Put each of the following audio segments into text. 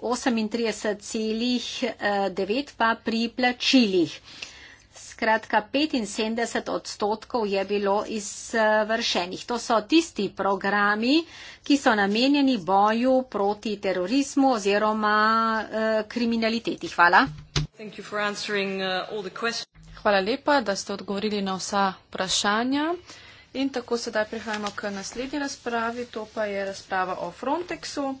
38,9 eh, pa pri plačilih. Skratka, 75 odstotkov je bilo izvršenih. To so tisti programi, ki so namenjeni boju proti terorizmu oziroma eh, kriminaliteti. Hvala. Eh, Hvala lepa, da ste odgovorili na vsa vprašanja. In tako sedaj prihajamo k naslednji razpravi, to pa je razprava o Frontexu.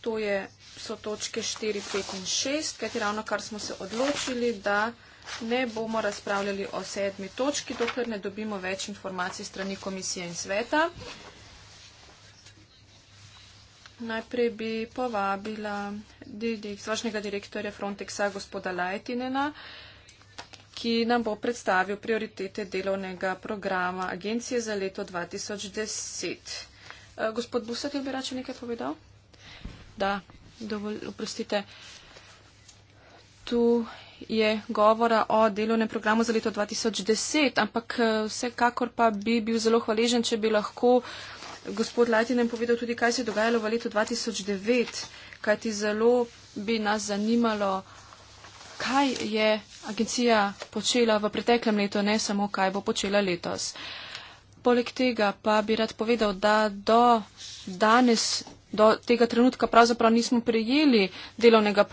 To je so točke 4, 5 in 6, kajti ravno kar smo se odločili, da ne bomo razpravljali o sedmi točki, dokler ne dobimo več informacij strani komisije in sveta. Najprej bi povabila izvršnega direktorja Frontexa gospoda Lajtinena, ki nam bo predstavil prioritete delovnega programa agencije za leto 2010. Eh, gospod Busati bi rače nekaj povedal? Da, dovolj, oprostite. Tu je govora o delovnem programu za leto 2010, ampak eh, vsekakor pa bi bil zelo hvaležen, če bi lahko gospod Latinem povedal tudi, kaj se je dogajalo v letu 2009, kajti zelo bi nas zanimalo, kaj je agencija počela v preteklem letu, ne samo kaj bo počela letos. Poleg tega pa bi rad povedal, da do danes do tega trenutka pravzaprav nismo prijeli delovnega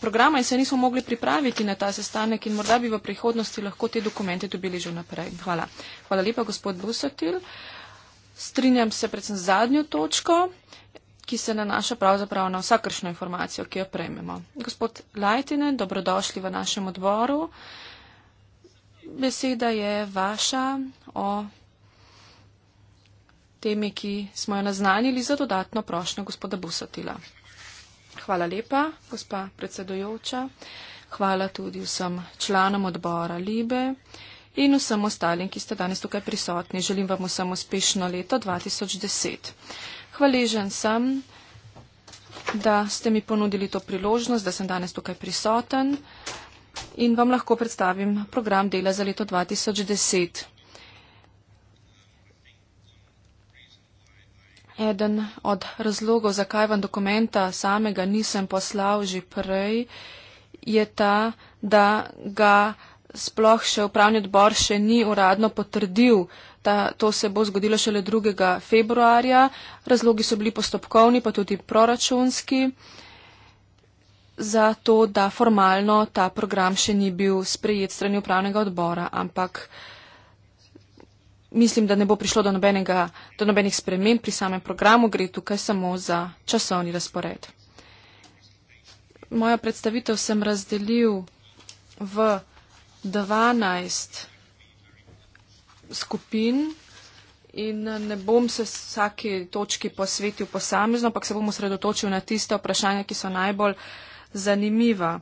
programa in se nismo mogli pripraviti na ta sestanek in morda bi v prihodnosti lahko te dokumente dobili že naprej. Hvala. Hvala lepa, gospod Busatil. Strinjam se predvsem z zadnjo točko, ki se nanaša pravzaprav na vsakršno informacijo, ki jo prejmemo. Gospod Lajtine, dobrodošli v našem odboru. Beseda je vaša o temi, ki smo jo naznanili za dodatno prošnjo gospoda Busatila. Hvala lepa, gospa predsedojoča. Hvala tudi vsem članom odbora Libe in vsem ostalim, ki ste danes tukaj prisotni. Želim vam vsem uspešno leto 2010. Hvaležen sem, da ste mi ponudili to priložnost, da sem danes tukaj prisoten in vam lahko predstavim program dela za leto 2010. Eden od razlogov, zakaj vam dokumenta samega nisem poslal že prej, je ta, da ga sploh še upravni odbor še ni uradno potrdil. Ta, to se bo zgodilo šele 2. februarja. Razlogi so bili postopkovni, pa tudi proračunski, zato da formalno ta program še ni bil sprejet strani upravnega odbora, ampak mislim, da ne bo prišlo do, nobenega, do nobenih sprememb pri samem programu, gre tukaj samo za časovni razpored. Mojo predstavitev sem razdelil v 12 skupin in ne bom se vsaki točki posvetil posamezno, ampak se bom osredotočil na tiste vprašanja, ki so najbolj zanimiva.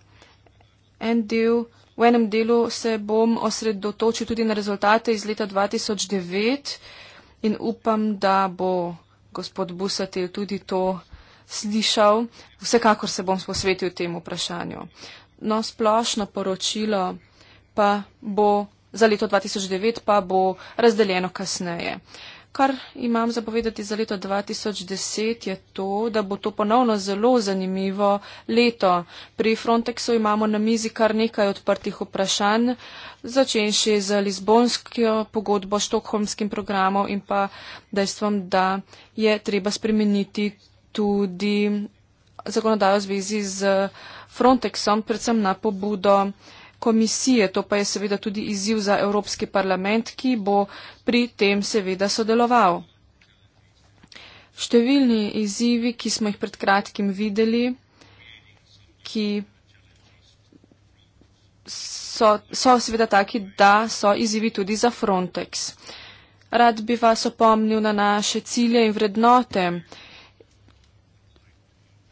En del V enem delu se bom osredotočil tudi na rezultate iz leta 2009 in upam, da bo gospod Busatil tudi to slišal. Vsekakor se bom posvetil temu vprašanju. No, splošno poročilo pa bo za leto 2009 pa bo razdeljeno kasneje. Uh, kar imam zapovedati za leto 2010, je to, da bo to ponovno zelo zanimivo leto. Pri Frontexu imamo na mizi kar nekaj odprtih vprašanj, začenši z Lizbonsko pogodbo, Štokholmskim programom in pa dejstvom, da je treba spremeniti tudi zakonodajo v zvezi z Frontexom, predvsem na pobudo komisije. To pa je seveda tudi izziv za Evropski parlament, ki bo pri tem seveda sodeloval. Številni izzivi, ki smo jih pred kratkim videli, ki so, so seveda taki, da so izzivi tudi za Frontex. Rad bi vas opomnil na naše cilje in vrednote.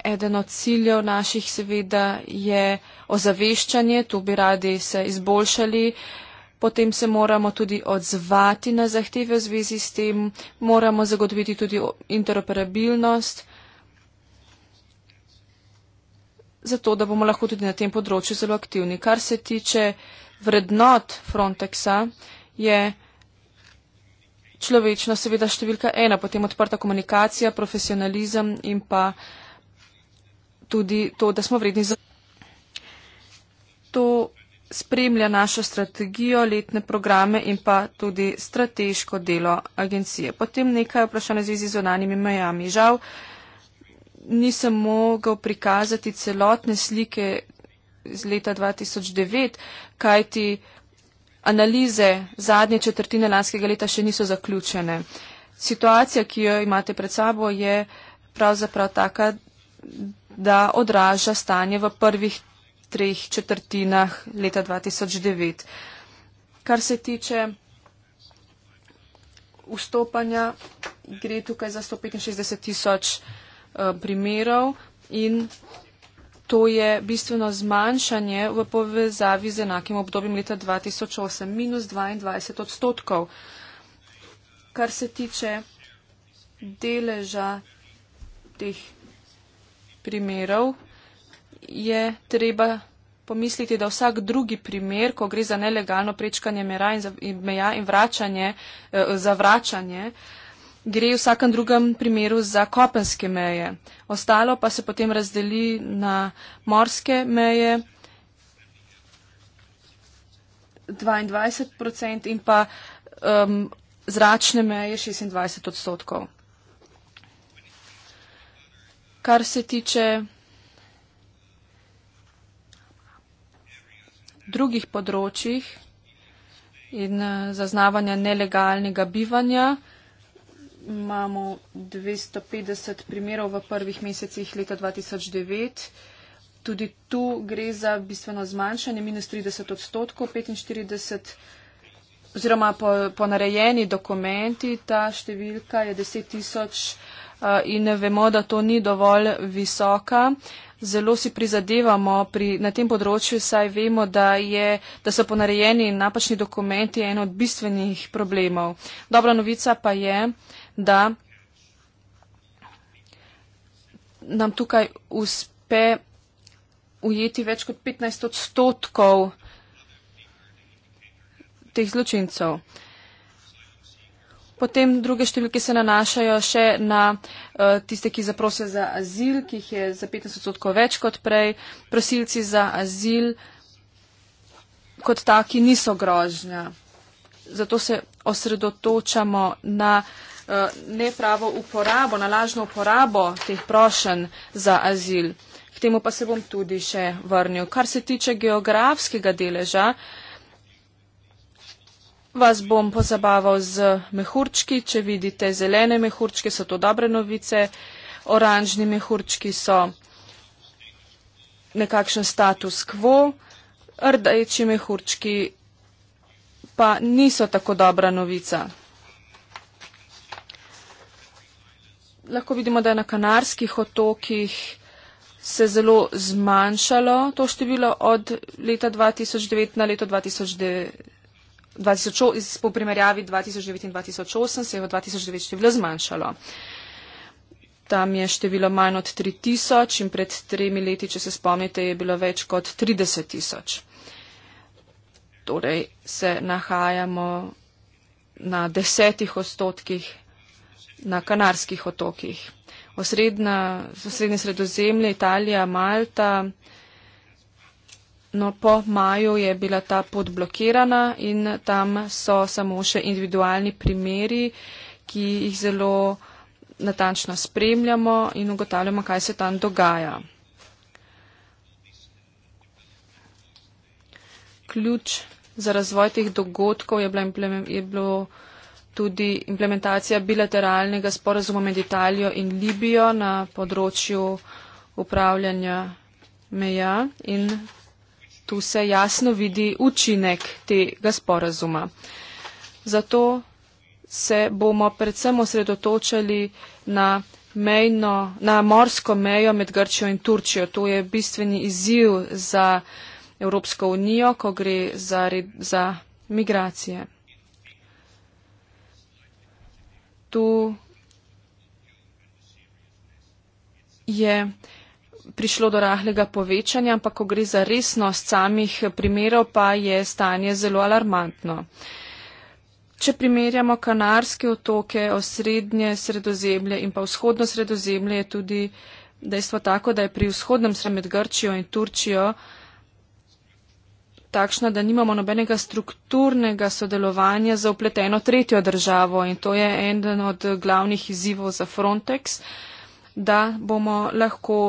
Eden od ciljev naših seveda je ozaveščanje, tu bi radi se izboljšali, potem se moramo tudi odzvati na zahteve v zvezi s tem, moramo zagotoviti tudi interoperabilnost, zato da bomo lahko tudi na tem področju zelo aktivni. Kar se tiče vrednot Frontexa, je človečnost seveda številka ena, potem odprta komunikacija, profesionalizem in pa tudi to, da smo vredni za. To spremlja našo strategijo, letne programe in pa tudi strateško delo agencije. Potem nekaj vprašanj v zvezi z zonanimi mejami. Žal nisem mogel prikazati celotne slike iz leta 2009, kajti analize zadnje četrtine lanskega leta še niso zaključene. Situacija, ki jo imate pred sabo, je pravzaprav taka, da odraža stanje v prvih treh četrtinah leta 2009. Kar se tiče vstopanja, gre tukaj za 165 tisoč eh, primerov in to je bistveno zmanjšanje v povezavi z enakim obdobjem leta 2008, minus 22 odstotkov. Kar se tiče deleža teh primerov, je treba pomisliti, da vsak drugi primer, ko gre za nelegalno prečkanje meja in, za, in, meja in vračanje, eh, zavračanje, gre v vsakem drugem primeru za kopenske meje. Ostalo pa se potem razdeli na morske meje. 22% in pa um, zračne meje 26% kar se tiče drugih področjih in eh, zaznavanja nelegalnega bivanja. Imamo 250 primerov v prvih mesecih leta 2009. Tudi tu gre za bistveno zmanjšanje, minus 30 odstotkov, 45 oziroma po, po narejeni dokumenti ta številka je 10 tisoč Eh, in vemo, da to ni dovolj visoka. Zelo si prizadevamo pri, na tem področju, saj vemo, da, je, da so ponarejeni napačni dokumenti en od bistvenih problemov. Dobra novica pa je, da nam tukaj uspe ujeti več kot 15 odstotkov teh zločincev. Uh, Potem druge številke se nanašajo še na uh, tiste, ki zaprosijo za azil, ki jih je za 15 odstotkov več kot prej. Prosilci za azil kot taki niso grožnja. Zato se osredotočamo na uh, nepravo uporabo, na lažno uporabo teh prošen za azil. K temu pa se bom tudi še vrnil. Kar se tiče geografskega deleža, uh, Vas bom pozabaval z mehurčki. Če vidite zelene mehurčke, so to dobre novice. Oranžni mehurčki so nekakšen status quo. Rdeči mehurčki pa niso tako dobra novica. Lahko vidimo, da je na kanarskih otokih se zelo zmanjšalo to število od leta 2009 na leto 2010. 2000, po primerjavi 2009 in 2008 se je v 2009 število zmanjšalo. Tam je število manj od 3000 in pred tremi leti, če se spomnite, je bilo več kot 30 tisoč. Torej se nahajamo na desetih odstotkih na kanarskih otokih. Osredna, osrednje sredozemlje, Italija, Malta. No, po maju je bila ta pot blokirana in tam so samo še individualni primeri, ki jih zelo natančno spremljamo in ugotavljamo, kaj se tam dogaja. Ključ za razvoj teh dogodkov je, bila, je bilo tudi implementacija bilateralnega sporazuma med Italijo in Libijo na področju upravljanja meja in tu se jasno vidi učinek tega sporazuma. Zato se bomo predvsem osredotočali na, mejno, na morsko mejo med Grčijo in Turčijo. To je bistveni izziv za Evropsko unijo, ko gre za, za migracije. Tu je prišlo do rahlega povečanja, ampak ko gre za resnost samih primerov, pa je stanje zelo alarmantno. Če primerjamo Kanarske otoke, osrednje sredozemlje in pa vzhodno sredozemlje, je tudi dejstvo tako, da je pri vzhodnem sredozemlju med Grčijo in Turčijo takšna, da nimamo nobenega strukturnega sodelovanja za upleteno tretjo državo in to je eden od glavnih izzivov za Frontex, da bomo lahko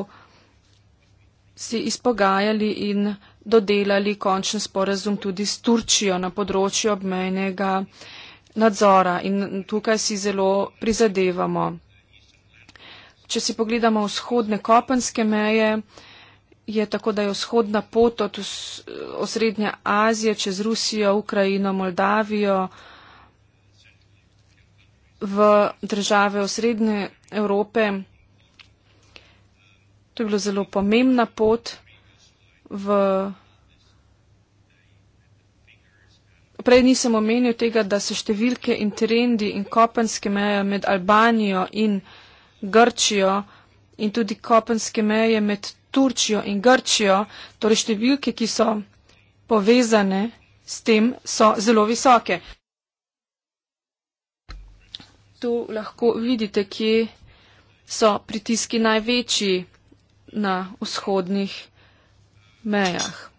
si izpogajali in dodelali končen sporazum tudi s Turčijo na področju obmejnega nadzora in tukaj si zelo prizadevamo. Če si pogledamo vzhodne kopenske meje, je tako, da je vzhodna pot od osrednje Azije čez Rusijo, Ukrajino, Moldavijo v države osrednje Evrope To je bila zelo pomembna pot v. Prej nisem omenil tega, da so številke in trendi in kopenske meje med Albanijo in Grčijo in tudi kopenske meje med Turčijo in Grčijo, torej številke, ki so povezane s tem, so zelo visoke. Tu lahko vidite, kje so pritiski največji na vzhodnih mejah.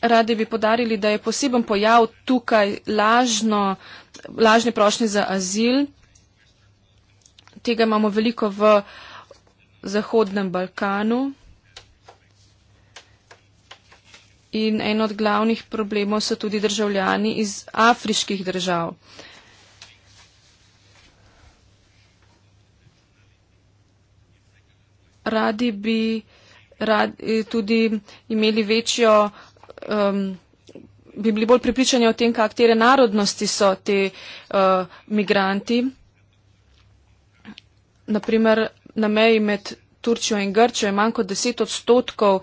Radi bi podarili, da je poseben pojav tukaj lažno, lažni prošnji za azil. Tega imamo veliko v Zahodnem Balkanu. In en od glavnih problemov so tudi državljani iz afriških držav. Uh, radi bi rad, eh, tudi imeli večjo, um, bi bili bolj pripričani o tem, katere narodnosti so te uh, migranti. Naprimer, na meji med Turčjo in Grčjo je manj kot 10 odstotkov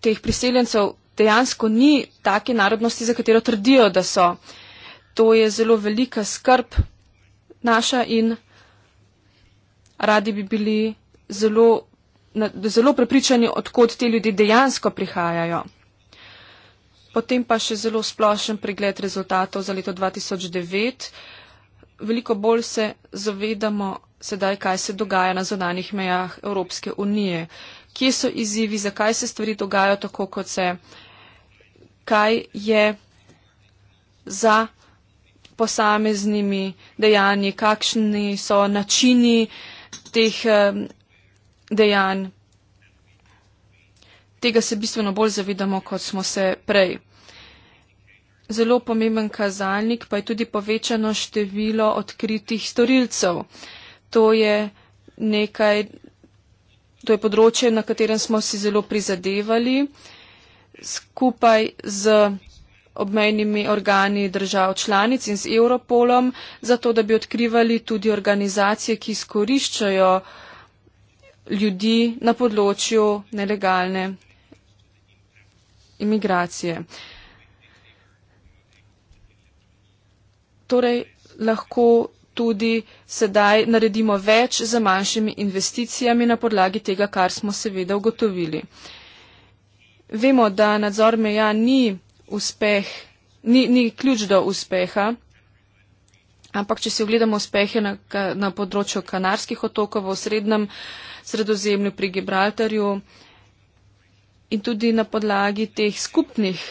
teh priseljencev dejansko ni take narodnosti, za katero trdijo, da so. To je zelo velika skrb naša in radi bi bili zelo, na, zelo prepričani, odkot te ljudi dejansko prihajajo. Potem pa še zelo splošen pregled rezultatov za leto 2009. Veliko bolj se zavedamo sedaj, kaj se dogaja na zonanih mejah Evropske unije, kje so izzivi, zakaj se stvari dogajajo tako, kot se, kaj je za posameznimi dejanji, kakšni so načini, teh um, dejanj. Tega se bistveno bolj zavedamo, kot smo se prej. Zelo pomemben kazalnik pa je tudi povečano število odkritih storilcev. To je nekaj, to je področje, na katerem smo si zelo prizadevali skupaj z obmejnimi organi držav članic in z Europolom, zato da bi odkrivali tudi organizacije, ki izkoriščajo ljudi na področju nelegalne imigracije. Torej lahko tudi sedaj naredimo več za manjšimi investicijami na podlagi tega, kar smo seveda ugotovili. Vemo, da nadzor meja ni uspeh, ni, ni ključ do uspeha. Ampak, če si ogledamo uspehe na, na področju kanarskih otokov v srednjem sredozemlju pri Gibraltarju in tudi na podlagi teh skupnih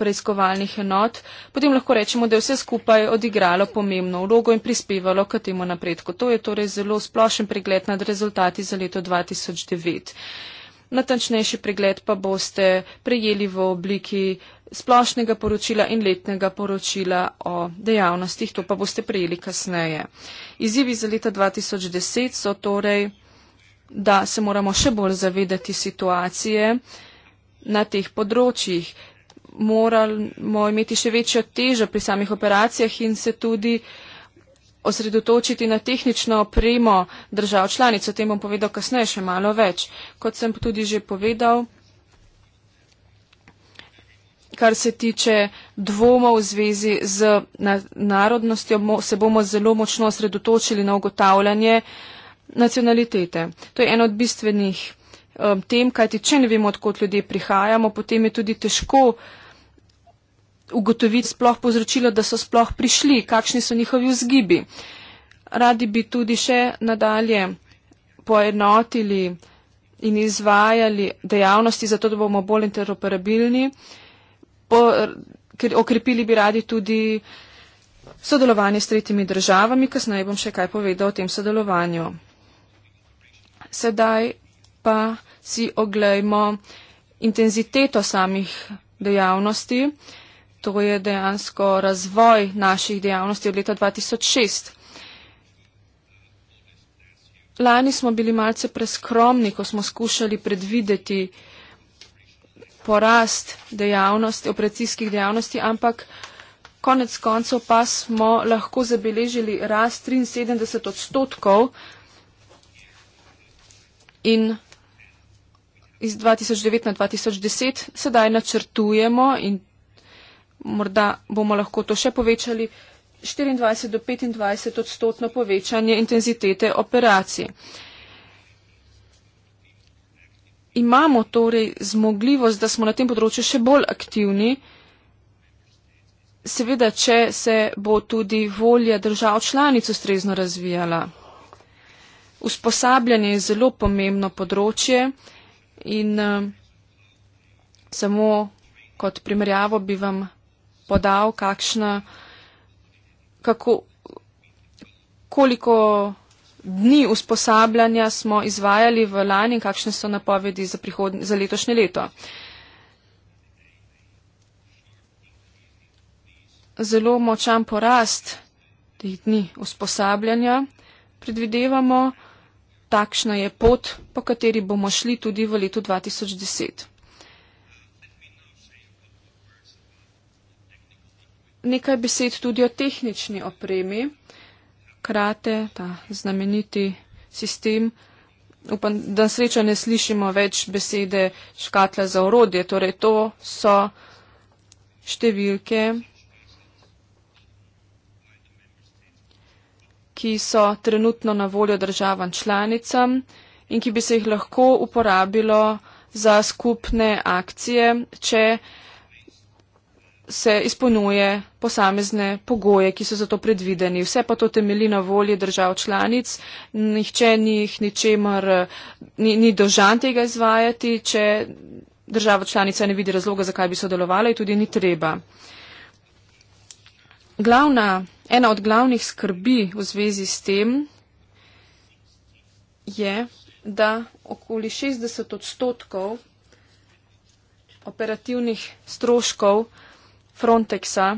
preiskovalnih enot, potem lahko rečemo, da je vse skupaj odigralo pomembno vlogo in prispevalo k temu napredku. To je torej zelo splošen pregled nad rezultati za leto 2009 natančnejši pregled pa boste prejeli v obliki splošnega poročila in letnega poročila o dejavnostih, to pa boste prejeli kasneje. Izzivi za leta 2010 so torej, da se moramo še bolj zavedati situacije na teh področjih. Moramo imeti še večjo težo pri samih operacijah in se tudi osredotočiti na tehnično opremo držav članic. O tem bom povedal kasneje še malo več. Kot sem tudi že povedal, kar se tiče dvomov v zvezi z narodnostjo, se bomo zelo močno osredotočili na ugotavljanje nacionalitete. To je eno od bistvenih um, tem, kajti če ne vemo, odkot ljudje prihajamo, potem je tudi težko ugotoviti sploh povzročilo, da so sploh prišli, kakšni so njihovi vzgibi. Radi bi tudi še nadalje poenotili in izvajali dejavnosti, zato da bomo bolj interoperabilni. Po, ker okrepili bi radi tudi sodelovanje s tretjimi državami, kasneje bom še kaj povedal o tem sodelovanju. Sedaj pa si oglejmo intenziteto samih dejavnosti. Uh, to je dejansko razvoj naših dejavnosti od leta 2006. Lani smo bili malce preskromni, ko smo skušali predvideti porast dejavnosti, operacijskih dejavnosti, ampak konec koncev pa smo lahko zabeležili rast 73 odstotkov in iz 2009 na 2010 sedaj načrtujemo in morda bomo lahko to še povečali, 24 do 25 odstotno povečanje intenzitete operacij. Imamo torej zmogljivost, da smo na tem področju še bolj aktivni, seveda, če se bo tudi volja držav članic ustrezno razvijala. Usposabljanje je zelo pomembno področje in uh, samo kot primerjavo bi vam podal, kakšna, kako, koliko dni usposabljanja smo izvajali v lani in kakšne so napovedi za, prihodn, za letošnje leto. Zelo močan porast teh dni usposabljanja predvidevamo, takšna je pot, po kateri bomo šli tudi v letu 2010. nekaj besed tudi o tehnični opremi. Krate, ta znameniti sistem. Upam, da srečo ne slišimo več besede škatla za orodje. Torej, to so številke, ki so trenutno na voljo državam članicam in ki bi se jih lahko uporabilo za skupne akcije, če uh, se izpolnjuje posamezne pogoje, ki so za to predvideni. Vse pa to temeli na volji držav članic, nihče njih ničemer ni, ni dožan tega izvajati, če država članica ne vidi razloga, zakaj bi sodelovala in tudi ni treba. Glavna, ena od glavnih skrbi v zvezi s tem je, da okoli 60 odstotkov operativnih stroškov Frontexa.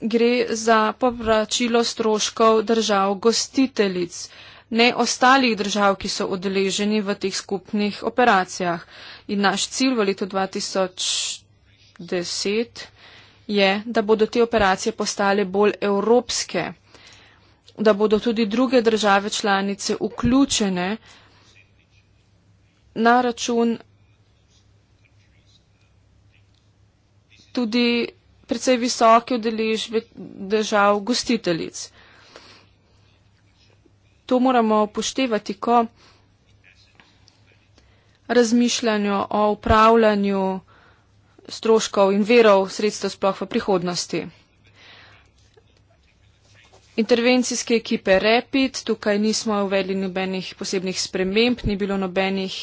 Gre za povračilo stroškov držav gostiteljic, ne ostalih držav, ki so odeleženi v teh skupnih operacijah. In naš cilj v letu 2010 je, da bodo te operacije postale bolj evropske, da bodo tudi druge države članice vključene na račun tudi precej visoke udeležbe držav gostiteljic. To moramo poštevati, ko razmišljanju o upravljanju stroškov in verov sredstev sploh v prihodnosti. Intervencijske ekipe Repit, tukaj nismo uvedli nobenih posebnih sprememb, ni bilo nobenih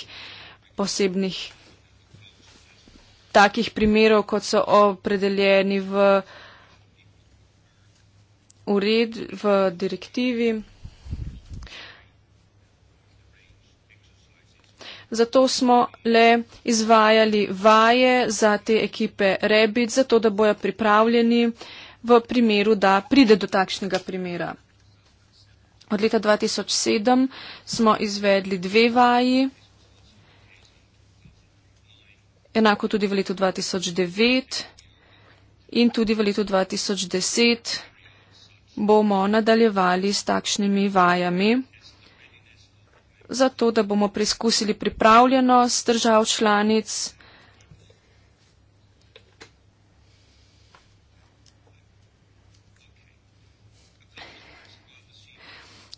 posebnih takih primerov, kot so opredeljeni v ured, v direktivi. Zato smo le izvajali vaje za te ekipe Rebit, zato da bojo pripravljeni v primeru, da pride do takšnega primera. Od leta 2007 smo izvedli dve vaji enako tudi v letu 2009 in tudi v letu 2010 bomo nadaljevali s takšnimi vajami, zato da bomo preizkusili pripravljenost držav članic.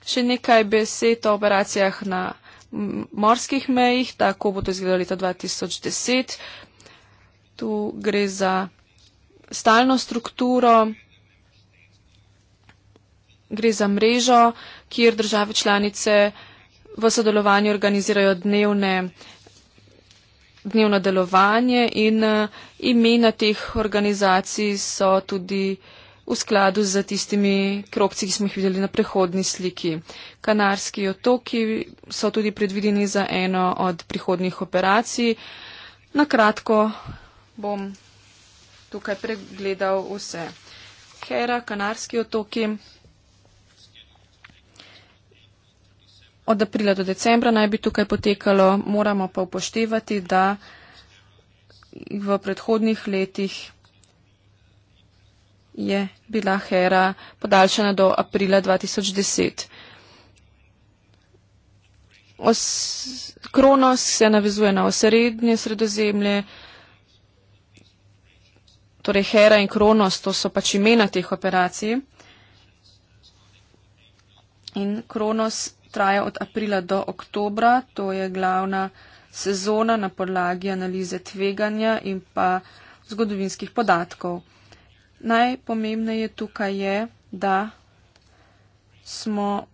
Še nekaj besed o operacijah na morskih mejih, tako bo to izgledalo leta 2010. Tu gre za stalno strukturo, gre za mrežo, kjer države članice v sodelovanju organizirajo dnevne, dnevno delovanje in eh, imena teh organizacij so tudi v skladu z tistimi kropci, ki smo jih videli na prehodni sliki. Kanarski otoki so tudi predvideni za eno od prihodnih operacij. Na kratko bom tukaj pregledal vse. Hera, Kanarski otoki. Od aprila do decembra naj bi tukaj potekalo, moramo pa upoštevati, da v predhodnih letih je bila Hera podaljšana do aprila 2010. Os, Kronos se navezuje na osrednje sredozemlje, torej Hera in Kronos, to so pač imena teh operacij. In Kronos traja od aprila do oktobra, to je glavna sezona na podlagi analize tveganja in pa zgodovinskih podatkov. Najpomembneje tukaj je, da smo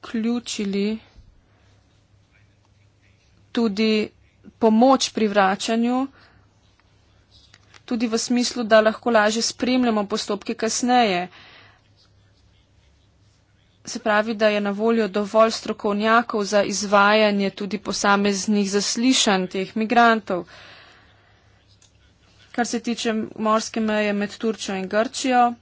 vključili tudi pomoč pri vračanju, tudi v smislu, da lahko lažje spremljamo postopke kasneje. Se pravi, da je na voljo dovolj strokovnjakov za izvajanje tudi posameznih zaslišanj teh migrantov kar se tiče morske meje med Turčjo in Grčijo.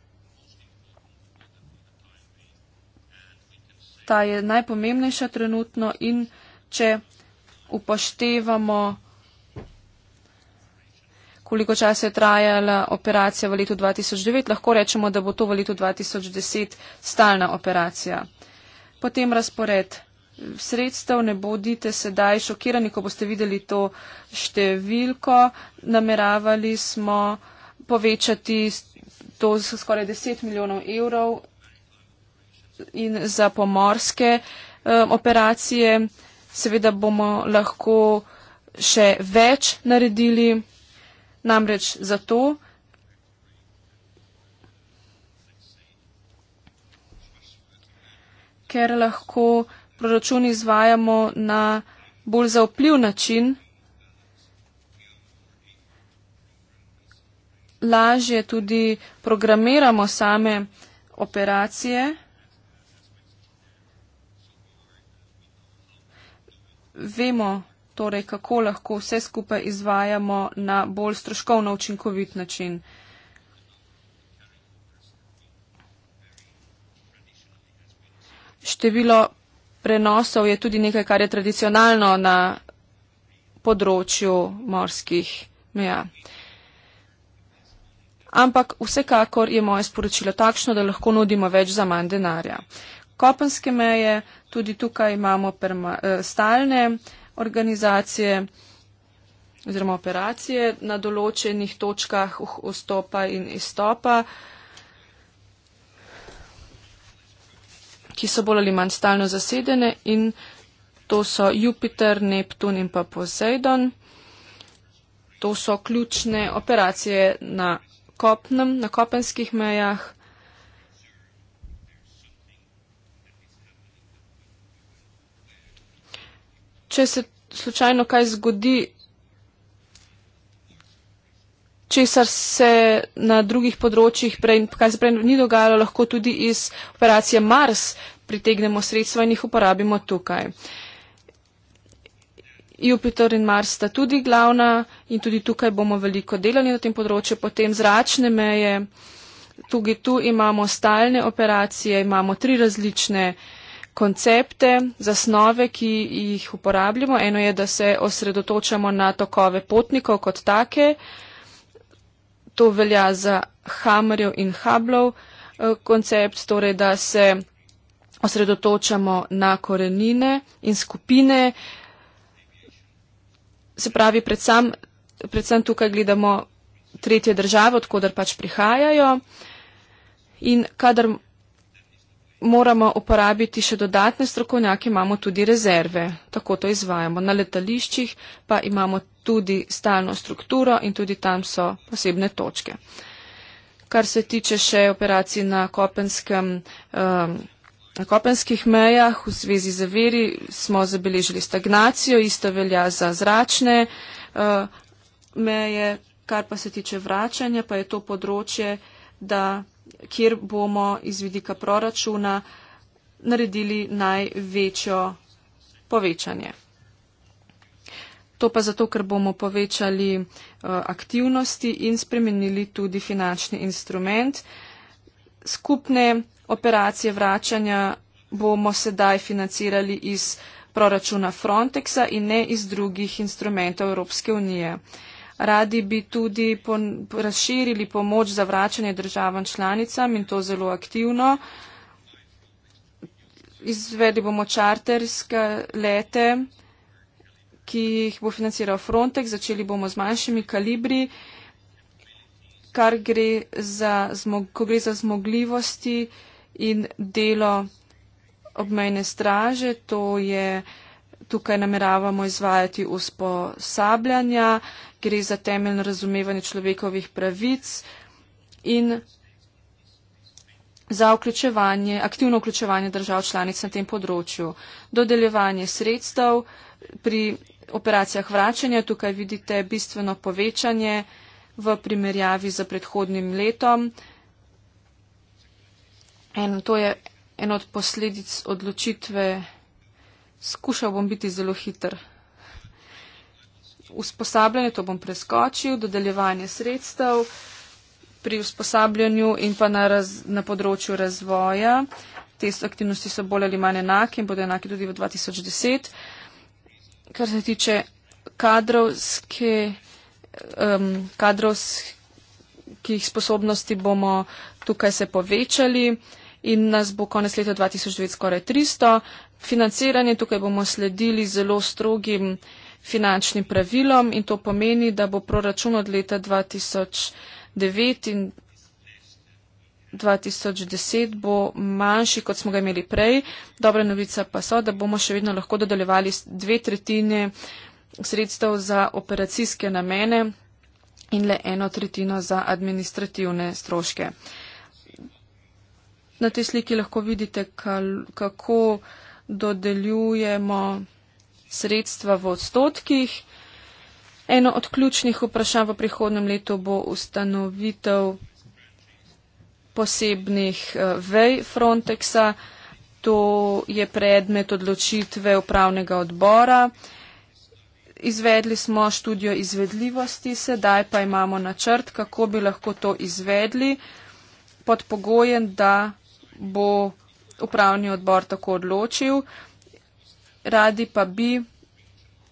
Ta je najpomembnejša trenutno in če upoštevamo, koliko časa je trajala operacija v letu 2009, lahko rečemo, da bo to v letu 2010 stalna operacija. Potem razpored sredstev, ne bodite sedaj šokirani, ko boste videli to številko. Nameravali smo povečati to skoraj 10 milijonov evrov in za pomorske um, operacije. Seveda bomo lahko še več naredili, namreč zato. Ker lahko proračun izvajamo na bolj zaopljiv način. Lažje tudi programiramo same operacije. Vemo torej, kako lahko vse skupaj izvajamo na bolj stroškovno učinkovit način. Število prenosov je tudi nekaj, kar je tradicionalno na področju morskih meja. Ampak vsekakor je moje sporočilo takšno, da lahko nudimo več za manj denarja. Kopenske meje, tudi tukaj imamo perma, eh, stalne organizacije oziroma operacije na določenih točkah vstopa in izstopa. Uh, ki so bolj ali manj stalno zasedene in to so Jupiter, Neptun in pa Poseidon. To so ključne operacije na kopnem, na kopenskih mejah. Če se slučajno kaj zgodi česar se na drugih področjih, prej, kaj se prej ni dogajalo, lahko tudi iz operacije Mars pritegnemo sredstva in jih uporabimo tukaj. Jupiter in Mars sta tudi glavna in tudi tukaj bomo veliko delali na tem področju. Potem zračne meje, tudi tu imamo stalne operacije, imamo tri različne koncepte, zasnove, ki jih uporabljamo. Eno je, da se osredotočamo na tokove potnikov kot take to velja za Hammerjev in Hablov eh, koncept, torej da se osredotočamo na korenine in skupine, se pravi predvsem, predvsem tukaj gledamo tretje države, odkudar pač prihajajo in kadar moramo uporabiti še dodatne strokovnjake, imamo tudi rezerve, tako to izvajamo. Na letališčih pa imamo tudi stalno strukturo in tudi tam so posebne točke. Kar se tiče še operacij na, um, na kopenskih mejah v zvezi z veri, smo zabeležili stagnacijo, isto velja za zračne uh, meje, kar pa se tiče vračanja, pa je to področje, da kjer bomo iz vidika proračuna naredili največjo povečanje. To pa zato, ker bomo povečali eh, aktivnosti in spremenili tudi finančni instrument. Skupne operacije vračanja bomo sedaj financirali iz proračuna Frontexa in ne iz drugih instrumentov Evropske unije. Uh, Radi bi tudi po, razširili pomoč za vračanje državam članicam in to zelo aktivno. Izvedli bomo čarterske lete, ki jih bo financiral Frontex. Začeli bomo z manjšimi kalibri, gre za, ko gre za zmogljivosti in delo obmejne straže. To je, tukaj nameravamo izvajati usposabljanja gre za temeljno razumevanje človekovih pravic in za vključevanje, aktivno vključevanje držav članic na tem področju. Dodeljevanje sredstev pri operacijah vračanja, tukaj vidite bistveno povečanje v primerjavi z predhodnim letom. En, to je en od posledic odločitve. Skušal bom biti zelo hiter usposabljanje, to bom preskočil, dodeljevanje sredstev pri usposabljanju in pa na, raz, na področju razvoja. Te aktivnosti so bolj ali manj enake in bodo enake tudi v 2010. Kar se tiče kadrovske, um, kadrovskih sposobnosti, bomo tukaj se povečali in nas bo konec leta 2009 skoraj 300. Financiranje tukaj bomo sledili zelo strogim finančnim pravilom in to pomeni, da bo proračun od leta 2009 in 2010 bo manjši, kot smo ga imeli prej. Dobra novica pa so, da bomo še vedno lahko dodeljevali dve tretjine sredstev za operacijske namene in le eno tretjino za administrativne stroške. Na tej sliki lahko vidite, kako dodeljujemo sredstva v odstotkih. Eno od ključnih vprašanj v prihodnem letu bo ustanovitev posebnih eh, vej Frontexa. To je predmet odločitve upravnega odbora. Izvedli smo študijo izvedljivosti, sedaj pa imamo načrt, kako bi lahko to izvedli pod pogojem, da bo upravni odbor tako odločil radi pa bi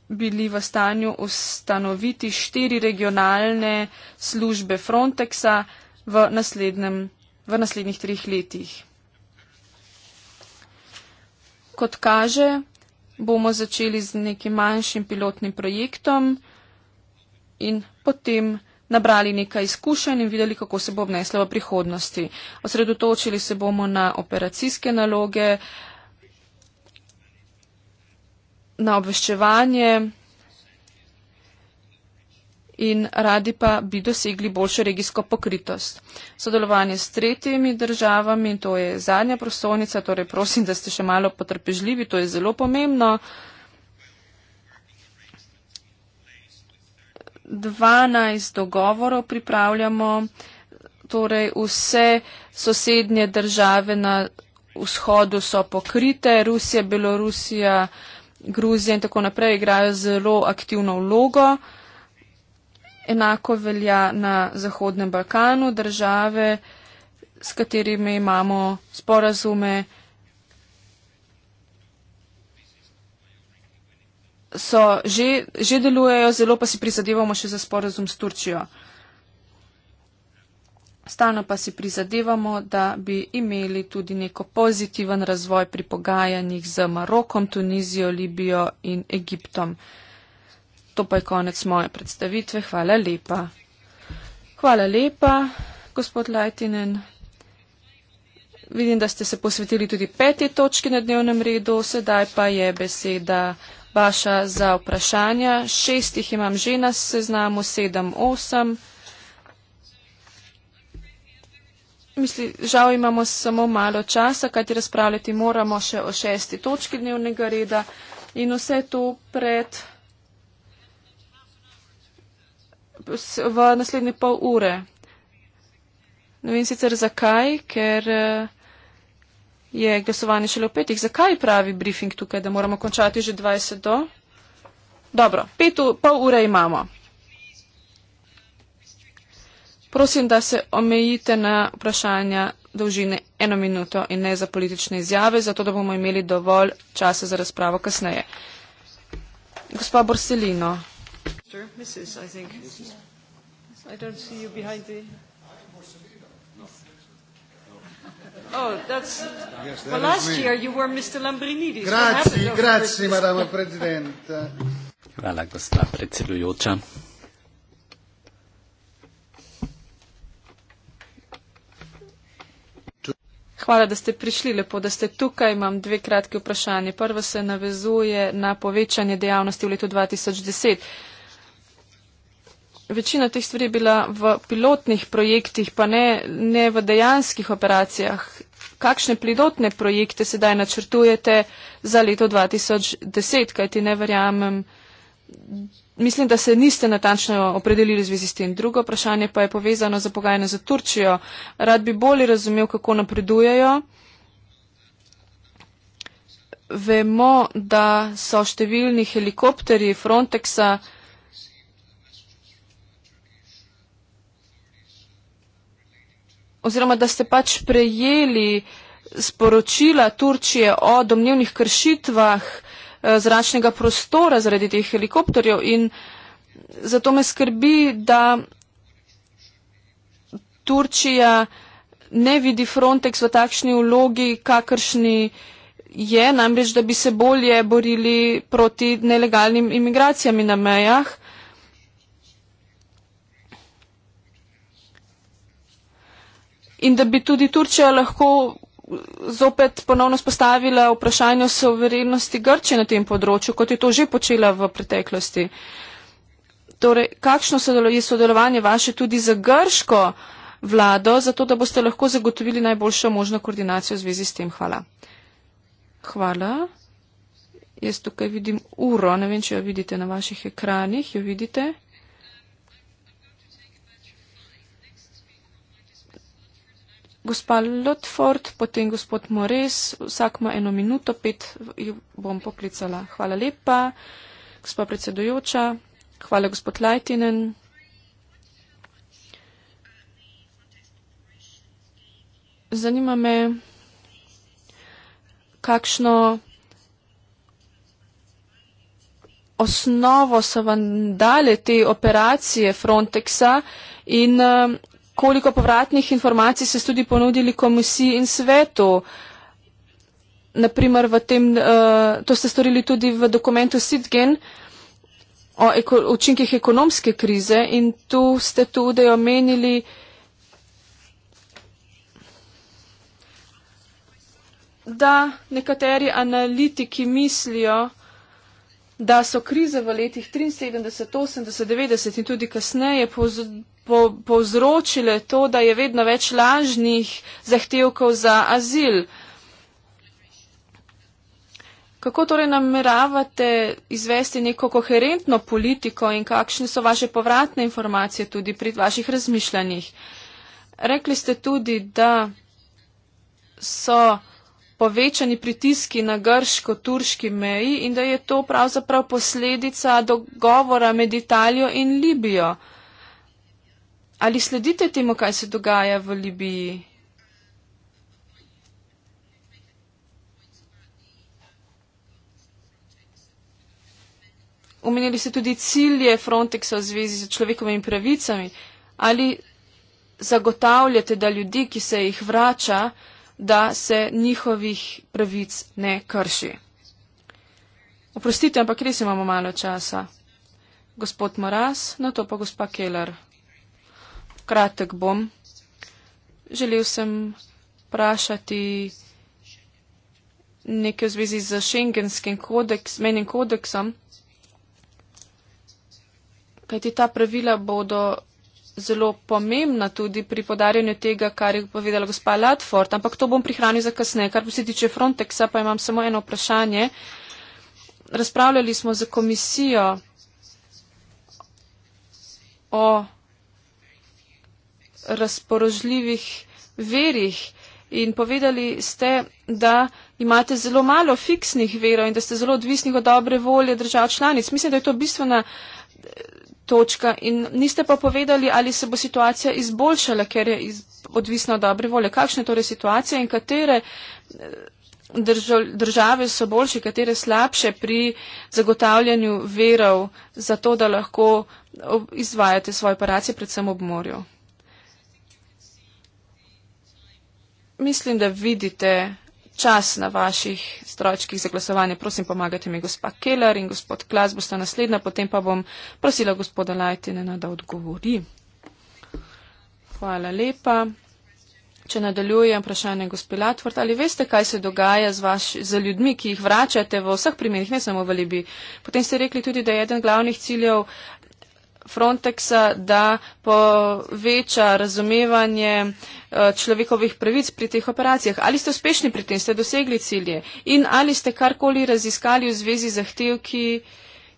bili v stanju ustanoviti štiri regionalne službe Frontexa v, v naslednjih treh letih. Kot kaže, bomo začeli z nekim manjšim pilotnim projektom in potem nabrali nekaj izkušenj in videli, kako se bo obneslo v prihodnosti. Osredotočili se bomo na operacijske naloge, uh, na obveščevanje in radi pa bi dosegli boljšo regijsko pokritost. Sodelovanje s tretjimi državami, to je zadnja prostovnica, torej prosim, da ste še malo potrpežljivi, to je zelo pomembno. Dvanajst dogovorov pripravljamo, torej vse sosednje države na vzhodu so pokrite, Rusija, Belorusija, Gruzija in tako naprej igrajo zelo aktivno vlogo. Enako velja na Zahodnem Balkanu. Države, s katerimi imamo sporazume, so, že, že delujejo, zelo pa si prizadevamo še za sporazum s Turčijo. Stalno pa si prizadevamo, da bi imeli tudi neko pozitiven razvoj pri pogajanjih z Marokom, Tunizijo, Libijo in Egiptom. To pa je konec moje predstavitve. Hvala lepa. Hvala lepa, gospod Lajtinen. Vidim, da ste se posvetili tudi peti točki na dnevnem redu, sedaj pa je beseda vaša za vprašanja. Šestih imam že na seznamu, sedem, osem. Misli, žal imamo samo malo časa, kajti razpravljati moramo še o šesti točki dnevnega reda in vse to pred v naslednje pol ure. Ne vem sicer zakaj, ker eh, je glasovanje šele v petih. Zakaj pravi briefing tukaj, da moramo končati že 20 do? Dobro, pet, pol ure imamo. Prosim, da se omejite na vprašanja dolžine eno minuto in ne za politične izjave, zato da bomo imeli dovolj časa za razpravo kasneje. Gospa Borselino. Oh, Hvala, gospa predsedujoča. Hvala, da ste prišli. Lepo, da ste tukaj. Imam dve kratke vprašanje. Prvo se navezuje na povečanje dejavnosti v letu 2010. Večina teh stvari je bila v pilotnih projektih, pa ne, ne v dejanskih operacijah. Kakšne pilotne projekte sedaj načrtujete za leto 2010, kajti ne verjamem, mislim, da se niste natančno opredelili v zvezi s tem. Drugo vprašanje pa je povezano za pogajanje za Turčijo. Rad bi bolje razumel, kako napredujejo. Vemo, da so številni helikopteri Frontexa oziroma da ste pač prejeli sporočila Turčije o domnevnih kršitvah uh, Eh, zračnega prostora zaradi teh helikopterjev in zato me skrbi, da Turčija ne vidi Frontex v takšni vlogi, kakršni je, namreč, da bi se bolje borili proti nelegalnim imigracijami na mejah. In da bi tudi Turčija lahko zopet ponovno spostavila vprašanje soverenosti Grče na tem področju, kot je to že počela v preteklosti. Torej, kakšno je sodelovanje vaše tudi za grško vlado, zato da boste lahko zagotovili najboljšo možno koordinacijo v zvezi s tem? Hvala. Hvala. Jaz tukaj vidim uro, ne vem, če jo vidite na vaših ekranih, jo vidite. gospa Lotford, potem gospod Mores, vsak ima eno minuto, pet jih bom poklicala. Hvala lepa, gospa predsedujoča, hvala gospod Lajtinen. Zanima me, kakšno osnovo so vam dale te operacije Frontexa in koliko povratnih informacij ste tudi ponudili komisiji in svetu. Naprimer, tem, uh, to ste storili tudi v dokumentu Sitgen o eko, učinkih ekonomske krize in tu ste tudi omenili. da nekateri analitiki mislijo, da so krize v letih 73, 80, 90 in tudi kasneje po, povzročile to, da je vedno več lažnih zahtevkov za azil. Kako torej nameravate izvesti neko koherentno politiko in kakšne so vaše povratne informacije tudi pri vaših razmišljanjih? Rekli ste tudi, da so povečani pritiski na grško-turški meji in da je to pravzaprav posledica dogovora med Italijo in Libijo. Ali sledite temu, kaj se dogaja v Libiji? Omenili ste tudi cilje Frontexa v zvezi z človekovimi pravicami. Ali zagotavljate, da ljudi, ki se jih vrača, da se njihovih pravic ne krši? Oprostite, ampak res imamo malo časa. Gospod Moraz, na to pa gospa Keller kratek bom. Želel sem vprašati nekaj v zvezi z šengenskim kodeks, menim kodeksom, kajti ta pravila bodo zelo pomembna tudi pri podarjanju tega, kar je povedala gospa Latford, ampak to bom prihranil za kasneje. Kar pa se tiče Frontexa, pa imam samo eno vprašanje. Razpravljali smo z komisijo o razpoložljivih verjih in povedali ste, da imate zelo malo fiksnih verov in da ste zelo odvisni od dobre volje držav članic. Mislim, da je to bistvena eh, točka in niste pa povedali, ali se bo situacija izboljšala, ker je iz, odvisna od dobre volje. Kakšna je torej situacija in katere eh, držav, države so boljše, katere slabše pri zagotavljanju verov za to, da lahko izvajate svoje operacije predvsem ob morju? mislim, da vidite čas na vaših stročkih za glasovanje. Prosim, pomagajte mi, gospa Keller in gospod Klas, boste naslednja, potem pa bom prosila gospoda Lajtinena, da odgovori. Hvala lepa. Če nadaljujem, vprašanje gospe Latvort, ali veste, kaj se dogaja z, vaš, z ljudmi, ki jih vračate v vseh primerih, ne samo v Libiji? Potem ste rekli tudi, da je eden glavnih ciljev uh, Frontexa, da poveča razumevanje eh, človekovih pravic pri teh operacijah. Ali ste uspešni pri tem, ste dosegli cilje in ali ste karkoli raziskali v zvezi zahtev, ki,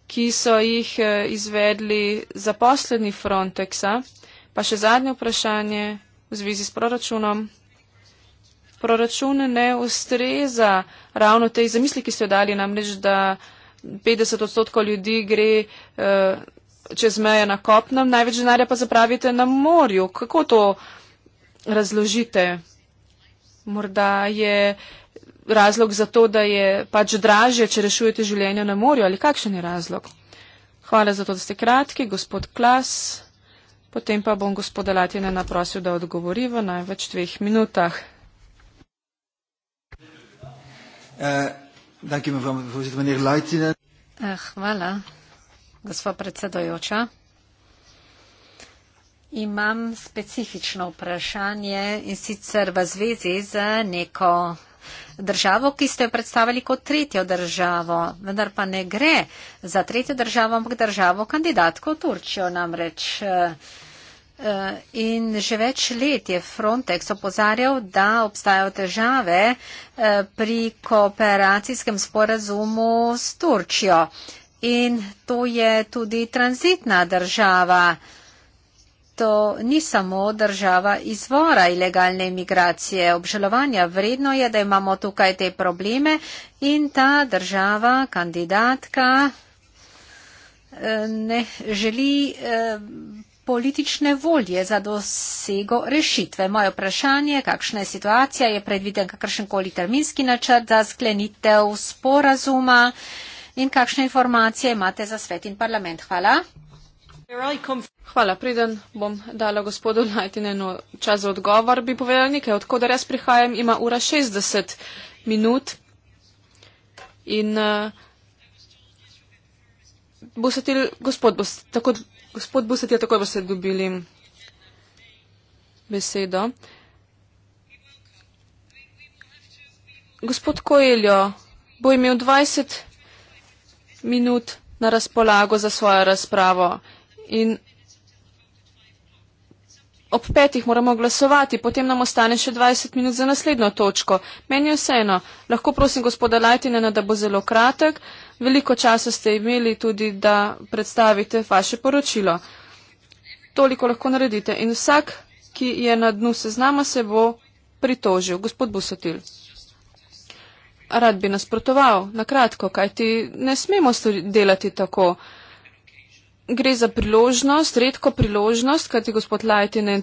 ki so jih eh, izvedli zaposleni Frontexa? Pa še zadnje vprašanje v zvezi s proračunom. Proračun ne ustreza ravno tej zamisli, ki ste jo dali, namreč, da 50 odstotkov ljudi gre. Uh, čez meje na kopnem, največ denarja pa zapravite na morju. Kako to razložite? Morda je razlog za to, da je pač draže, če rešujete življenje na morju ali kakšen je razlog? Hvala za to, da ste kratki, gospod Klas. Potem pa bom gospoda Latina naprosil, da odgovori v največ dveh minutah. Uh, Hvala. Gospa predsedojoča, imam specifično vprašanje in sicer v zvezi z neko državo, ki ste jo predstavili kot tretjo državo, vendar pa ne gre za tretjo državo, ampak državo kandidatko Turčijo namreč. Eh, in že več let je Frontex opozarjal, da obstajajo težave eh, pri kooperacijskem sporazumu s Turčijo in to je tudi transitna država. To ni samo država izvora ilegalne imigracije. Obžalovanja vredno je, da imamo tukaj te probleme in ta država, kandidatka, eh, ne želi eh, politične volje za dosego rešitve. Moje vprašanje, kakšna je situacija, je predviden kakršenkoli terminski načrt za sklenitev sporazuma in kakšne informacije imate za svet in parlament. Hvala. Hvala. Preden bom dala gospodu Lajtinenu čas za odgovor, bi povedala nekaj. Odkudar jaz prihajam, ima ura 60 minut in uh, busatil, gospod, bus, tako, gospod Busatil, takoj boste dobili besedo. Gospod Kojeljo, bo imel 20 minut minut na razpolago za svojo razpravo. In ob petih moramo glasovati, potem nam ostane še 20 minut za naslednjo točko. Meni je vseeno, lahko prosim gospoda Lajtinena, da bo zelo kratek. Veliko časa ste imeli tudi, da predstavite vaše poročilo. Toliko lahko naredite. In vsak, ki je na dnu seznama, se bo pritožil. Gospod Busotil rad bi nasprotoval, na kratko, kajti ne smemo delati tako. Gre za priložnost, redko priložnost, kajti gospod Lajtine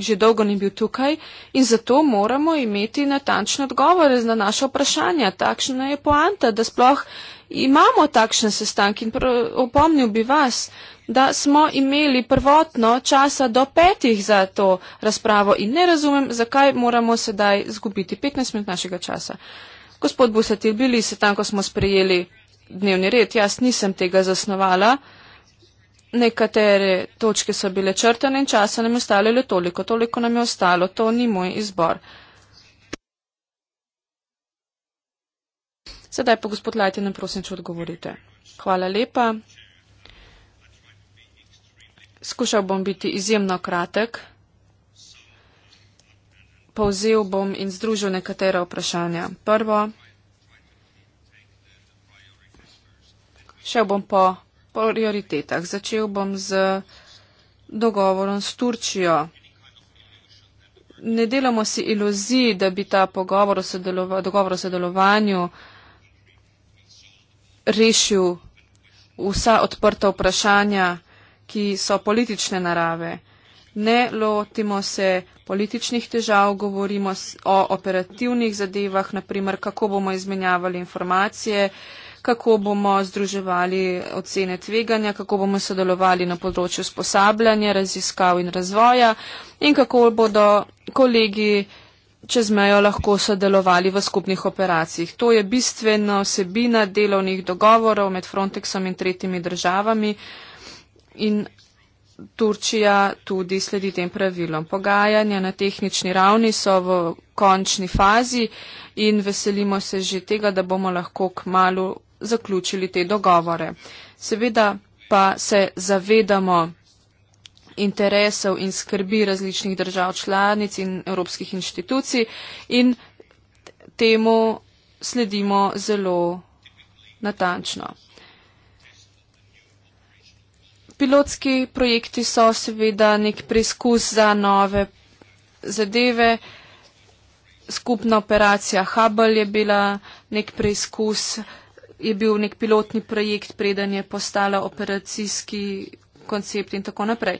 že dolgo ni bil tukaj in zato moramo imeti natančne odgovore na naše vprašanja. Takšna je poanta, da sploh imamo takšne sestanke in opomnil bi vas, da smo imeli prvotno časa do petih za to razpravo in ne razumem, zakaj moramo sedaj zgubiti 15 minut našega časa. Gospod Busatil, bili ste tam, ko smo sprejeli dnevni red, jaz nisem tega zasnovala. Nekatere točke so bile črtene in časa nam je ostalo le toliko, toliko nam je ostalo, to ni moj izbor. Sedaj pa, gospod Lajte, nam prosim, če odgovorite. Hvala lepa. Skušal bom biti izjemno kratek povzel bom in združil nekatera vprašanja. Prvo, šel bom po prioritetah. Začel bom z dogovorom s Turčijo. Ne delamo si iluzij, da bi ta pogovor o dogovor o sodelovanju rešil vsa odprta vprašanja, ki so politične narave ne lotimo se političnih težav, govorimo o operativnih zadevah, naprimer kako bomo izmenjavali informacije, kako bomo združevali ocene tveganja, kako bomo sodelovali na področju usposabljanja, raziskav in razvoja in kako bodo kolegi čez mejo lahko sodelovali v skupnih operacijah. To je bistvena osebina delovnih dogovorov med Frontexom in tretjimi državami. In Turčija tudi sledi tem pravilom. Pogajanja na tehnični ravni so v končni fazi in veselimo se že tega, da bomo lahko k malu zaključili te dogovore. Seveda pa se zavedamo interesov in skrbi različnih držav članic in evropskih inštitucij in temu sledimo zelo natančno pilotski projekti so seveda nek preizkus za nove zadeve. Skupna operacija Hubble je bila nek preizkus, je bil nek pilotni projekt, preden je postala operacijski koncept in tako naprej.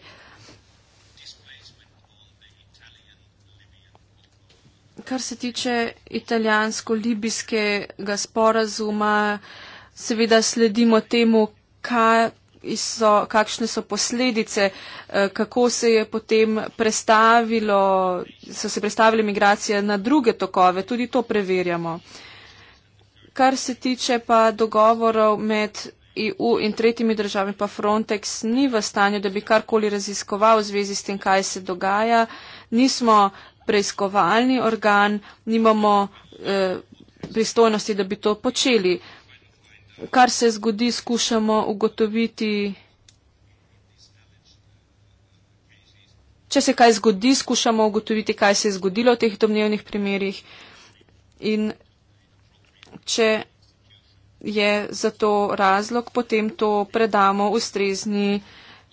Kar se tiče italijansko-libijskega sporazuma, seveda sledimo temu, so, kakšne so posledice, eh, kako se je potem prestavilo, so se prestavile migracije na druge tokove, tudi to preverjamo. Kar se tiče pa dogovorov med EU in tretjimi državami, pa Frontex ni v stanju, da bi karkoli raziskoval v zvezi s tem, kaj se dogaja. Nismo preiskovalni organ, nimamo eh, pristojnosti, da bi to počeli kar se zgodi, skušamo ugotoviti. Če se kaj zgodi, skušamo ugotoviti, kaj se je zgodilo v teh domnevnih primerjih in če je za to razlog, potem to predamo ustrezni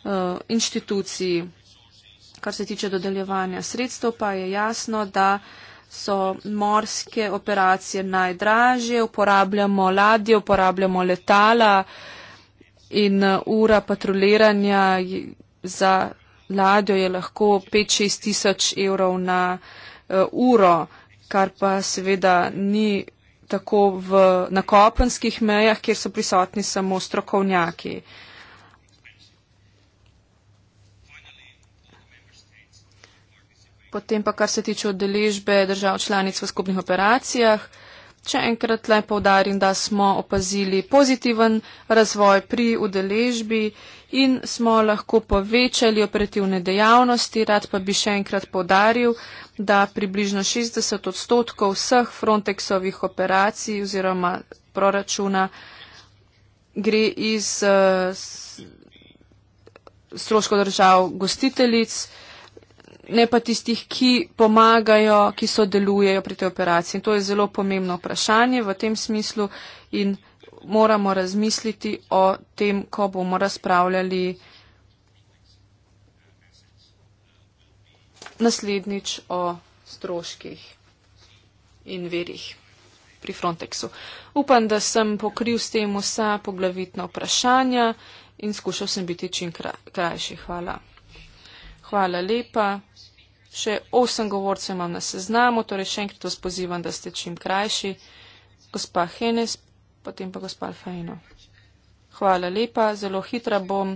uh, inštituciji. Kar se tiče dodeljevanja sredstev, pa je jasno, da uh, so morske operacije najdražje, uporabljamo ladje, uporabljamo letala in uh, ura patroliranja za ladjo je lahko 5-6 tisoč evrov na uh, uro, kar pa seveda ni tako v nakopenskih mejah, kjer so prisotni samo strokovnjaki. Uh, Potem pa kar se tiče odeležbe držav članic v skupnih operacijah. Če enkrat le povdarim, da smo opazili pozitiven razvoj pri udeležbi in smo lahko povečali operativne dejavnosti, rad pa bi še enkrat povdaril, da približno 60 odstotkov vseh Frontexovih operacij oziroma proračuna gre iz uh, stroškov držav gostiteljic. Uh, ne pa tistih, ki pomagajo, ki sodelujejo pri tej operaciji. In to je zelo pomembno vprašanje v tem smislu in moramo razmisliti o tem, ko bomo razpravljali naslednjič o stroških in verjih pri Frontexu. Upam, da sem pokril s tem vsa poglavitna vprašanja in skušal sem biti čim krajši. Hvala. Hvala lepa. Še osem govorcev imam na seznamu, torej še enkrat vas pozivam, da ste čim krajši. Gospa Henes, potem pa gospa Alfajno. Hvala lepa, zelo hitra bom.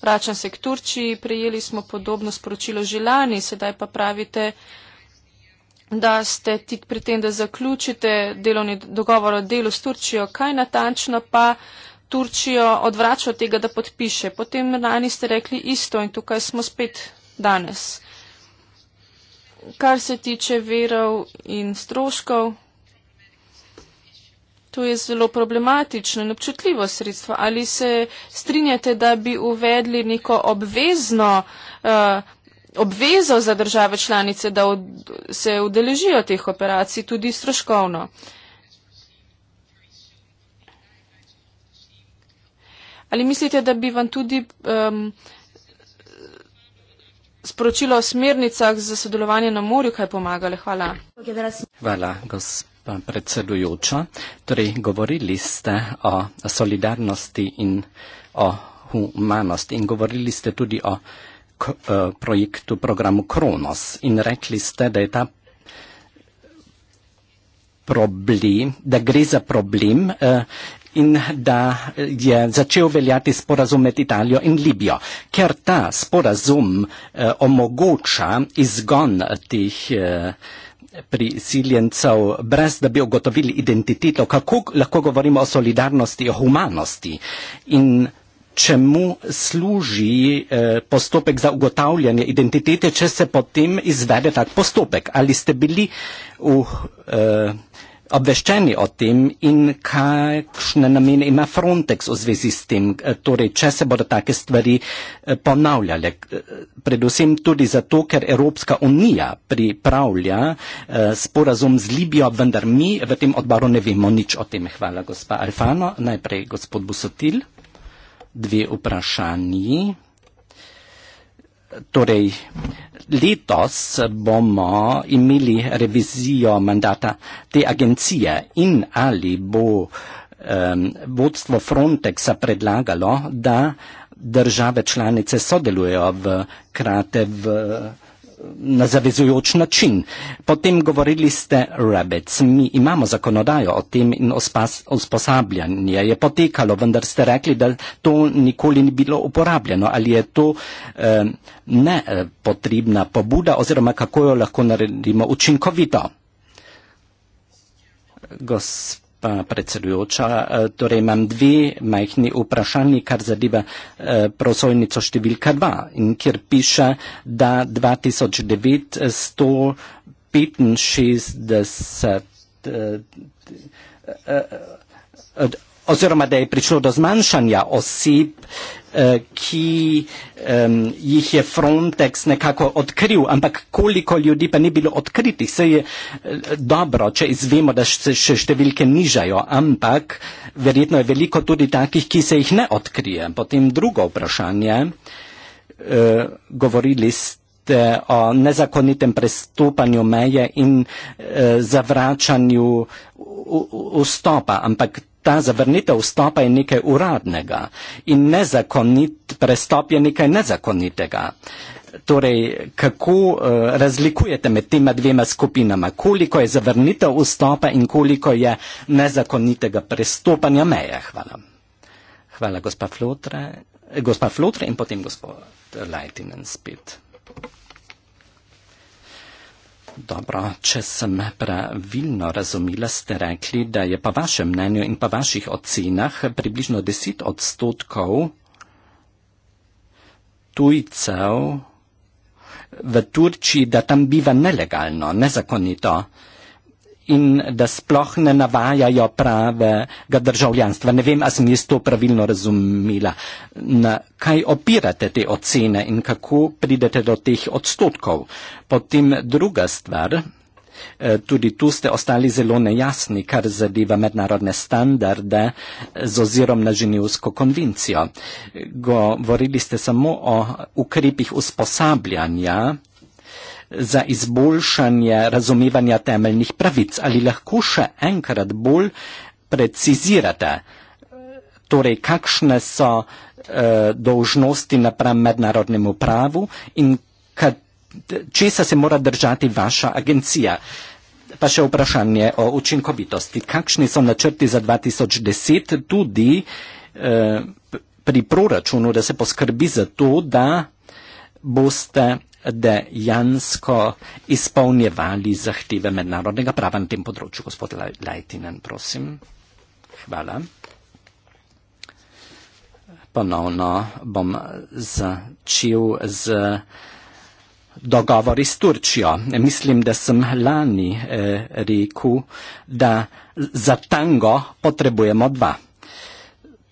Vračam se k Turčiji, prejeli smo podobno sporočilo že lani, sedaj pa pravite, da ste tik pri tem, da zaključite delovni dogovor o delu s Turčijo. Kaj natančno pa Turčijo odvrača od tega, da podpiše? Potem lani ste rekli isto in tukaj smo spet danes kar se tiče verov in stroškov, to je zelo problematično in občutljivo sredstvo. Ali se strinjate, da bi uvedli neko obvezno, uh, obvezo za države članice, da od, se udeležijo teh operacij tudi stroškovno? Ali mislite, da bi vam tudi um, sporočilo o smernicah za sodelovanje na morju kaj pomagale. Hvala. Hvala, gospa predsedujoča. Torej, govorili ste o solidarnosti in o humanosti in govorili ste tudi o eh, projektu programu Kronos in rekli ste, da je ta problem, da gre za problem, eh, in da je začel veljati sporazum med Italijo in Libijo. Ker ta sporazum eh, omogoča izgon tih eh, prisiljencev, brez da bi ugotovili identiteto, kako lahko govorimo o solidarnosti, o humanosti in čemu služi eh, postopek za ugotavljanje identitete, če se potem izvede tak postopek. Ali ste bili v. Eh, obveščeni o tem in kakšne namene ima Frontex v zvezi s tem, e, torej če se bodo take stvari e, ponavljale. E, predvsem tudi zato, ker Evropska unija pripravlja sporazum z Libijo, vendar mi v tem odboru ne vemo nič o tem. Hvala, gospa Alfano. Najprej gospod Busotil. Dve vprašanji torej letos bomo imeli revizijo mandata te agencije in ali bo um, vodstvo Frontexa predlagalo, da države članice sodelujejo v krate v na zavezujoč način. Potem govorili ste, rabec, mi imamo zakonodajo o tem in usposabljanje je potekalo, vendar ste rekli, da to nikoli ni bilo uporabljeno. Ali je to eh, nepotrebna eh, pobuda oziroma kako jo lahko naredimo učinkovito? Gospod gospa predsedujoča. E, torej imam dve majhni vprašanji, kar zadeva e, prosojnico številka 2 in kjer piše, da 2009 165 oziroma da je prišlo do zmanjšanja oseb, eh, ki um, jih je Frontex nekako odkril, ampak koliko ljudi pa ni bilo odkritih. Se je eh, dobro, če izvemo, da se še številke nižajo, ampak verjetno je veliko tudi takih, ki se jih ne odkrije. Potem drugo vprašanje. Uh, govorili ste o nezakonitem prestopanju meje in uh, zavračanju vstopa, ampak ta zavrnitev vstopa je nekaj uradnega in nezakonit prestop je nekaj nezakonitega. Torej, kako uh, razlikujete med tema dvema skupinama, koliko je zavrnitev vstopa in koliko je nezakonitega prestopanja meje? Hvala. Hvala, gospa Flotre, gospa Flotre in potem gospod Leitinen spet. Dobro, če sem pravilno razumela, ste rekli, da je po vašem mnenju in po vaših ocenah približno 10 odstotkov tujcev v Turčiji, da tam biva nelegalno, nezakonito in da sploh ne navajajo pravega državljanstva. Ne vem, a sem jaz to pravilno razumela. Na kaj opirate te ocene in kako pridete do teh odstotkov? Potem druga stvar, eh, tudi tu ste ostali zelo nejasni, kar zadeva mednarodne standarde eh, z ozirom na ženevsko konvencijo. Govorili ste samo o ukrepih usposabljanja, za izboljšanje razumevanja temeljnih pravic. Ali lahko še enkrat bolj precizirate, torej kakšne so eh, dolžnosti napram mednarodnemu pravu in kad, česa se mora držati vaša agencija? Pa še vprašanje o učinkovitosti. Kakšni so načrti za 2010 tudi eh, pri proračunu, da se poskrbi za to, da boste dejansko izpolnjevali zahteve mednarodnega prava na tem področju. Gospod Lajtinen, prosim. Hvala. Ponovno bom začel z dogovori s Turčijo. Mislim, da sem lani eh, rekel, da za tango potrebujemo dva.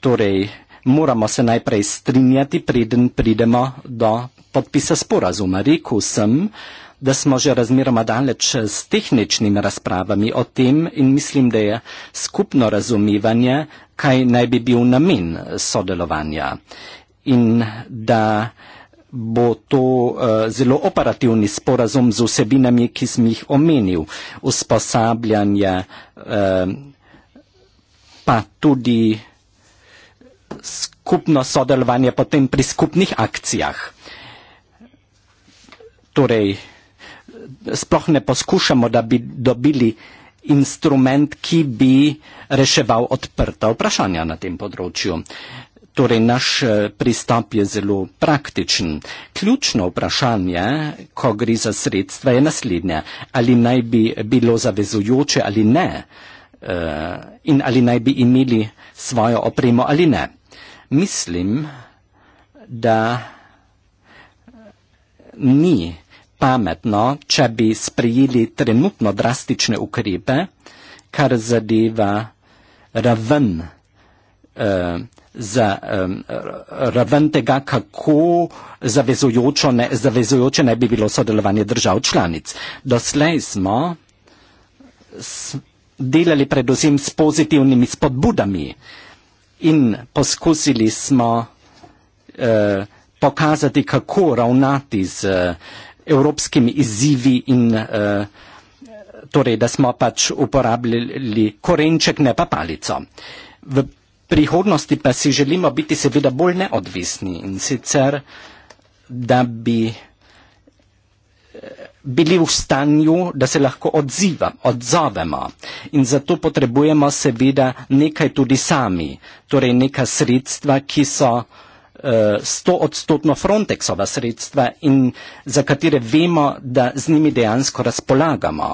Torej, moramo se najprej strinjati, preden pridemo do podpisa sporazuma. Rekl sem, da smo že razmeroma daleč s tehničnimi razpravami o tem in mislim, da je skupno razumivanje, kaj naj bi bil namen sodelovanja in da bo to uh, zelo operativni sporazum z vsebinami, ki sem jih omenil, usposabljanje, uh, pa tudi uh, skupno sodelovanje potem pri skupnih akcijah. Torej, sploh ne poskušamo, da bi dobili instrument, ki bi reševal odprta vprašanja na tem področju. Torej, naš eh, pristop je zelo praktičen. Ključno vprašanje, ko gre za sredstva, je naslednje. Ali naj bi bilo zavezujoče ali ne? Eh, in ali naj bi imeli svojo opremo ali ne? mislim, da ni pametno, če bi sprejeli trenutno drastične ukrepe, kar zadeva raven, eh, za, eh, raven tega, kako ne, zavezujoče ne bi bilo sodelovanje držav članic. Doslej smo delali predvsem s pozitivnimi spodbudami. Eh, in poskusili smo eh, pokazati, kako ravnati z eh, evropskimi izzivi in eh, torej, da smo pač uporabljali korenček, ne pa palico. V prihodnosti pa si želimo biti seveda bolj neodvisni in sicer, da bi. Eh, bili v stanju, da se lahko odziva, odzovemo. In zato potrebujemo seveda nekaj tudi sami, torej neka sredstva, ki so eh, stoodstotno Frontexova sredstva in za katere vemo, da z njimi dejansko razpolagamo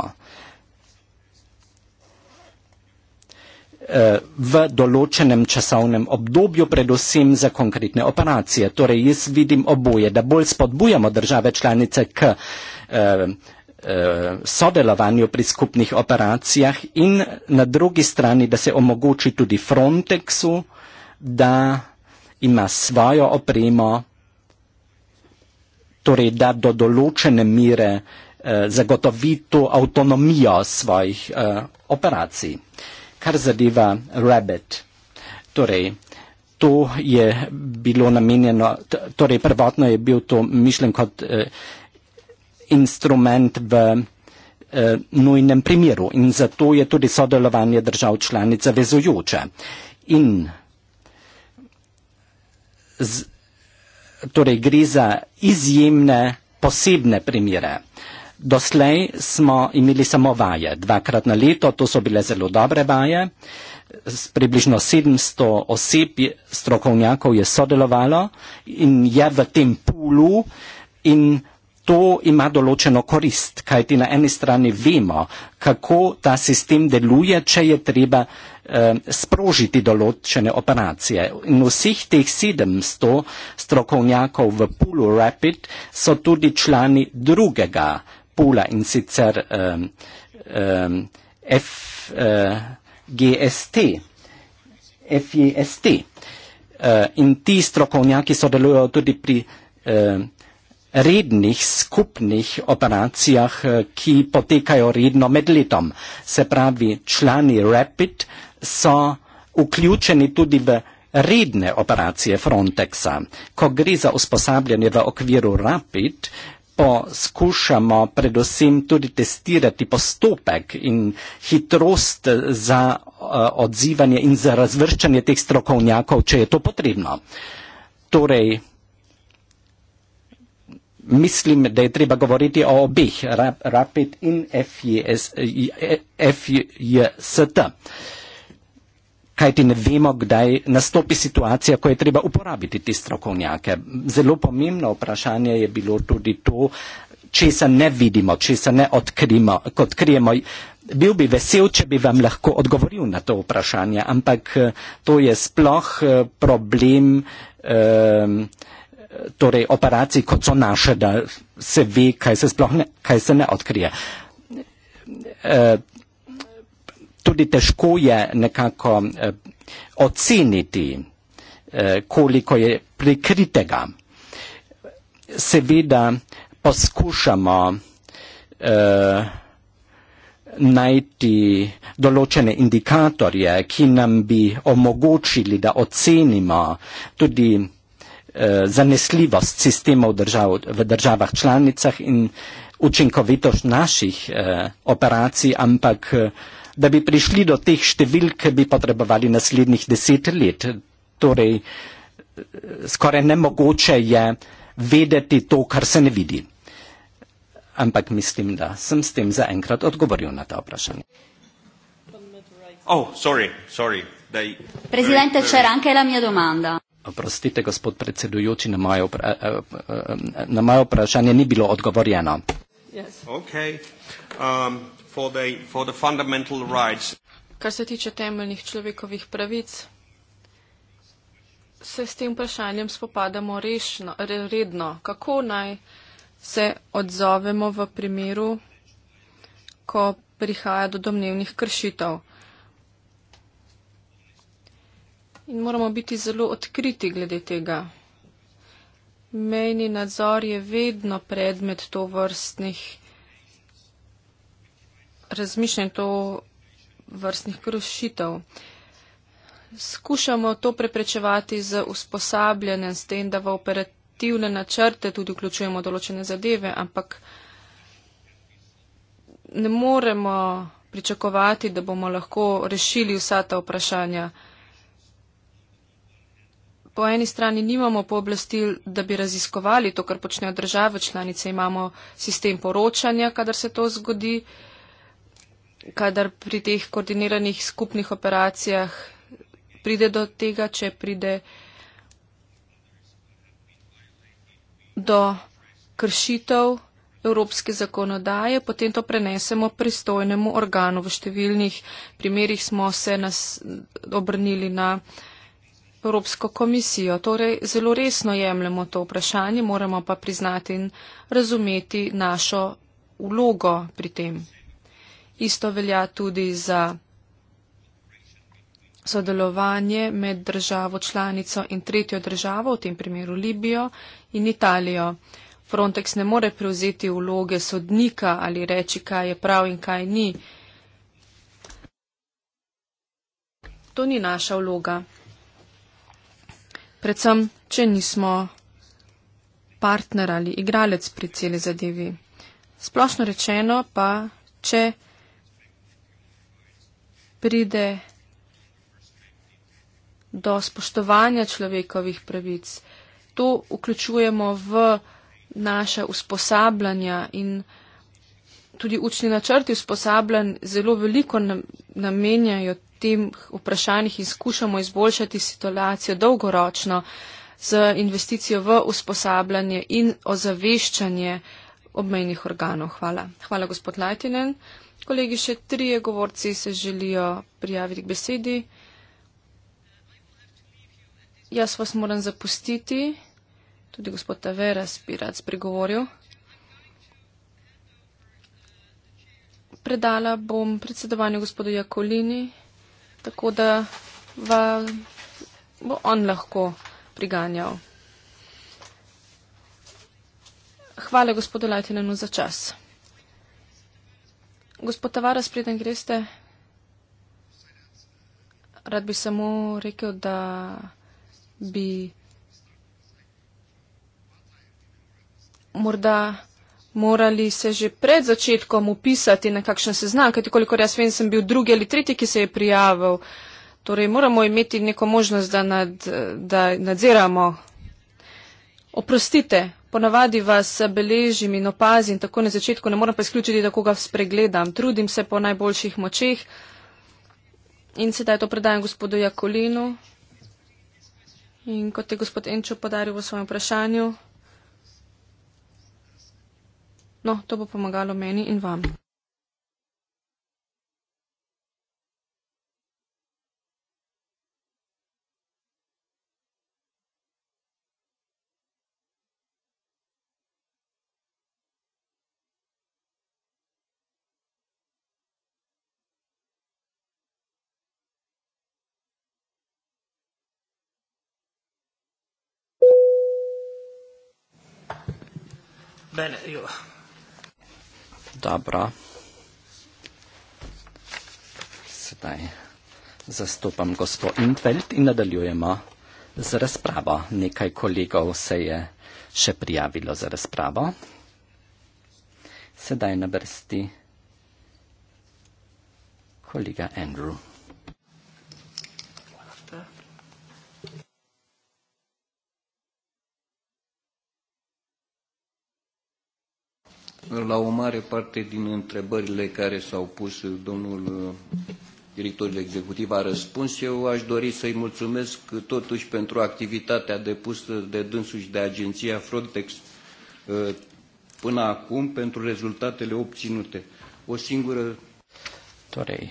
eh, v določenem časovnem obdobju, predvsem za konkretne operacije. Torej jaz vidim oboje, da bolj spodbujamo države članice k Ehm, eh, sodelovanju pri skupnih operacijah in na drugi strani, da se omogoči tudi Frontexu, da ima svojo opremo, torej da do določene mire eh, zagotovi to avtonomijo svojih eh, operacij. Kar zadeva Rabbit, torej to je bilo namenjeno, torej prvotno je bil to mišljen kot eh, instrument v eh, nujnem primeru in zato je tudi sodelovanje držav članic zavezujoče. In z, torej gre za izjemne posebne primere. Doslej smo imeli samo vaje, dvakrat na leto, to so bile zelo dobre vaje, S približno 700 oseb strokovnjakov je sodelovalo in je v tem pulu in to ima določeno korist, kaj ti na eni strani vemo, kako ta sistem deluje, če je treba eh, sprožiti določene operacije. In vseh teh 700 strokovnjakov v Pulu Rapid so tudi člani drugega Pula in sicer eh, eh, FGST. Eh, FGST. E eh, in ti strokovnjaki sodelujo tudi pri. Eh, rednih skupnih operacijah, eh, ki potekajo redno med letom. Se pravi, člani Rapid so vključeni tudi v redne operacije Frontexa. Ko gre za usposabljanje v okviru Rapid, poskušamo predvsem tudi testirati postopek in hitrost za eh, odzivanje in za razvrščanje teh strokovnjakov, če je to potrebno. Torej, mislim, da je treba govoriti o obih, rap, Rapid in FJST. Kaj ti ne vemo, kdaj nastopi situacija, ko je treba uporabiti te strokovnjake. Zelo pomembno vprašanje je bilo tudi to, če se ne vidimo, če se ne odkrijemo. Bil bi vesel, če bi vam lahko odgovoril na to vprašanje, ampak eh, to je sploh eh, problem. Eh, torej operacij, kot so naše, da se ve, kaj se sploh ne, kaj se ne odkrije. E, tudi težko je nekako e, oceniti, e, koliko je prikritega. Seveda poskušamo eh, najti določene indikatorje, ki nam bi omogočili, da ocenimo tudi Eh, zanesljivost sistemov držav, v državah članicah in učinkovitost naših eh, operacij, ampak eh, da bi prišli do teh številk, bi potrebovali naslednjih deset let. Torej, skoraj nemogoče je vedeti to, kar se ne vidi. Ampak mislim, da sem s tem zaenkrat odgovoril na ta vprašanje. Oh, sorry, sorry. Presidente, c'era anche la mia domanda. Oprostite, gospod predsedujoči, na moje, vpra eh, eh, eh, na moje vprašanje ni bilo odgovorjeno. Yes. Okay. Um, for the, for the fundamental rights. Kar se tiče temeljnih človekovih pravic, se s tem vprašanjem spopadamo rešno, redno. Kako naj se odzovemo v primeru, ko prihaja do domnevnih kršitev? in moramo biti zelo odkriti glede tega. Mejni nadzor je vedno predmet to vrstnih razmišljanj, to vrstnih kršitev. Skušamo to preprečevati z usposabljanjem, s tem, da v operativne načrte tudi vključujemo določene zadeve, ampak ne moremo pričakovati, da bomo lahko rešili vsa ta vprašanja po eni strani nimamo pooblastil, da bi raziskovali to, kar počnejo države članice, imamo sistem poročanja, kadar se to zgodi, kadar pri teh koordiniranih skupnih operacijah pride do tega, če pride do kršitev evropske zakonodaje, potem to prenesemo pristojnemu organu. V številnih primerjih smo se nas obrnili na. Evropsko komisijo. Torej, zelo resno jemljemo to vprašanje, moramo pa priznati in razumeti našo vlogo pri tem. Isto velja tudi za sodelovanje med državo članico in tretjo državo, v tem primeru Libijo in Italijo. Frontex ne more prevzeti vloge sodnika ali reči, kaj je prav in kaj ni. To ni naša vloga predvsem, če nismo partner ali igralec pri celi zadevi. Splošno rečeno pa, če pride do spoštovanja človekovih pravic, to vključujemo v naše usposabljanja in tudi učni načrti usposabljanj zelo veliko namenjajo tem vprašanjih in skušamo izboljšati situacijo dolgoročno z investicijo v usposabljanje in ozaveščanje obmejnih organov. Hvala. Hvala, gospod Lajtinen. Kolegi, še trije govorci se želijo prijaviti k besedi. Jaz vas moram zapustiti. Tudi gospod Tavera Spirac pregovoril. Predala bom predsedovanju gospodu Jakolini tako da va, bo on lahko priganjal. Hvala gospodu Latinenu za čas. Gospod Tavara, spreden greste, rad bi samo rekel, da bi morda morali se že pred začetkom upisati na kakšen seznam, kajti kolikor jaz vem, sem bil drugi ali tretji, ki se je prijavil. Torej moramo imeti neko možnost, da, nad, da nadziramo. Oprostite, ponavadi vas beležim in opazim tako na začetku, ne moram pa izključiti, da koga spregledam. Trudim se po najboljših močeh in sedaj to predajam gospodu Jakolinu. In kot je gospod Enčo podaril v svojem vprašanju. No, to bo pomagalo meni in vam. Bene, io. Dobro. Sedaj zastopam gospod Intveld in nadaljujemo z razpravo. Nekaj kolegov se je še prijavilo za razpravo. Sedaj na vrsti kolega Andrew. la o mare parte din întrebările care s-au pus domnul uh, directorul executiv a răspuns. Eu aș dori să-i mulțumesc totuși pentru activitatea depusă de dânsul și de agenția Frontex uh, până acum pentru rezultatele obținute. O singură... Torei.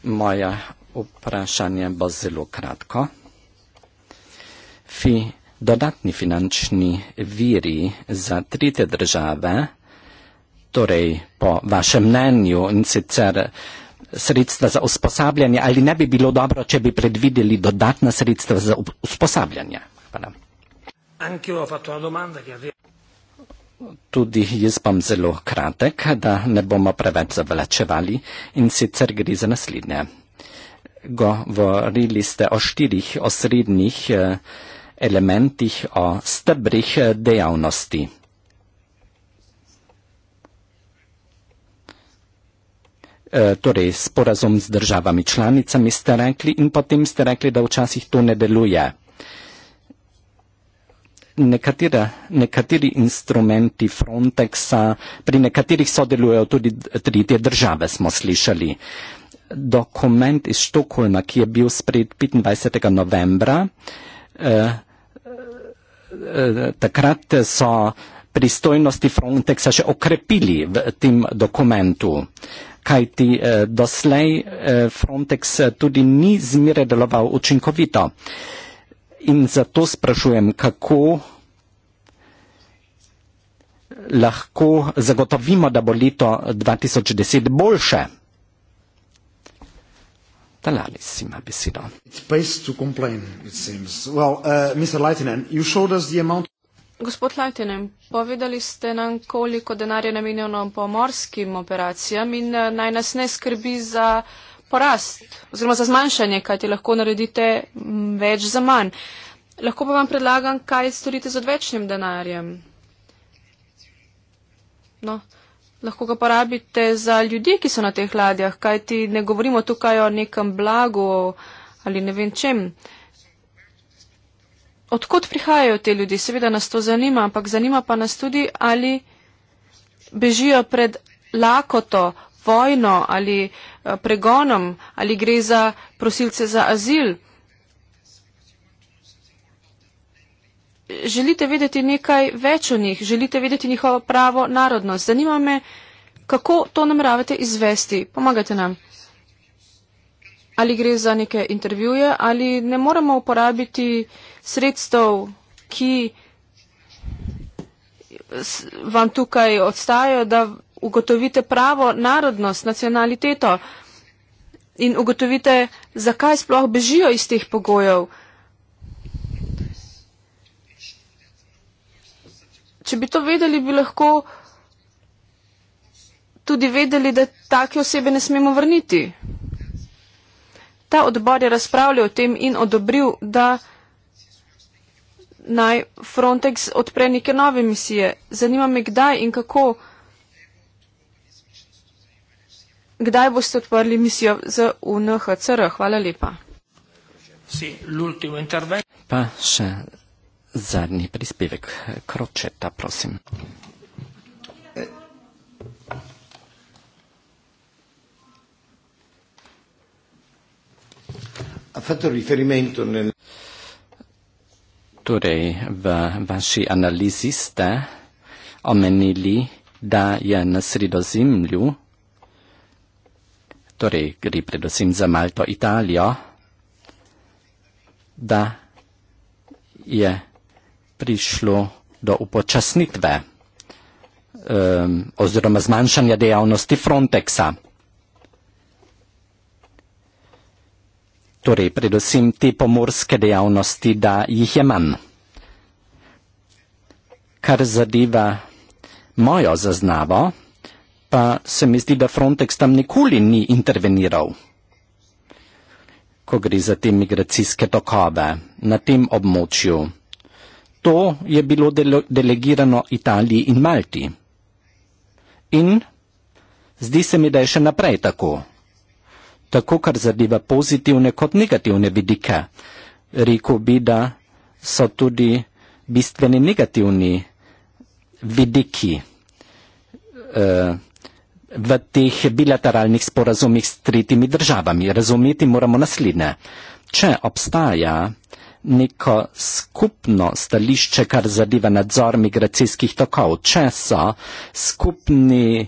Moja oprašanje bo zelo kratko. Fi dodatni finančni viri za trite države, torej po vašem mnenju in sicer sredstva za usposabljanje ali ne bi bilo dobro, če bi predvideli dodatna sredstva za usposabljanje. Hvala. Tudi jaz bom zelo kratek, da ne bomo preveč zavlačevali in sicer gre za naslednje. Govorili ste o štirih osrednjih eh, elementih, o stebrih eh, dejavnosti. Eh, torej, sporazum z državami članicami ste rekli in potem ste rekli, da včasih to ne deluje. Nekatera, nekateri instrumenti Frontexa, pri nekaterih sodelujejo tudi tretje države, smo slišali. Dokument iz Štokholma, ki je bil sprejet 25. novembra, eh, takrat so pristojnosti Frontexa še okrepili v tem dokumentu, kajti eh, doslej eh, Frontex eh, tudi ni zmeraj deloval učinkovito. In zato sprašujem, kako lahko zagotovimo, da bo leto 2010 boljše dalali si ima besedo. Uh, Gospod Lajtenen, povedali ste nam, koliko denarja namenjeno pomorskim operacijam in eh, naj nas ne skrbi za porast oziroma za zmanjšanje, kaj ti lahko naredite mm, več za manj. Lahko pa vam predlagam, kaj storite z odvečnim denarjem. No, Lahko ga porabite za ljudi, ki so na teh ladjah, kajti ne govorimo tukaj o nekem blagu ali ne vem čem. Odkot prihajajo te ljudi? Seveda nas to zanima, ampak zanima pa nas tudi, ali bežijo pred lakoto, vojno ali eh, pregonom, ali gre za prosilce za azil. želite vedeti nekaj več o njih, želite vedeti njihovo pravo narodnost. Zanima me, kako to nameravate izvesti. Pomagajte nam. Ali gre za neke intervjuje, ali ne moremo uporabiti sredstev, ki vam tukaj odstajajo, da ugotovite pravo narodnost, nacionaliteto in ugotovite, zakaj sploh bežijo iz teh pogojev. če bi to vedeli, bi lahko tudi vedeli, da take osebe ne smemo vrniti. Ta odbor je razpravljal o tem in odobril, da naj Frontex odpre neke nove misije. Zanima me, kdaj in kako. Kdaj boste odprli misijo za UNHCR? Hvala lepa. Pa še zadnji prispevek. Kročeta, prosim. Torej, v vaši analizi ste omenili, da je na sredozemlju, torej gre predvsem za Malto, Italijo, da je prišlo do upočasnitve um, oziroma zmanjšanja dejavnosti Frontexa. Torej, predvsem te pomorske dejavnosti, da jih je manj. Kar zadeva mojo zaznavo, pa se mi zdi, da Frontex tam nikoli ni interveniral, ko gre za te migracijske tokove na tem območju. To je bilo delegirano Italiji in Malti. In zdi se mi, da je še naprej tako. Tako kar zadeva pozitivne kot negativne vidike. Rekel bi, da so tudi bistveni negativni vidiki uh, v teh bilateralnih sporazumih s tretjimi državami. Razumeti moramo naslednje. Če obstaja neko skupno stališče, kar zadeva nadzor migracijskih tokov, če so skupni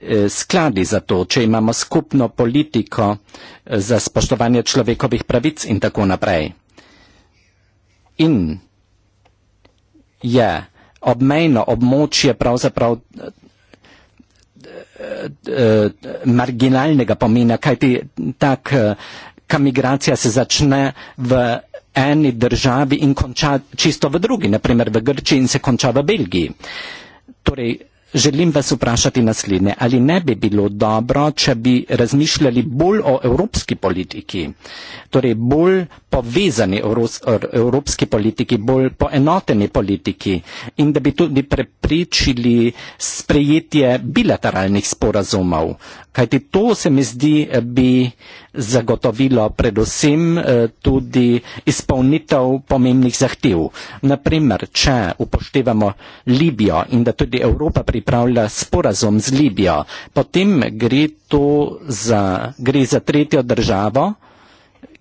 eh, skladi za to, če imamo skupno politiko eh, za spoštovanje človekovih pravic in tako naprej. In je obmejno območje pravzaprav eh, marginalnega pomena, kajti tak, kam migracija se začne v eni državi in konča čisto v drugi, naprimer v Grčiji in se konča v Belgiji. Torej, želim vas vprašati naslednje, ali ne bi bilo dobro, če bi razmišljali bolj o evropski politiki, torej bolj povezani er, evropski politiki, bolj poenoteni politiki in da bi tudi prepričili sprejetje bilateralnih sporazumov, kajti to se mi zdi, eh, bi zagotovilo predvsem eh, tudi izpolnitev pomembnih zahtev. Naprimer, če upoštevamo Libijo in da tudi Evropa pripravlja sporazum z Libijo, potem gre to za, gre za tretjo državo,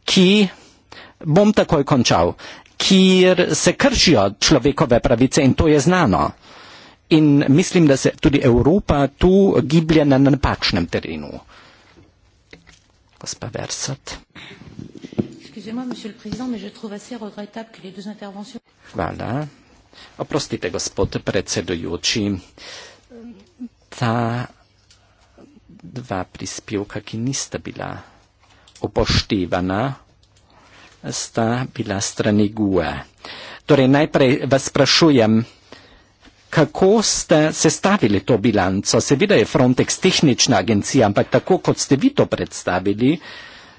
ki, bom takoj končal, kjer se kršijo človekove pravice in to je znano in mislim, da se tudi Evropa tu giblje na napačnem terenu. Gospa Versat. Hvala. Oprostite, gospod predsedujoči, ta dva prispevka, ki nista bila upoštevana, sta bila strani GUE. Torej, najprej vas sprašujem, kako ste sestavili to bilanco? Seveda je Frontex tehnična agencija, ampak tako, kot ste vi to predstavili,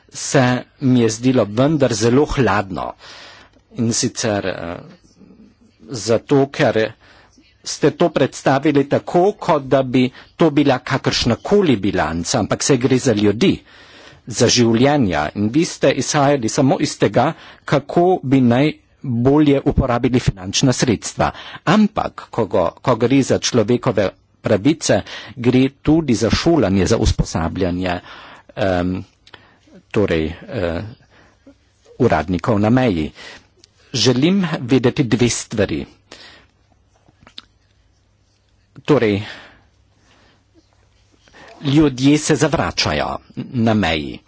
se mi je zdelo vendar zelo hladno. In sicer eh, zato, ker ste to predstavili tako, kot da bi to bila kakršnakoli bilanca, ampak se gre za ljudi, za življenja. In vi ste izhajali samo iz tega, kako bi naj bolje uporabili finančna sredstva. Ampak, ko, go, ko gre za človekove pravice, gre tudi za šolanje, za usposabljanje um, torej, uh, uradnikov na meji. Želim vedeti dve stvari. Torej, ljudje se zavračajo na meji.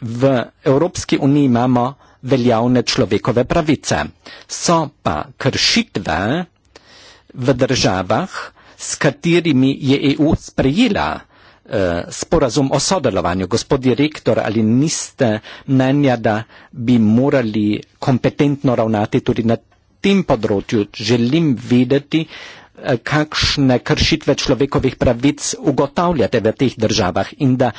V Evropski uniji imamo veljavne človekove pravice. So pa kršitve v državah, s katerimi je EU sprejela eh, sporazum o sodelovanju. Gospod direktor, ali niste mnenja, da bi morali kompetentno ravnati tudi na tem področju? Želim videti, Eh, kakšne kršitve človekovih pravic ugotavljate v teh državah in da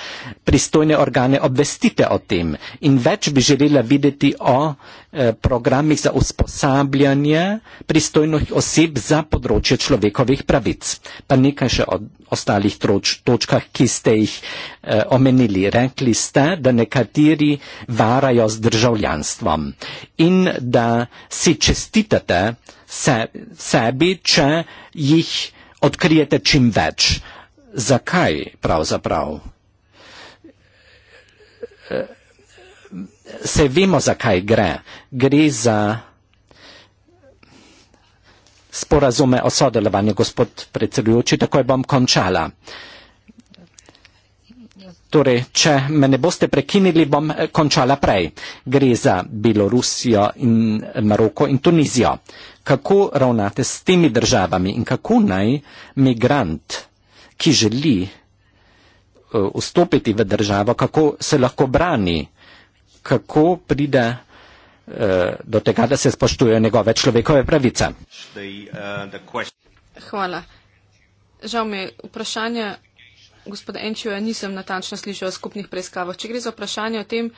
pristojne organe obvestite o tem. In več bi želela videti o eh, programih za usposabljanje pristojnih oseb za področje človekovih pravic. Pa nekaj še o ostalih troč, točkah, ki ste jih eh, omenili. Rekli ste, da nekateri varajo z državljanstvom in da si čestitate se, sebi, če jih odkrijete čim več. Zakaj pravzaprav? Se vemo, zakaj gre. Gre za sporazume o sodelovanju, gospod predsedujoči, takoj bom končala. Torej, če me ne boste prekinili, bom eh, končala prej. Gre za Belorusijo in Maroko in Tunizijo kako ravnate s temi državami in kako naj migrant, ki želi eh, vstopiti v državo, kako se lahko brani, kako pride eh, do tega, da se spoštujejo njegove človekove pravice. Hvala. Žal mi je vprašanje, gospoda Enčjoja, nisem natančno slišal o skupnih preiskavah. Če gre za vprašanje o tem,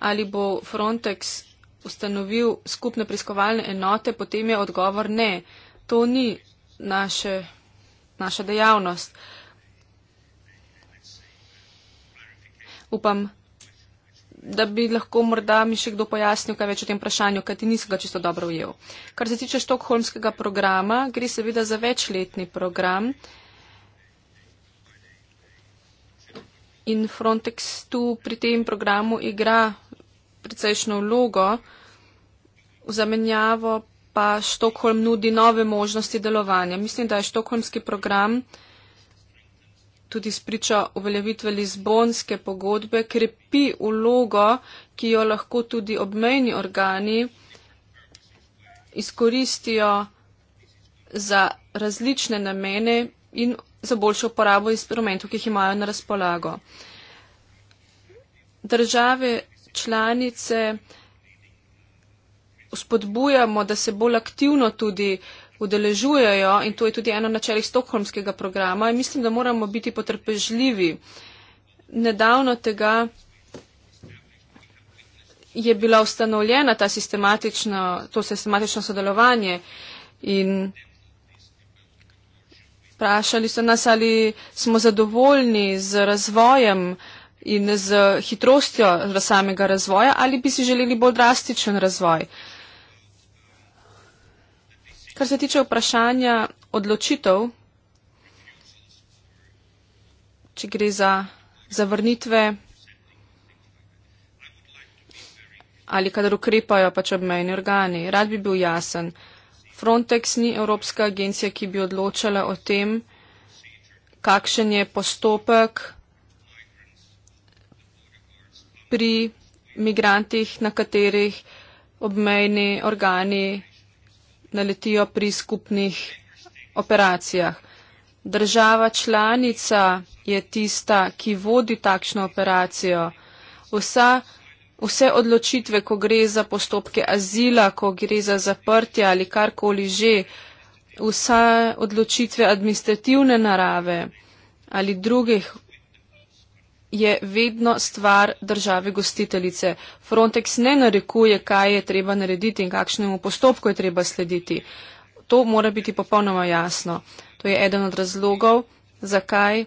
ali bo Frontex ustanovil skupne preiskovalne enote, potem je odgovor ne, to ni naše, naša dejavnost. Upam, da bi lahko morda mi še kdo pojasnil kaj več o tem vprašanju, kajti nisem ga čisto dobro ujel. Kar se tiče Štokholmskega programa, gre seveda za večletni program. In Frontex tu pri tem programu igra precejšno vlogo, v zamenjavo pa Štokholm nudi nove možnosti delovanja. Mislim, da je štokholmski program tudi spriča uveljavitve Lizbonske pogodbe, krepi vlogo, ki jo lahko tudi obmejni organi izkoristijo za različne namene in za boljšo uporabo instrumentov, ki jih imajo na razpolago. Države članice spodbujamo, da se bolj aktivno tudi udeležujejo in to je tudi eno načelih stokholmskega programa in mislim, da moramo biti potrpežljivi. Nedavno tega je bila ustanovljena ta sistematično, to sistematično sodelovanje in vprašali so nas, ali smo zadovoljni z razvojem uh, in z hitrostjo samega razvoja ali bi si želeli bolj drastičen razvoj. Kar se tiče vprašanja odločitev, če gre za zavrnitve ali kadar ukrepajo pač obmejni organi, rad bi bil jasen. Frontex ni Evropska agencija, ki bi odločala o tem, kakšen je postopek, pri migrantih, na katerih obmejni organi naletijo pri skupnih operacijah. Država članica je tista, ki vodi takšno operacijo. Vsa, vse odločitve, ko gre za postopke azila, ko gre za zaprtje ali karkoli že, vsa odločitve administrativne narave ali drugih je vedno stvar države gostiteljice. Frontex ne narekuje, kaj je treba narediti in kakšnemu postopku je treba slediti. To mora biti popolnoma jasno. To je eden od razlogov, zakaj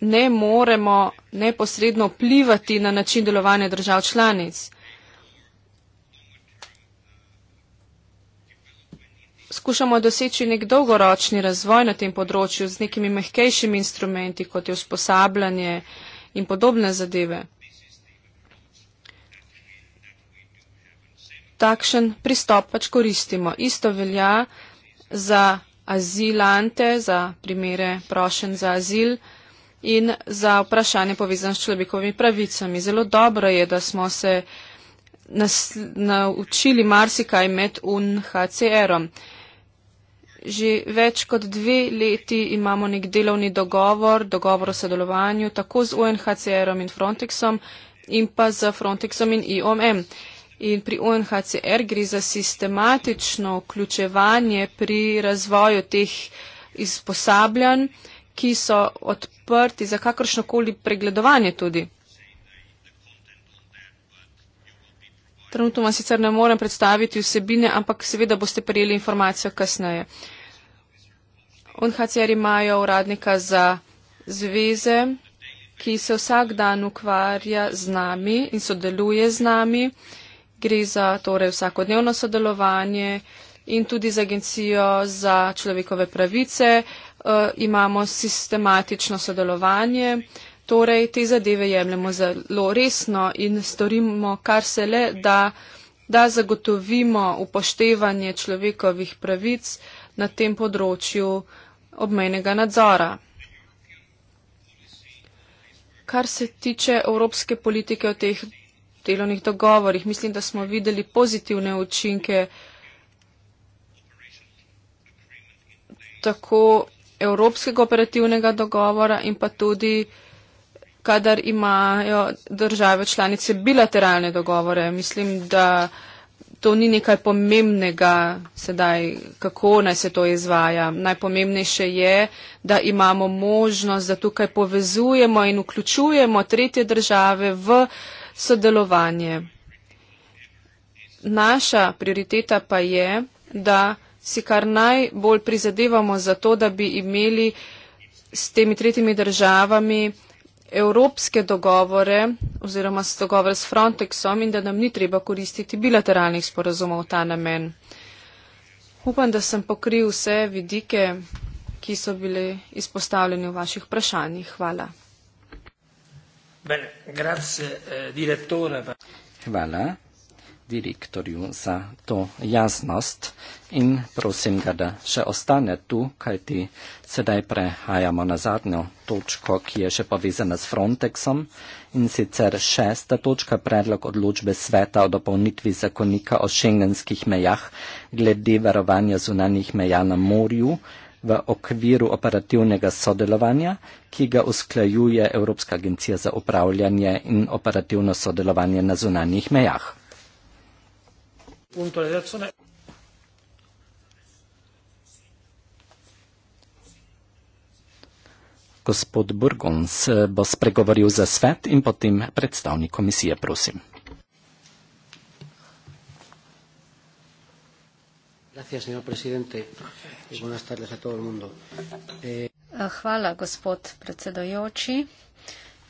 ne moremo neposredno plivati na način delovanja držav članic. skušamo doseči nek dolgoročni razvoj na tem področju z nekimi mehkejšimi instrumenti, kot je usposabljanje in podobne zadeve. Takšen pristop pač koristimo. Isto velja za azilante, za primere prošen za azil in za vprašanje povezane s človekovimi pravicami. Zelo dobro je, da smo se nas, naučili marsikaj med UNHCR-om. Uh, že več kot dve leti imamo nek delovni dogovor, dogovor o sodelovanju tako z UNHCR-om in Frontexom in pa z Frontexom in IOM. In pri UNHCR gre za sistematično vključevanje pri razvoju teh izposabljanj, ki so odprti za kakršnokoli pregledovanje tudi. Trenutno vam sicer ne morem predstaviti vsebine, ampak seveda boste prijeli informacijo kasneje. Uh, UNHCR imajo uradnika za zveze, ki se vsak dan ukvarja z nami in sodeluje z nami. Gre za torej vsakodnevno sodelovanje in tudi z Agencijo za človekove pravice uh, imamo sistematično sodelovanje. Torej, te zadeve jemljemo zelo resno in storimo, kar se le da, da zagotovimo upoštevanje človekovih pravic na tem področju obmejnega nadzora. Kar se tiče evropske politike v teh delovnih dogovorih, mislim, da smo videli pozitivne učinke tako evropskega operativnega dogovora in pa tudi, kadar imajo države članice bilateralne dogovore. Mislim, da to ni nekaj pomembnega sedaj, kako naj se to izvaja. Najpomembnejše je, da imamo možnost, da tukaj povezujemo in vključujemo tretje države v sodelovanje. Naša prioriteta pa je, da si kar najbolj prizadevamo za to, da bi imeli s temi tretjimi državami evropske dogovore oziroma dogovor s Frontexom in da nam ni treba koristiti bilateralnih sporazumov v ta namen. Upam, da sem pokril vse vidike, ki so bili izpostavljeni v vaših vprašanjih. Hvala. Bene, grazie, eh, direttore. Hvala direktorju za to jasnost in prosim ga, da še ostane tu, kajti sedaj prehajamo na zadnjo točko, ki je še povezana s Frontexom in sicer šesta točka predlog odločbe sveta o dopolnitvi zakonika o šengenskih mejah glede varovanja zunanjih meja na morju v okviru operativnega sodelovanja, ki ga usklajuje Evropska agencija za upravljanje in operativno sodelovanje na zunanjih mejah punto di reazione. Gospod Burgons bo spregovoril za svet in potem predstavnik komisije, prosim. Eh, Hvala, gospod predsedojoči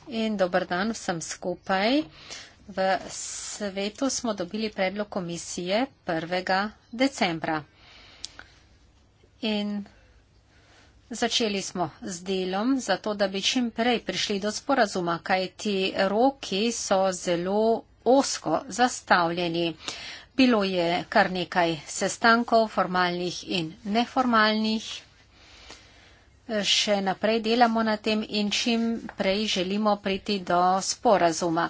in dober dan vsem skupaj. V svetu smo dobili predlog komisije 1. decembra. In začeli smo z delom, zato da bi čim prej prišli do sporazuma, kaj ti roki so zelo osko zastavljeni. Bilo je kar nekaj sestankov, formalnih in neformalnih. Še naprej delamo na tem in čim prej želimo priti do sporazuma.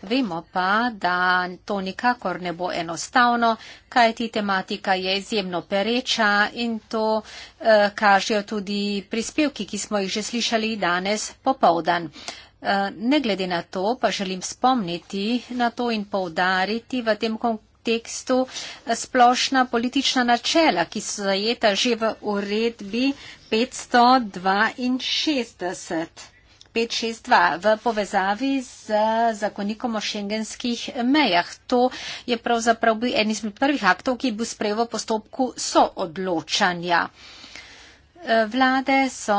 Vemo pa, da to nikakor ne bo enostavno, kajti tematika je izjemno pereča in to eh, kažejo tudi prispevki, ki smo jih že slišali danes popovdan. Eh, ne glede na to, pa želim spomniti na to in povdariti v tem kontekstu eh, splošna politična načela, ki so zajeta že v uredbi 562. 562 v povezavi z zakonikom o šengenskih mejah. To je pravzaprav bil en izmed prvih aktov, ki bo sprejel v postopku soodločanja. Vlade so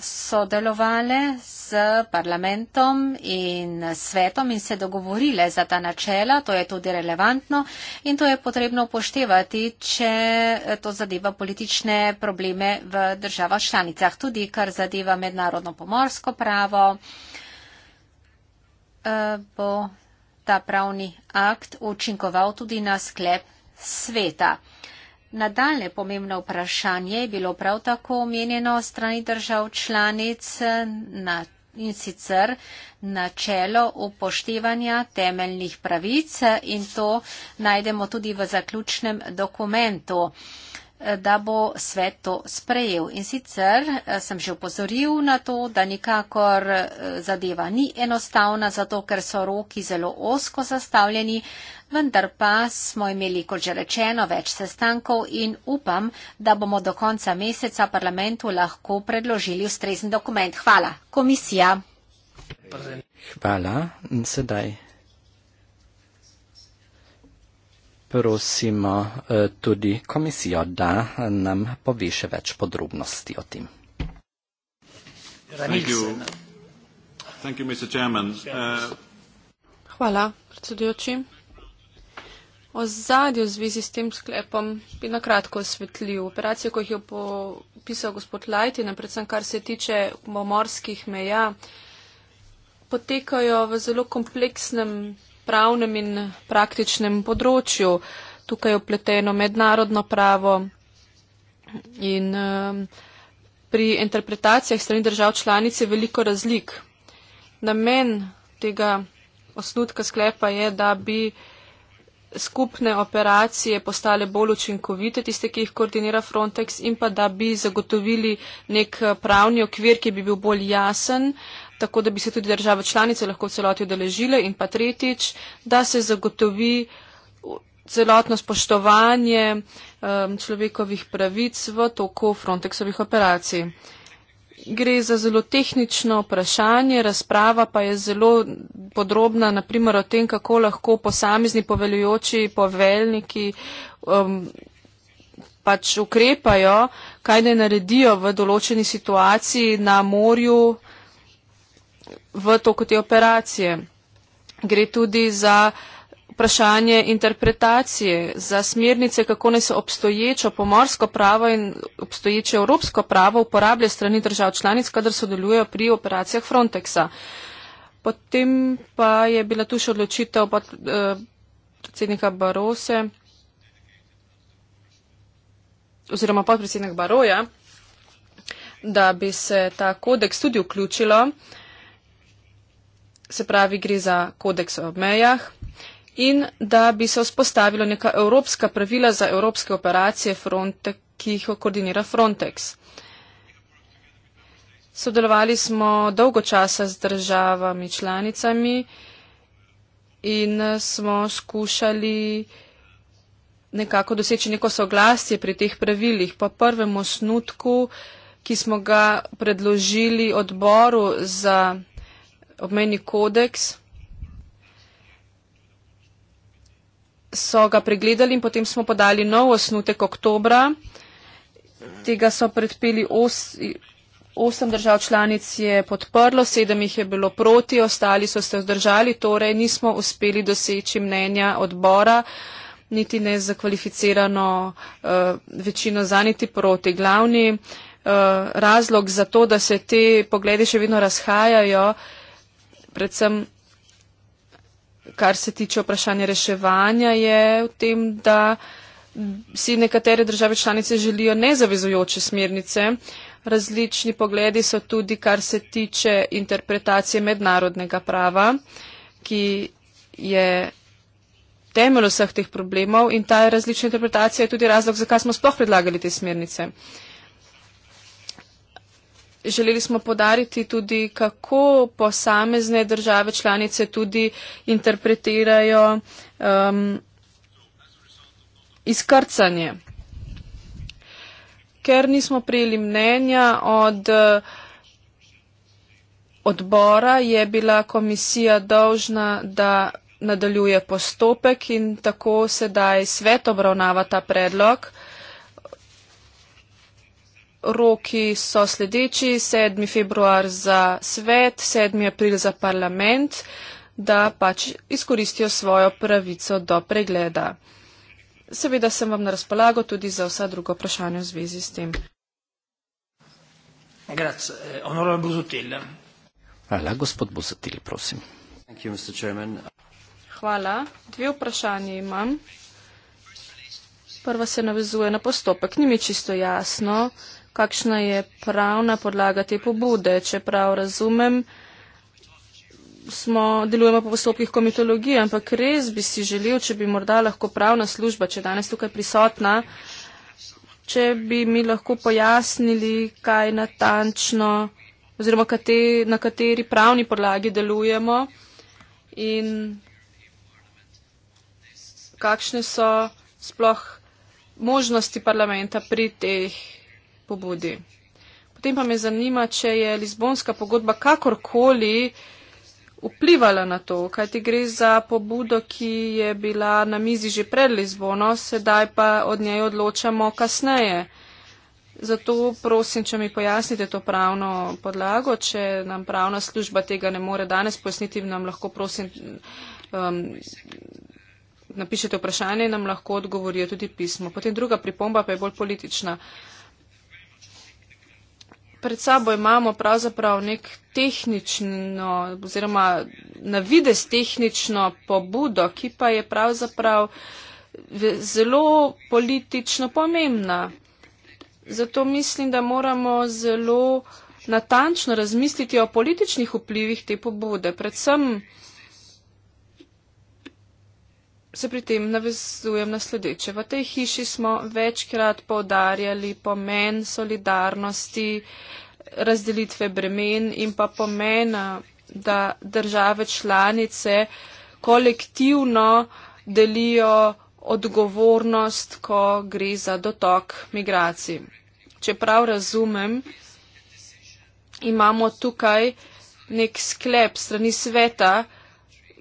sodelovale z parlamentom in svetom in se dogovorile za ta načela. To je tudi relevantno in to je potrebno upoštevati, če to zadeva politične probleme v državah članicah, tudi kar zadeva mednarodno pomorsko pravo. Eh, bo ta pravni akt učinkoval tudi na sklep sveta. Nadaljne pomembno vprašanje je bilo prav tako omenjeno strani držav članic na, in sicer načelo upoštevanja temeljnih pravic in to najdemo tudi v zaključnem dokumentu da bo svet to sprejel. In sicer eh, sem že upozoril na to, da nikakor eh, zadeva ni enostavna, zato ker so roki zelo osko zastavljeni, vendar pa smo imeli, kot že rečeno, več sestankov in upam, da bomo do konca meseca parlamentu lahko predložili ustrezen dokument. Hvala. Komisija. Hvala. Sedaj prosimo eh, tudi komisijo, da eh, nam pove še več podrobnosti o tem. Eh, Hvala, predsedujoči. O zadju v zvezi s tem sklepom bi na kratko osvetlil. Operacijo, ko jih je opisal gospod Lajtina, predvsem kar se tiče pomorskih meja, potekajo v zelo kompleksnem pravnem in praktičnem področju. Tukaj je opleteno mednarodno pravo in um, pri interpretacijah strani držav članic je veliko razlik. Namen tega osnutka sklepa je, da bi skupne operacije postale bolj učinkovite, tiste, ki jih koordinira Frontex, in pa da bi zagotovili nek uh, pravni okvir, ki bi bil bolj jasen, uh, tako da bi se tudi države članice lahko v celoti odeležile in pa tretjič, da se zagotovi celotno spoštovanje um, človekovih pravic v toku Frontexovih operacij. Gre za zelo tehnično vprašanje, razprava pa je zelo podrobna, naprimer o tem, kako lahko posamezni poveljujoči poveljniki um, pač ukrepajo, kaj ne naredijo v določeni situaciji na morju v toku te operacije. Gre tudi za vprašanje interpretacije, za smernice, kako ne se obstoječo pomorsko pravo in obstoječe evropsko pravo uporablja strani držav članic, kadar sodelujejo pri operacijah Frontexa. Potem pa je bila tu še odločitev pod, eh, predsednika Barose oziroma podpredsednik Baroja, da bi se ta kodeks tudi vključilo. Eh, se pravi, gre za kodeks o mejah in da bi se vzpostavilo neka evropska pravila za evropske operacije, fronte, ki jih koordinira Frontex. Sodelovali smo dolgo časa z državami članicami in smo skušali nekako doseči neko soglasje pri teh pravilih. Po prvem osnutku, ki smo ga predložili odboru za obmejni kodeks. So ga pregledali in potem smo podali nov osnutek oktobra. Tega so predpeli os, osem držav članic je podprlo, sedem jih je bilo proti, ostali so se vzdržali, torej nismo uspeli doseči mnenja odbora, niti ne za kvalificirano uh, eh, večino za, niti proti. Glavni uh, razlog za to, da se te poglede še vedno razhajajo, uh, predvsem kar se tiče vprašanja reševanja, je v tem, da si nekatere države članice želijo nezavezujoče smernice. Različni pogledi so tudi, kar se tiče interpretacije mednarodnega prava, ki je temelj vseh teh problemov in ta različna interpretacija je tudi razlog, zakaj smo sploh predlagali te smernice. Uh, želeli smo podariti tudi, kako posamezne države članice tudi interpretirajo um, izkrcanje. Ker nismo prijeli mnenja od odbora, je bila komisija dolžna, da nadaljuje postopek in tako sedaj svet obravnava ta predlog roki so sledeči, 7. februar za svet, 7. april za parlament, da pač izkoristijo svojo pravico do pregleda. Seveda sem vam na razpolago tudi za vsa druga vprašanja v zvezi s tem. Eh, Hvala, gospod Buzotil, prosim. Hvala. Dve vprašanje imam. Prva se navezuje na postopek. Ni mi čisto jasno, kakšna je pravna podlaga te pobude. Če prav razumem, smo, delujemo po postopkih komitologije, ampak res bi si želel, če bi morda lahko pravna služba, če je danes tukaj prisotna, če bi mi lahko pojasnili, kaj natančno oziroma kateri, na kateri pravni podlagi delujemo in kakšne so sploh možnosti parlamenta pri teh pobudi. Potem pa me zanima, če je Lizbonska pogodba kakorkoli vplivala na to, kaj ti gre za pobudo, ki je bila na mizi že pred Lizbono, sedaj pa od njej odločamo kasneje. Zato prosim, če mi pojasnite to pravno podlago, če nam pravna služba tega ne more danes pojasniti, nam lahko prosim um, napišete vprašanje in nam lahko odgovorijo tudi pismo. Potem druga pripomba pa je bolj politična. Uh, pred sabo imamo pravzaprav nek tehnično oziroma navidez tehnično pobudo, ki pa je pravzaprav zelo politično pomembna. Zato mislim, da moramo zelo natančno razmisliti o političnih vplivih te pobude. Predvsem se pri tem navezujem na sledeče. V tej hiši smo večkrat povdarjali pomen solidarnosti, razdelitve bremen in pa pomena, da države članice kolektivno delijo odgovornost, ko gre za dotok migracij. Čeprav razumem, imamo tukaj nek sklep strani sveta,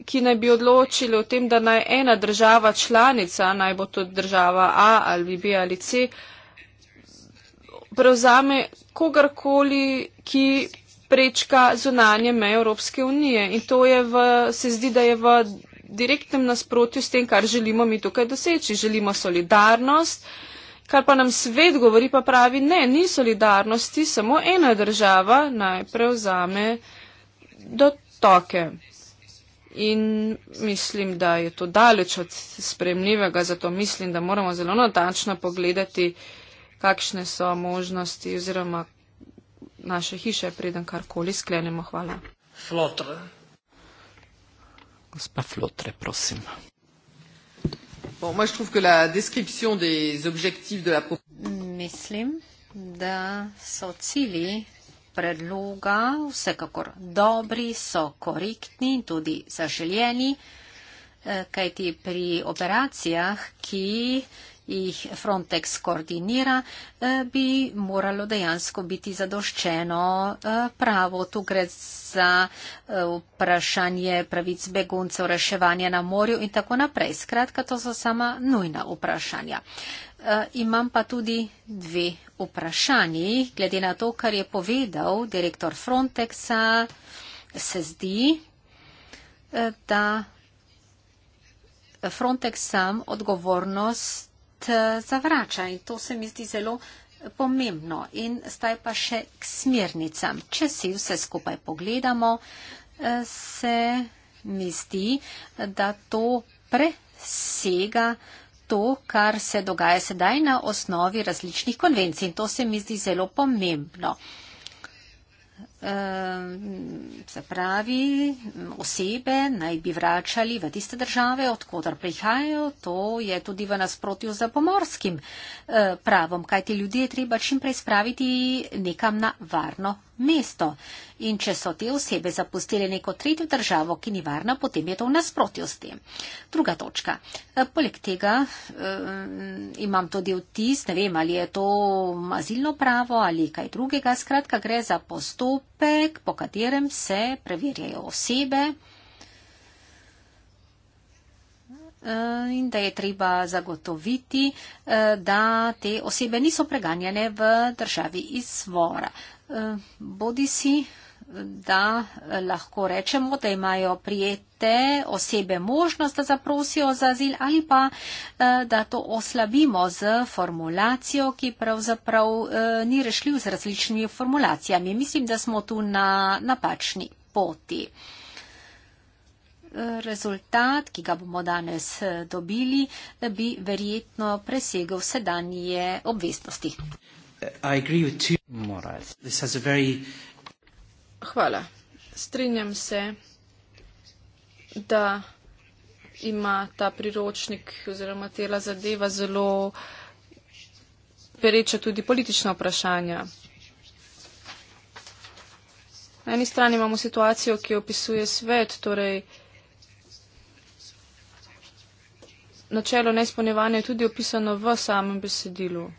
ki naj bi odločili o tem, da naj ena država članica, naj bo to država A ali B ali C, prevzame kogarkoli, ki prečka zunanje meje Evropske unije. In to v, se zdi, da je v direktnem nasprotju s tem, kar želimo mi tukaj doseči. Želimo solidarnost, kar pa nam svet govori, pa pravi, ne, ni solidarnosti, samo ena država naj prevzame dotoke in mislim, da je to daleč od spremljivega, zato mislim, da moramo zelo natančno pogledati, kakšne so možnosti oziroma naše hiše, preden karkoli sklenemo. Hvala. Flotre. Gospa Flotre, prosim. Mislim, da so cili predloga, vsekakor dobri, so korektni in tudi zaželjeni, eh, kajti pri operacijah, ki jih Frontex koordinira, eh, bi moralo dejansko biti zadoščeno eh, pravo. Tu gre za eh, vprašanje pravic beguncev, reševanje na morju in tako naprej. Skratka, to so sama nujna vprašanja. Imam pa tudi dve vprašanji. Glede na to, kar je povedal direktor Frontexa, se zdi, da Frontex sam odgovornost Eh, zavrača in to se mi zdi zelo pomembno. In zdaj pa še k smernicam. Če si vse skupaj pogledamo, eh, se mi zdi, da to presega to, kar se dogaja sedaj na osnovi različnih konvencij in to se mi zdi zelo pomembno. Ehm, se pravi, osebe naj bi vračali v tiste države, odkudar prihajajo. To je tudi v nasprotju z pomorskim eh, pravom, kajti ljudje je treba čimprej spraviti nekam na varno mesto. In če so te osebe zapustile neko tretjo državo, ki ni varna, potem je to v nasprotju s tem. Druga točka. Eh, poleg tega um, imam tudi vtis, ne vem, ali je to azilno pravo ali kaj drugega. Skratka, gre za postopek, po katerem se preverjajo osebe. Eh, in da je treba zagotoviti, da te osebe niso preganjene v državi izvora bodi si, da lahko rečemo, da imajo prijete osebe možnost, da zaprosijo za azil ali pa eh, da to oslabimo z formulacijo, ki pravzaprav eh, ni rešljiv z različnimi formulacijami. Mislim, da smo tu na napačni poti. Rezultat, ki ga bomo danes eh, dobili, bi verjetno presegel sedanje obveznosti. Hvala. Strinjam se, da ima ta priročnik oziroma tela zadeva zelo pereča tudi politična vprašanja. Na eni strani imamo situacijo, ki opisuje svet, torej načelo neizpolnjevanja je tudi opisano v samem besedilu.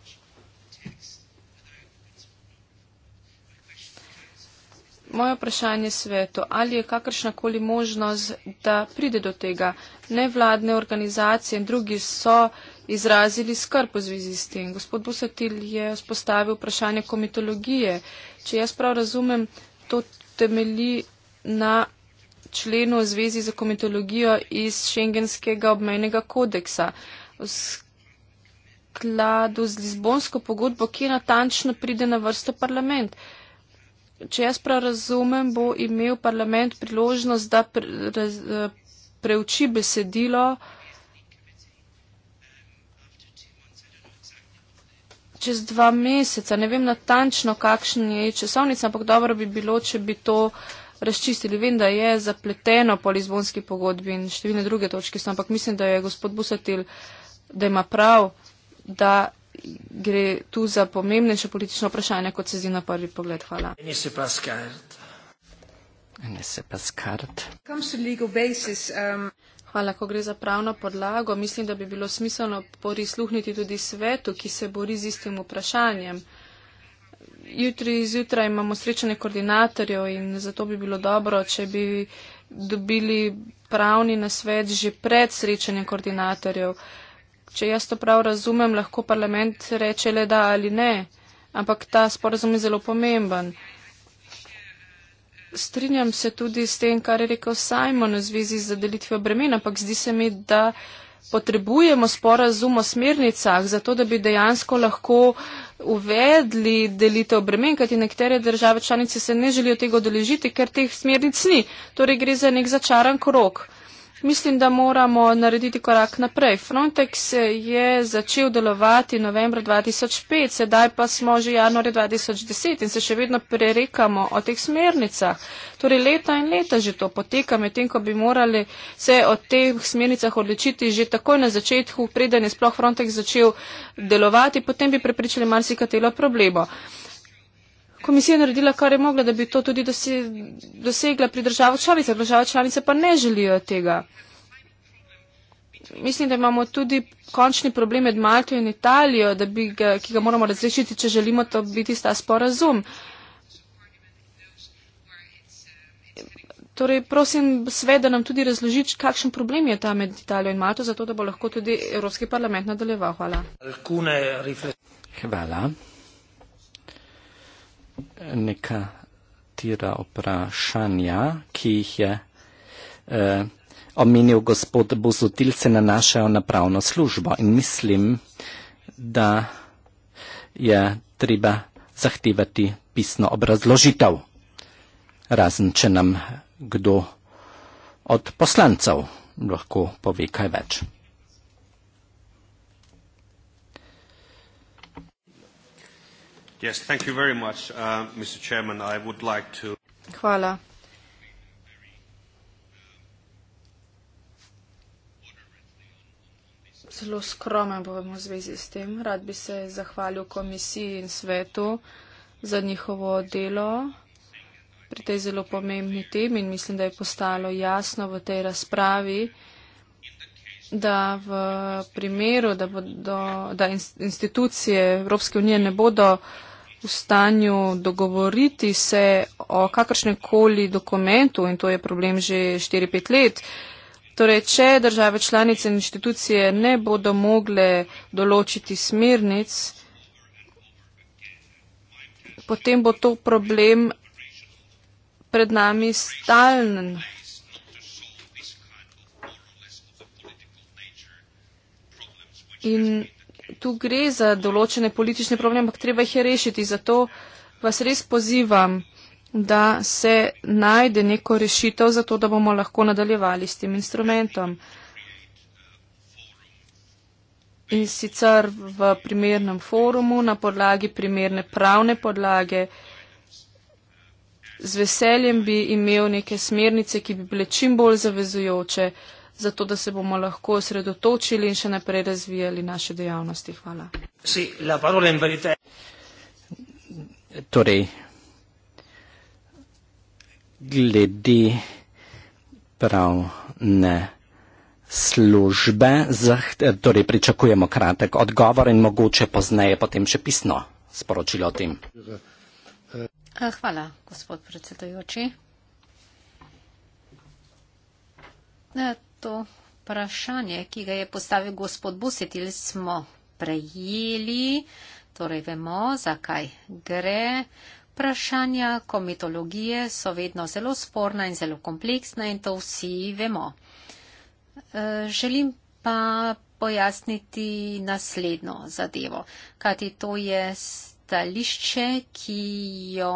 Moje vprašanje svetu, ali je kakršnakoli možnost, da pride do tega? Nevladne organizacije in drugi so izrazili skrb v zvezi s tem. Gospod Busatil je spostavil vprašanje komitologije. Če jaz prav razumem, to temeli na členu v zvezi za komitologijo iz šengenskega obmejnega kodeksa. Kladu z Lizbonsko pogodbo, ki natančno pride na vrsto parlament če jaz prav razumem, bo imel parlament priložnost, da pre, raz, eh, preuči besedilo. Čez dva meseca, ne vem natančno, kakšen je časovnic, ampak dobro bi bilo, če bi to razčistili. Vem, da je zapleteno po Lizbonski pogodbi in številne druge točke, ampak mislim, da je gospod Busatil, da ima prav, da gre tu za pomembnejše politično vprašanje, kot se zdi na prvi pogled. Hvala. Um, Hvala, ko gre za pravno podlago, mislim, da bi bilo smiselno porisluhniti tudi svetu, ki se bori z istim vprašanjem. Jutri zjutraj imamo srečanje koordinatorjev in zato bi bilo dobro, če bi dobili pravni nasvet že pred srečanjem koordinatorjev če jaz to prav razumem, lahko parlament reče le da ali ne, ampak ta sporazum je zelo pomemben. Strinjam se tudi s tem, kar je rekel Simon v zvezi z delitvijo bremen, ampak zdi se mi, da potrebujemo sporazum o smernicah, zato da bi dejansko lahko uvedli delitev bremen, kajti nekatere države članice se ne želijo tega odeležiti, ker teh smernic ni. Torej gre za nek začaran krok mislim, da moramo narediti korak naprej. Frontex je začel delovati novembra 2005, sedaj pa smo že januarja 2010 in se še vedno prerekamo o teh smernicah. Torej leta in leta že to poteka, medtem ko bi morali se o teh smernicah odločiti že takoj na začetku, preden je sploh Frontex začel delovati, potem bi prepričali marsikatero problemo komisija naredila, kar je mogla, da bi to tudi dosegla pri državah članice. Država članice pa ne želijo tega. Mislim, da imamo tudi končni problem med Malto in Italijo, ga, ki ga moramo razrešiti, če želimo to biti ta sporazum. Torej, prosim sve, da nam tudi razloži, kakšen problem je ta med Italijo in Malto, zato da bo lahko tudi Evropski parlament nadaljeval. Hvala. Hvala nekatera vprašanja, ki jih je eh, omenil gospod Bozotil, se nanašajo na pravno službo in mislim, da je treba zahtevati pisno obrazložitev, razen če nam kdo od poslancev lahko pove kaj več. Yes, thank you very much, uh, Mr. Chairman. I would like to. Hvala. Zelo skromen bom v zvezi s tem. Rad bi se zahvalil komisiji in svetu za njihovo delo pri tej zelo pomembni temi in mislim, da je postalo jasno v tej razpravi, da v primeru, da, bodo, da institucije Evropske unije ne bodo v stanju dogovoriti se o kakršnem koli dokumentu in to je problem že 4-5 let. Torej, če države članice in inštitucije ne bodo mogle določiti smernic, potem bo to problem pred nami stalen. In tu gre za določene politične probleme, ampak treba jih je rešiti. Zato vas res pozivam, da se najde neko rešitev, zato da bomo lahko nadaljevali s tem instrumentom. In sicer v primernem forumu, na podlagi primerne pravne podlage, z veseljem bi imel neke smernice, ki bi bile čim bolj zavezujoče zato da se bomo lahko osredotočili in še naprej razvijali naše dejavnosti. Hvala. Torej, glede prav ne službe, eh, torej pričakujemo kratek odgovor in mogoče pozneje potem še pisno sporočilo o tem. Eh, hvala, gospod predsedujoči. Eh, to vprašanje, ki ga je postavil gospod Busetil, smo prejeli, torej vemo, zakaj gre. Vprašanja komitologije so vedno zelo sporna in zelo kompleksna in to vsi vemo. E, želim pa pojasniti naslednjo zadevo, kajti to je stališče, ki, jo,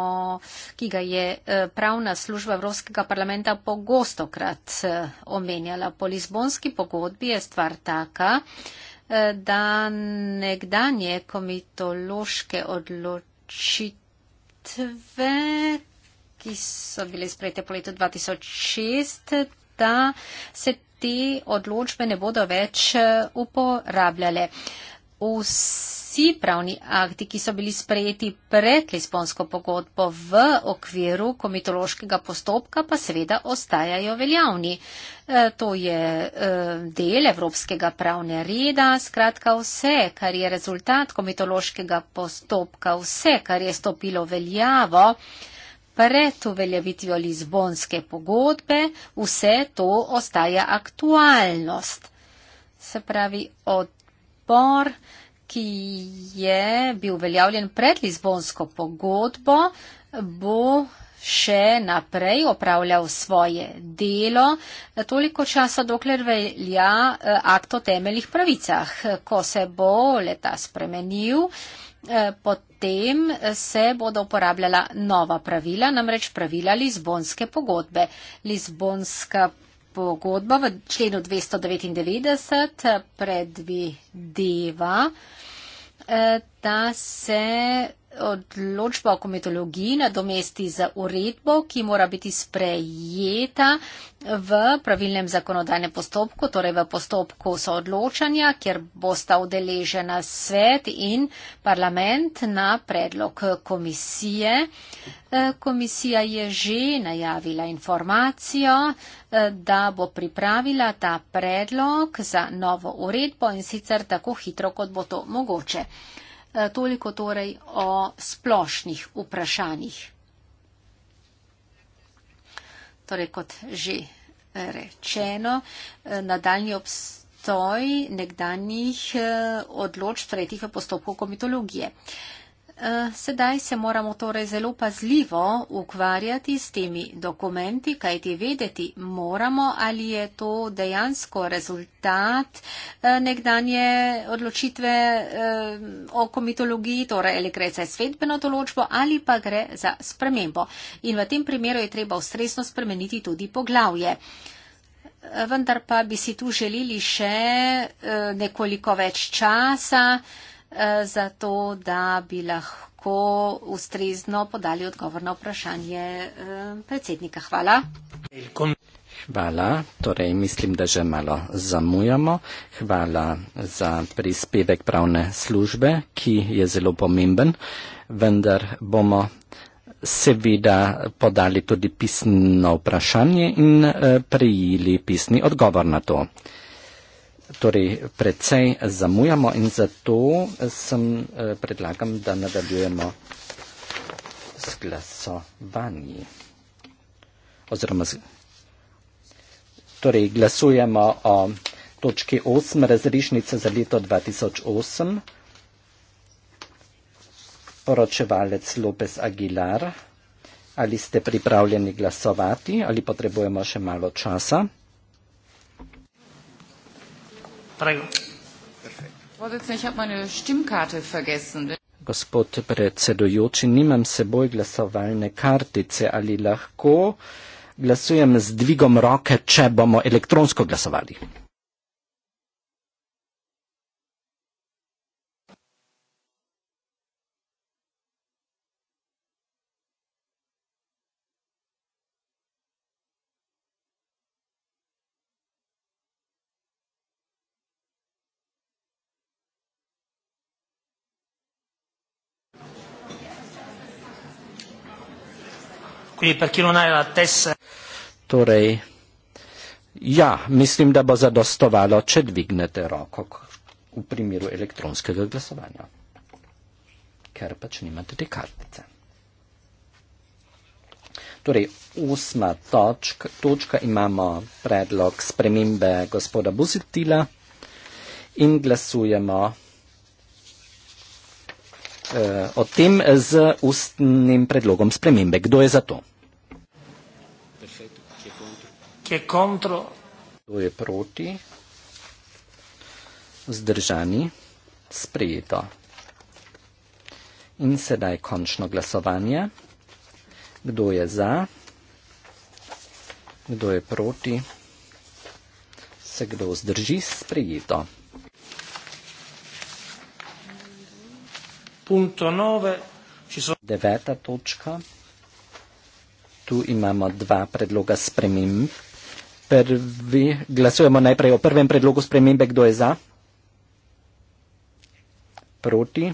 ki ga je eh, pravna služba Evropskega parlamenta pogostokrat eh, omenjala. Po Lizbonski pogodbi je stvar taka, eh, da nekdanje komitološke odločitve, ki so bile sprejete po letu 2006, da se te odločbe ne bodo več uporabljale. Uh, vsi pravni akti, ki so bili sprejeti pred Lisbonsko pogodbo v okviru komitološkega postopka, pa seveda ostajajo veljavni. E, to je e, del evropskega pravne reda, skratka vse, kar je rezultat komitološkega postopka, vse, kar je stopilo veljavo pred uveljavitvijo Lizbonske pogodbe, vse to ostaja aktualnost. Se pravi, od odbor, ki je bil uveljavljen pred Lizbonsko pogodbo, bo še naprej opravljal svoje delo toliko časa, dokler velja eh, akt o temeljih pravicah. Ko se bo leta spremenil, eh, potem se bodo uporabljala nova pravila, namreč pravila Lizbonske pogodbe. Lizbonska pogodba v členu 299 predvideva, eh, da se odločba o komitologiji nadomesti z uredbo, ki mora biti sprejeta v pravilnem zakonodajnem postopku, torej v postopku soodločanja, kjer bosta udeležena svet in parlament na predlog komisije. Eh, komisija je že najavila informacijo, eh, da bo pripravila ta predlog za novo uredbo in sicer tako hitro, kot bo to mogoče. Eh, toliko torej o splošnih vprašanjih. Torej, kot že eh, rečeno, eh, nadaljni obstoj nekdanjih odločb tretjih postopkov komitologije. Eh, sedaj se moramo torej zelo pazljivo ukvarjati s temi dokumenti, kajti vedeti moramo, ali je to dejansko rezultat eh, nekdanje odločitve eh, o komitologiji, torej ali gre za svetbeno določbo ali pa gre za spremembo. In v tem primeru je treba ustresno spremeniti tudi poglavje. Vendar pa bi si tu želeli še nekoliko več časa, Eh, zato da bi lahko ustrezno podali odgovor na vprašanje eh, predsednika. Hvala. Hvala, torej mislim, da že malo zamujamo. Hvala za prispevek pravne službe, ki je zelo pomemben, vendar bomo seveda podali tudi pisno vprašanje in eh, prejeli pisni odgovor na to torej precej zamujamo in zato sem eh, predlagam, da nadaljujemo z glasovanji. Oziroma, z, torej glasujemo o točki 8 razrišnice za leto 2008. Poročevalec Lopez Aguilar, ali ste pripravljeni glasovati ali potrebujemo še malo časa? Prego. Gospod predsedujoči, nimam seboj glasovalne kartice, ali lahko glasujem z dvigom roke, če bomo elektronsko glasovali. Quindi e, per chi non ha la tessera. Torej, ja, mislim, da bo zadostovalo, če dvignete roko v primeru elektronskega glasovanja, ker pač nimate te kartice. Torej, osma točka, točka imamo predlog spremembe gospoda Buzitila in glasujemo. Eh, o tem z ustnim predlogom spremembe. Kdo je za to? Kdo je proti? Vzdržani? Sprejeto. In sedaj končno glasovanje. Kdo je za? Kdo je proti? Se kdo vzdrži? Sprejeto. Deveta točka. Tu imamo dva predloga sprememb. Prvi, glasujemo najprej o prvem predlogu spremembe, kdo je za? Proti?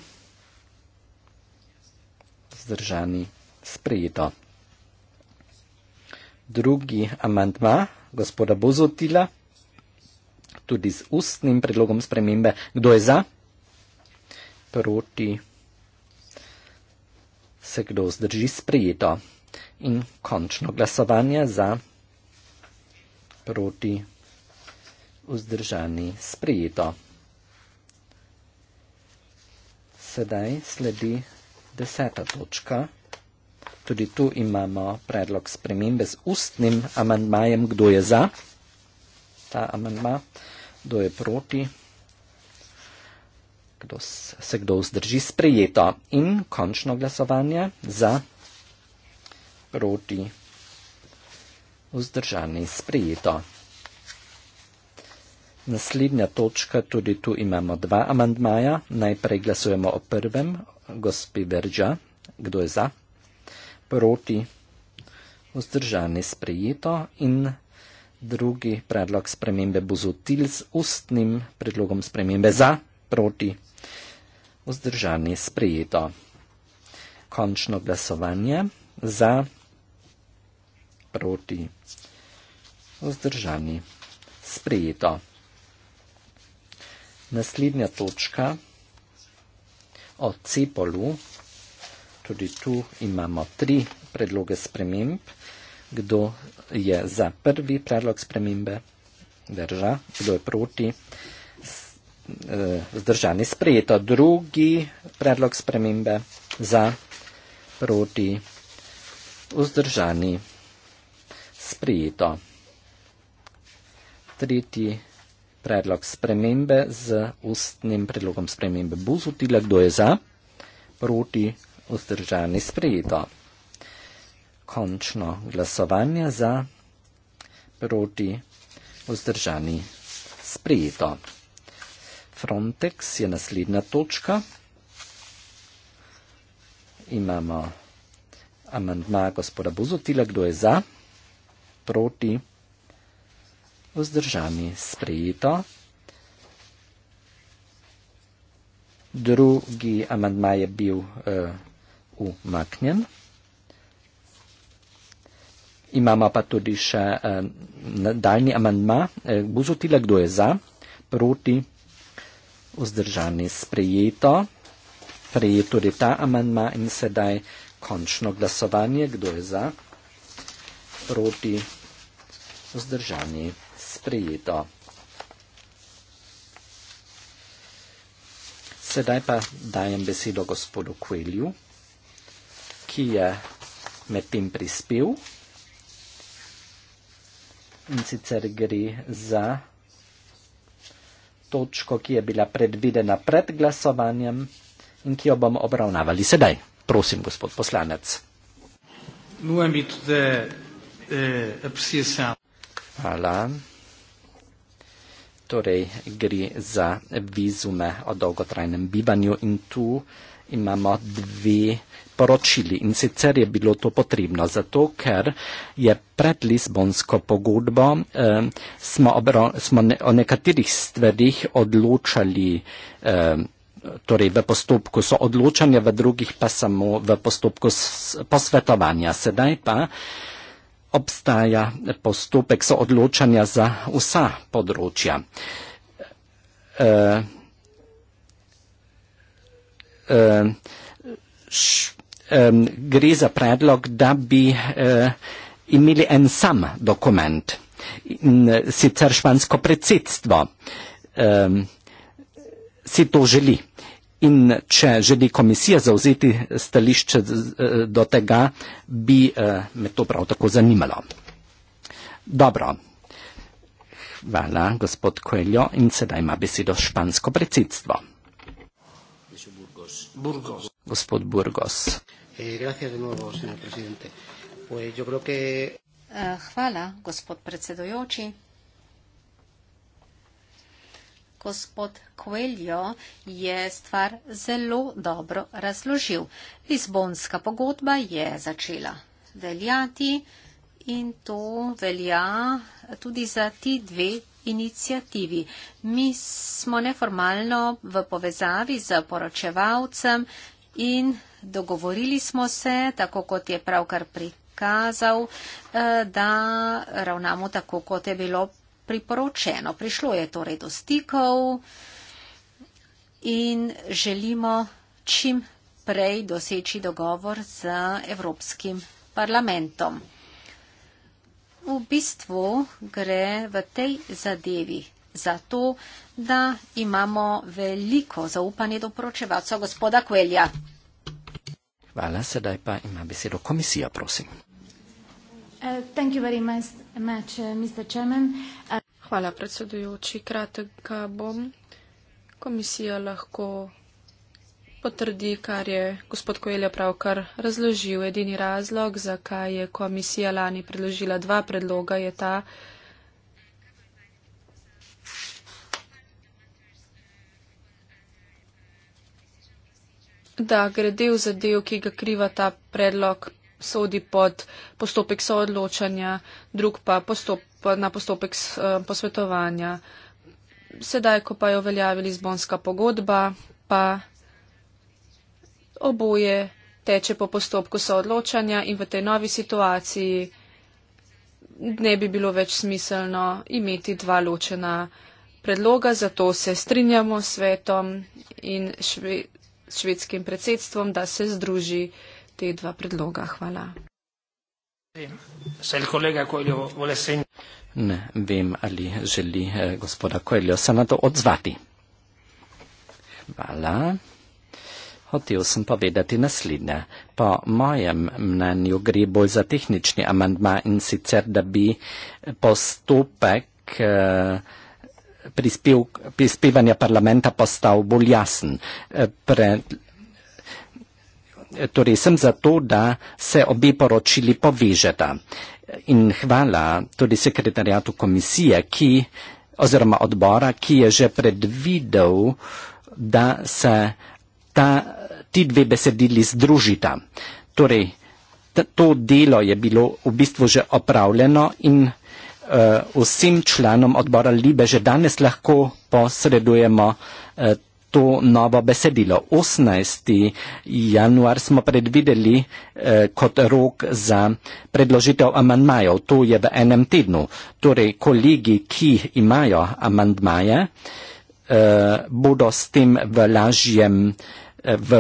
Zdržani? Sprejeto. Drugi amantma gospoda Bozotila, tudi z ustnim predlogom spremembe, kdo je za? Proti? se kdo zdrži sprejeto. In končno glasovanje za, proti, vzdržani, sprejeto. Sedaj sledi deseta točka. Tudi tu imamo predlog spremembe z ustnim amandmajem, kdo je za ta amandma, kdo je proti kdo se kdo vzdrži sprejeto. In končno glasovanje za, proti, vzdržani sprejeto. Naslednja točka, tudi tu imamo dva amandmaja. Najprej glasujemo o prvem, gospi Verža, kdo je za, proti, vzdržani sprejeto in drugi predlog spremembe bo z util z ustnim predlogom spremembe za proti, vzdržani sprejeto. Končno glasovanje za, proti, vzdržani sprejeto. Naslednja točka o cepolu, tudi tu imamo tri predloge sprememb. Kdo je za prvi predlog spremembe, drža, kdo je proti, Eh, vzdržani. Sprejeto drugi predlog spremembe za proti vzdržani. Sprejeto. Tretji predlog spremembe z ustnim predlogom spremembe buzutila, kdo je za, proti vzdržani sprejeto. Končno glasovanje za, proti vzdržani sprejeto. Frontex je naslednja točka. Imamo amandma gospoda Buzotila, kdo je za, proti, vzdržani, sprejeto. Drugi amandma je bil uh, umaknjen. Imamo pa tudi še uh, eh, daljni amandma. Eh, Buzotila, kdo je za, proti, vzdržani vzdržani sprejeto. Prejet tudi ta amanma in sedaj končno glasovanje, kdo je za, proti, vzdržani sprejeto. Sedaj pa dajem besedo gospodu Kvelju, ki je med tem prispel in sicer gre za točko, ki je bila predvidena pred glasovanjem in ki jo bomo obravnavali sedaj. Prosim, gospod poslanec. Eh, Hvala. Torej, gre za vizume o dolgotrajnem bivanju in tu imamo dve priporočili in sicer je bilo to potrebno, zato ker je pred Lizbonsko pogodbo eh, smo, obro, smo ne, o nekaterih stvarih odločali. Eh, Torej, v postopku so odločanja, v drugih pa samo v postopku posvetovanja. Sedaj pa obstaja postopek so odločanja za vsa področja. E, e, š, um, gre za predlog, da bi uh, imeli en sam dokument, in eh, sicer špansko predsedstvo um, si to želi. In če želi komisija zauzeti stališče eh, do tega, bi me to prav tako zanimalo. Dobro. Hvala, gospod Koeljo. In sedaj ima besedo špansko predsedstvo. Burgos. Gospod Burgos. Eh, eh, hvala, gospod predsedojoči. Gospod Kveljo je stvar zelo dobro razložil. Lizbonska pogodba je začela veljati in to velja tudi za ti dve inicijativi. Mi smo neformalno v povezavi z poročevalcem in dogovorili smo se, tako kot je pravkar prikazal, eh, da ravnamo tako, kot je bilo priporočeno. Prišlo je torej do stikov in želimo čim prej doseči dogovor z Evropskim parlamentom v bistvu gre v tej zadevi za to, da imamo veliko zaupanje do poročevalca gospoda Kvelja. Hvala, sedaj pa ima besedo komisija, prosim. Uh, uh, uh, Hvala, predsedujoči. Kratka bom. Komisija lahko potrdi, kar je gospod Koelja pravkar razložil. Edini razlog, zakaj je komisija lani predložila dva predloga, je ta, da gre del zadev, ki ga kriva ta predlog, sodi pod postopek soodločanja, drug pa postop, na postopek eh, posvetovanja. Sedaj, ko pa je uveljavili zbonska pogodba, pa oboje teče po postopku soodločanja in v tej novi situaciji ne bi bilo več smiselno imeti dva ločena predloga, zato se strinjamo s svetom in šve, švedskim predsedstvom, da se združi te dva predloga. Hvala. Ne vem, ali želi eh, gospoda Koeljo se na to odzvati. Hvala. Hotel sem povedati naslednje. Po mojem mnenju gre bolj za tehnični amandma in sicer, da bi postopek eh, prispev, prispevanja parlamenta postal bolj jasen. Eh, pre, eh, torej sem za to, da se obe poročili povežeta. In hvala tudi sekretarjatu komisije, ki, oziroma odbora, ki je že predvidel, da se ta ti dve besedili združita. Torej, to delo je bilo v bistvu že opravljeno in uh, vsem članom odbora Libe že danes lahko posredujemo uh, to novo besedilo. 18. januar smo predvideli eh, kot rok za predložitev amandmajev, to je v enem tednu. Torej, kolegi, ki imajo amandmaje, eh, bodo s tem v lažjem eh, v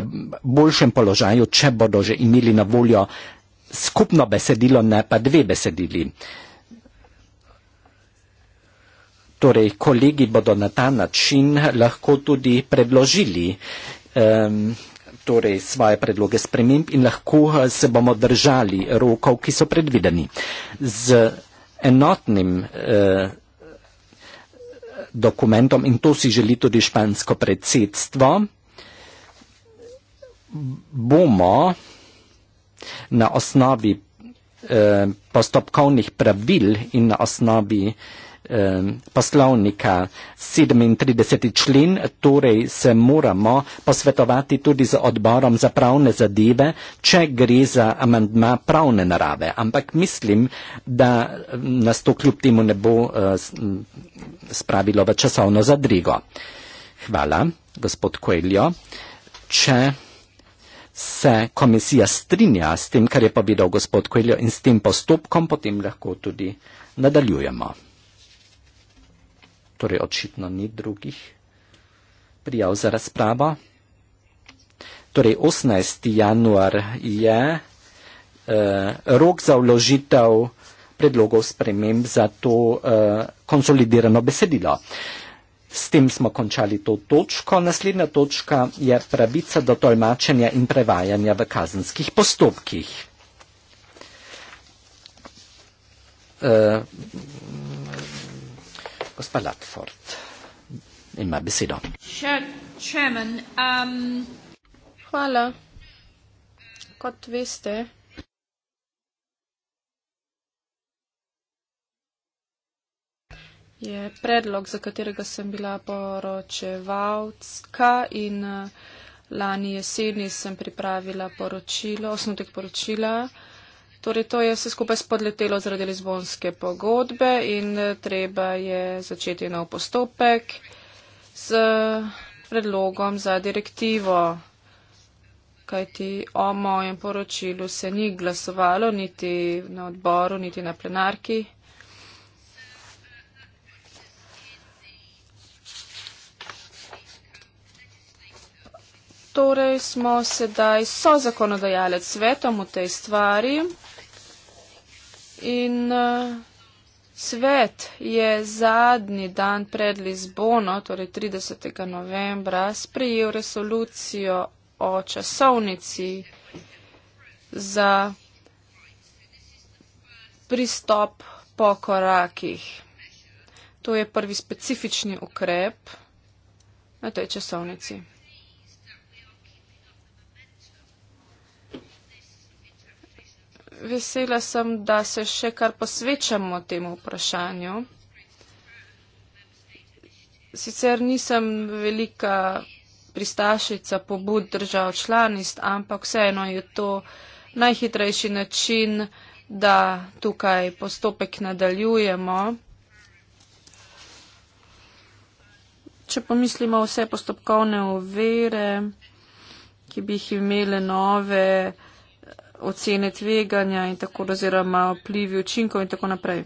boljšem položaju, če bodo že imeli na voljo skupno besedilo, ne pa dve besedili. Torej, kolegi bodo na ta način lahko tudi predložili um, torej svoje predloge sprememb in lahko eh, se bomo držali rokov, ki so predvideni. Z enotnim uh, dokumentom in to si želi tudi špansko predsedstvo, bomo na osnovi eh, postopkovnih pravil in na osnovi eh, poslovnika 37. člen, torej se moramo posvetovati tudi z odborom za pravne zadeve, če gre za amandma pravne narave. Ampak mislim, da eh, nas to kljub temu ne bo eh, spravilo v časovno zadrigo. Hvala, gospod Koeljo. Če se komisija strinja s tem, kar je povedal gospod Kveljo in s tem postopkom potem lahko tudi nadaljujemo. Torej očitno ni drugih prijav za razpravo. Torej 18. januar je eh, rok za vložitev predlogov sprememb za to eh, konsolidirano besedilo. Eh, S tem smo končali to točko. Naslednja točka je pravica do tolmačenja in prevajanja v kazenskih postopkih. Uh, gospa Latford ima besedo. Chairman, um... Hvala. Kot veste, je predlog, za katerega sem bila poročevalska in eh, lani jeseni sem pripravila poročilo, osnutek poročila. Torej, to je vse skupaj spodletelo zaradi Lizbonske pogodbe in eh, treba je začeti nov postopek z eh, predlogom za direktivo, kajti o mojem poročilu se ni glasovalo niti na odboru, niti na plenarki. torej smo sedaj so zakonodajalec svetom v tej stvari in eh, svet je zadnji dan pred Lizbono, torej 30. novembra, sprejel resolucijo o časovnici za pristop po korakih. To je prvi specifični ukrep na tej časovnici. vesela sem, da se še kar posvečamo temu vprašanju. Sicer nisem velika pristašica pobud držav članist, ampak vseeno je to najhitrejši način, da tukaj postopek nadaljujemo. Če pomislimo vse postopkovne uvere, ki bi jih imele nove, ocene tveganja in tako oziroma vplivi učinkov in tako naprej.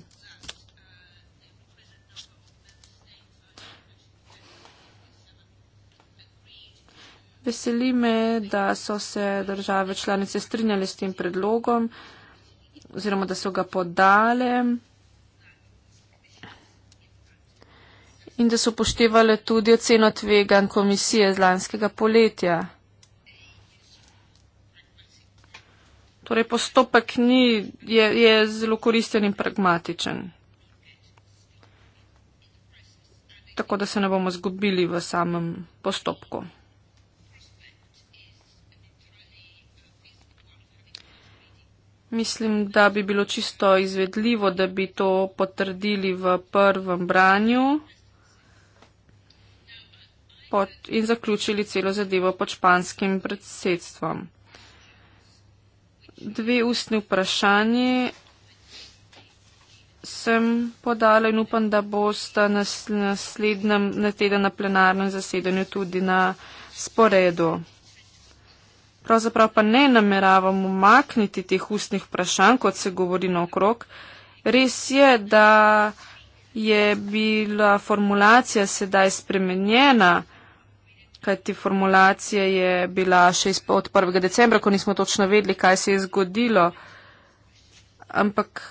Veseli me, da so se države članice strinjali s tem predlogom oziroma da so ga podale in da so poštevali tudi oceno tvegan komisije z lanskega poletja. Torej, postopek ni, je, je zelo koristen in pragmatičen. Tako da se ne bomo zgubili v samem postopku. Mislim, da bi bilo čisto izvedljivo, da bi to potrdili v prvem branju pod, in zaključili celo zadevo pod španskim predsedstvom dve ustni vprašanji sem podala in upam, da boste naslednjem na teden na plenarnem zasedanju tudi na sporedu. Pravzaprav pa ne nameravam umakniti teh ustnih vprašanj, kot se govori na okrog. Res je, da je bila formulacija sedaj spremenjena kajti formulacija je bila še od 1. decembra, ko nismo točno vedeli, kaj se je zgodilo. Ampak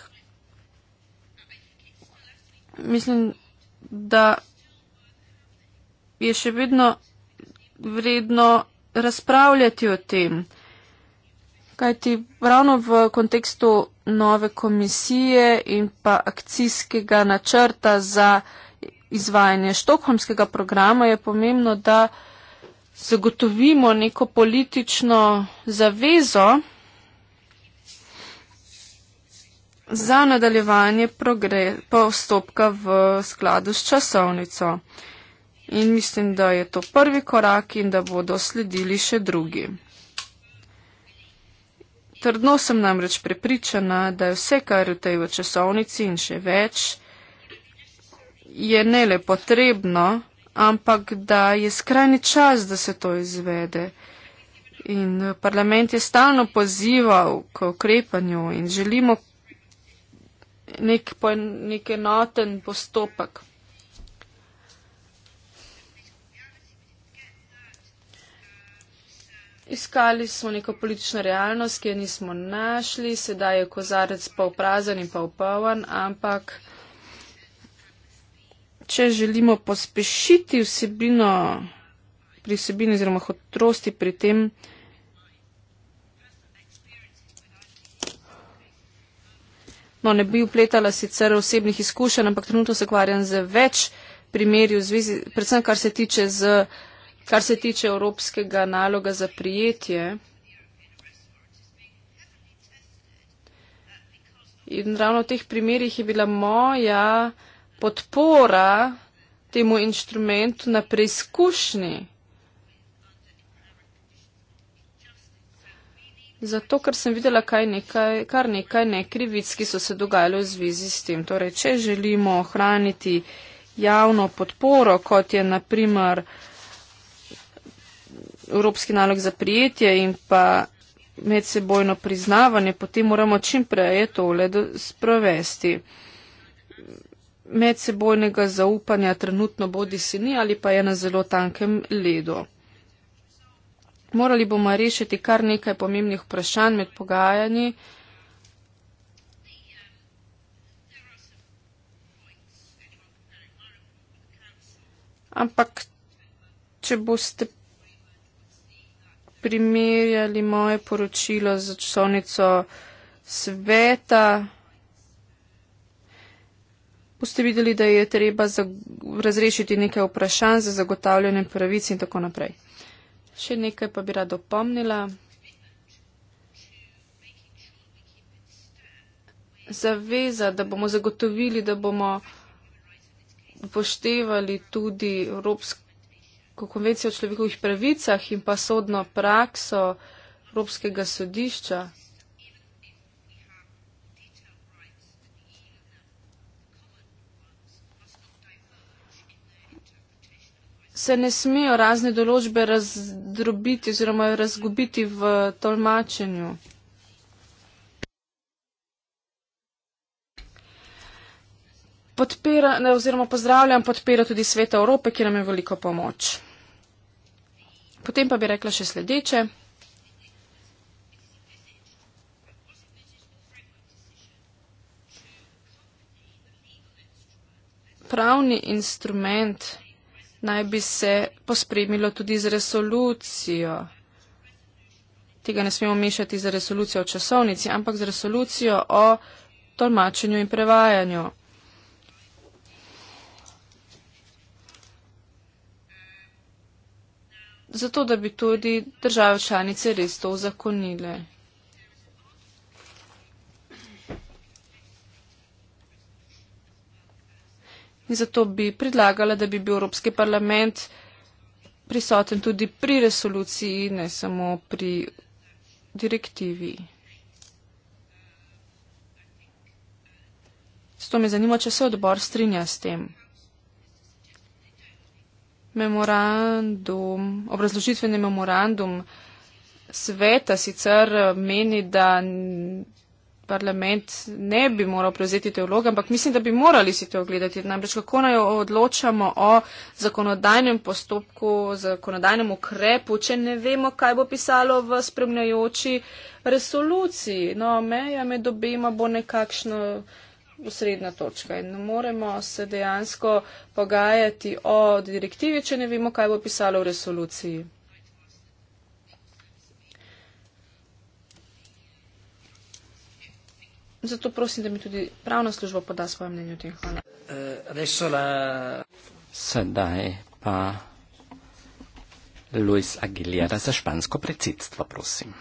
mislim, da je še vedno vredno razpravljati o tem. Kajti ravno v kontekstu nove komisije in pa akcijskega načrta za izvajanje štokholmskega programa je pomembno, da zagotovimo neko politično zavezo za nadaljevanje postopka v skladu s časovnico. In mislim, da je to prvi korak in da bodo sledili še drugi. Trdno sem namreč prepričana, da je vse, kar je v tej časovnici in še več, je ne le potrebno, ampak da je skrajni čas, da se to izvede. In eh, parlament je stalno pozival k ukrepanju in želimo nek, nek enoten postopek. Iskali smo neko politično realnost, ki je nismo našli, sedaj je kozarec pa v prazen in pa v poln, ampak če želimo pospešiti vsebino pri vsebini oziroma hotrosti pri tem, no, ne bi upletala sicer osebnih izkušenj, ampak trenutno se kvarjam z več primeri v zvezi, predvsem kar se tiče, z, kar se tiče evropskega naloga za prijetje. In ravno v teh primerjih je bila moja podpora temu inštrumentu na preizkušnji. Zato, ker sem videla, kaj nekaj, kar nekaj nekrivic, ki so se dogajali v zvezi s tem. Torej, če želimo ohraniti javno podporo, kot je naprimer Evropski nalog za prijetje in pa medsebojno priznavanje, potem moramo čim prej tole sprovesti medsebojnega zaupanja trenutno bodi si ni ali pa je na zelo tankem ledu. Morali bomo rešiti kar nekaj pomembnih vprašanj med pogajanji. Ampak, če boste primerjali moje poročilo za časovnico sveta, boste videli, da je treba razrešiti nekaj vprašanj za zagotavljanje pravic in tako naprej. Še nekaj pa bi rada opomnila. Zaveza, da bomo zagotovili, da bomo upoštevali tudi Evropsko konvencijo o človekovih pravicah in pa sodno prakso Evropskega sodišča. se ne smejo razne določbe razdrobiti oziroma razgubiti v tolmačenju. Podpira, ne, oziroma pozdravljam podpira tudi Sveta Evrope, ki nam je veliko pomoč. Potem pa bi rekla še sledeče. Pravni instrument naj bi se pospremilo tudi z resolucijo. Tega ne smemo mešati z resolucijo o časovnici, ampak z resolucijo o tolmačenju in prevajanju. Zato, da bi tudi države članice res to uzakonile. in zato bi predlagala, da bi bil Evropski parlament prisoten tudi pri resoluciji, ne samo pri direktivi. Zato me zanima, če se odbor strinja s tem. Memorandum, obrazložitveni memorandum sveta sicer meni, da parlament ne bi moral prevzeti te vloge, ampak mislim, da bi morali si to ogledati. Namreč kako naj odločamo o zakonodajnem postopku, zakonodajnem ukrepu, če ne vemo, kaj bo pisalo v spremljajoči resoluciji. No, meja med obima bo nekakšno srednja točka in ne moremo se dejansko pogajati o direktivi, če ne vemo, kaj bo pisalo v resoluciji. Zato prosim, da mi tudi pravna služba poda svoje mnenje o tem. Hvala. Eh, Sedaj pa Luis Aguilera za špansko predsedstvo, prosim.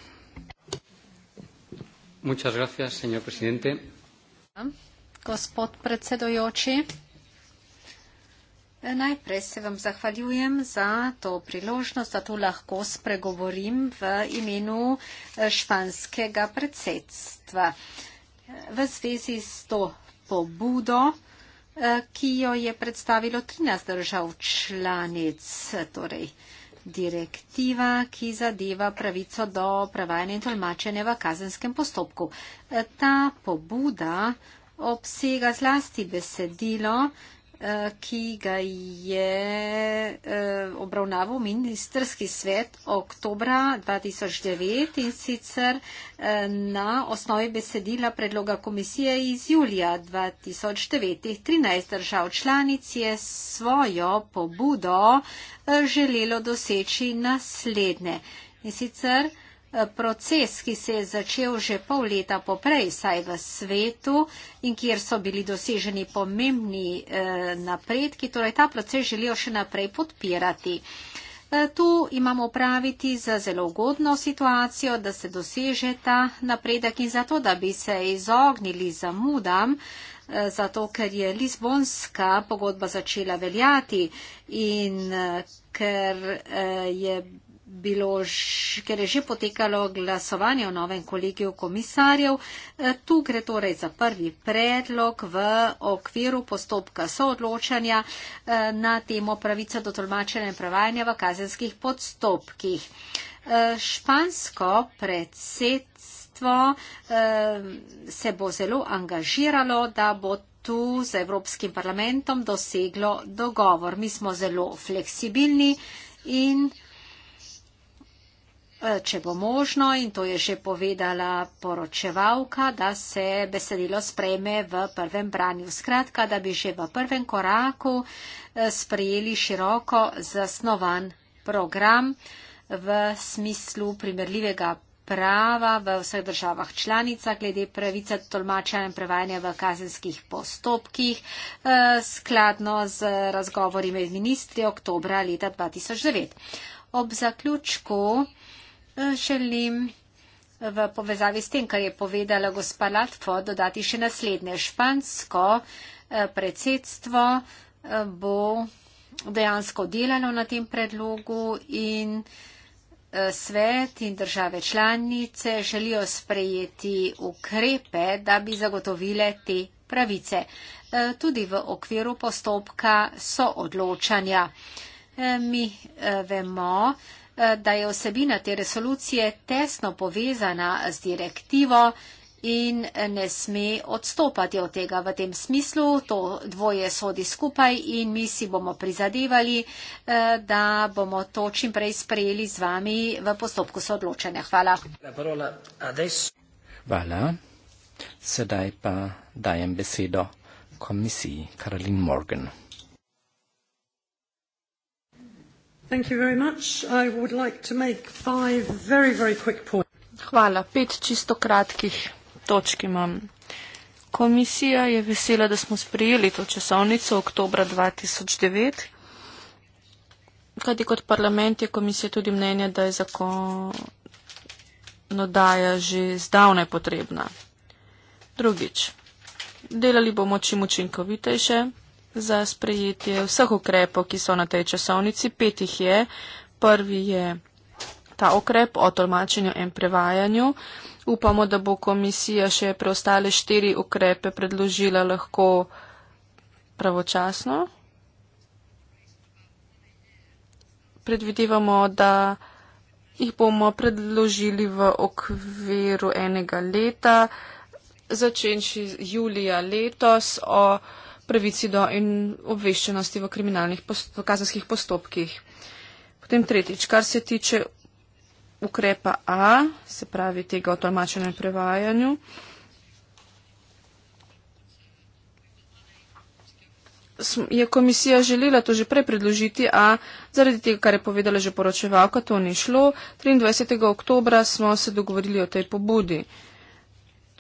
Muchas gracias, señor presidente. Gospod predsedojoči, najprej se vam zahvaljujem za to priložnost, da tu lahko spregovorim v imenu eh, španskega predsedstva v zvezi s to pobudo, eh, ki jo je predstavilo 13 držav članic, torej direktiva, ki zadeva pravico do prevajanja in tolmačenja v kazenskem postopku. Eh, ta pobuda obsega zlasti besedilo, Eh, ki ga je eh, obravnaval ministerski svet oktobra 2009 in sicer eh, na osnovi besedila predloga komisije iz julija 2009. 13 držav članic je svojo pobudo želelo doseči naslednje. In sicer proces, ki se je začel že pol leta poprej, saj v svetu in kjer so bili doseženi pomembni eh, napredki, torej ta proces želijo še naprej podpirati. Eh, tu imamo praviti za zelo ugodno situacijo, da se doseže ta napredek in zato, da bi se izognili zamudam, eh, zato ker je Lizbonska pogodba začela veljati in ker je bilo, ker je že potekalo glasovanje o novem kolegiju komisarjev. E, tu gre torej za prvi predlog v okviru postopka soodločanja e, na temo pravica do tolmačenja in prevajanja v kazenskih podstopkih. E, špansko predsedstvo se bo zelo angažiralo, da bo tu z Evropskim parlamentom doseglo dogovor. Mi smo zelo fleksibilni in E, če bo možno, in to je že povedala poročevalka, da se besedilo spreme v prvem branju. Skratka, da bi že v prvem koraku e, sprejeli široko zasnovan program v smislu primerljivega prava v vseh državah članica glede pravice tolmačanja in prevajanja v kazenskih postopkih e, skladno z razgovori med ministri oktobra leta 2009. Ob zaključku želim eh, v povezavi s tem, kar je povedala gospa Latvo, dodati še naslednje. Špansko eh, predsedstvo eh, bo dejansko delalo na tem predlogu in svet in države članice želijo sprejeti ukrepe, da bi zagotovile te pravice. Tudi v okviru postopka so odločanja. Mi vemo, da je osebina te resolucije tesno povezana z direktivo in ne sme odstopati od tega. V tem smislu to dvoje sodi skupaj in mi si bomo prizadevali, eh, da bomo to čim prej sprejeli z vami v postopku soodločene. Hvala. Hvala. Sedaj pa dajem besedo komisiji Karolin Morgan. Thank you very much. I would like to make five very, very quick points. Hvala. Pet čisto kratkih točk imam. Komisija je vesela, da smo sprejeli to časovnico v oktobra 2009. Kajti kot parlament je komisija tudi mnenja, da je zakonodaja že zdavne potrebna. Drugič, delali bomo čim učinkovitejše, za sprejetje vseh ukrepov, ki so na tej časovnici. Pet jih je. Prvi je ta ukrep o tolmačenju in prevajanju. Upamo, da bo komisija še preostale štiri ukrepe predložila lahko pravočasno. Predvidevamo, da jih bomo predložili v okviru enega leta, začenši julija letos. O, pravici do in obveščenosti v, post v kazenskih postopkih. Potem tretjič, kar se tiče ukrepa A, se pravi tega o tolmačenem prevajanju. Je komisija želela to že prej predložiti, a zaradi tega, kar je povedala že poročevalka, to ni šlo. 23. oktobra smo se dogovorili o tej pobudi.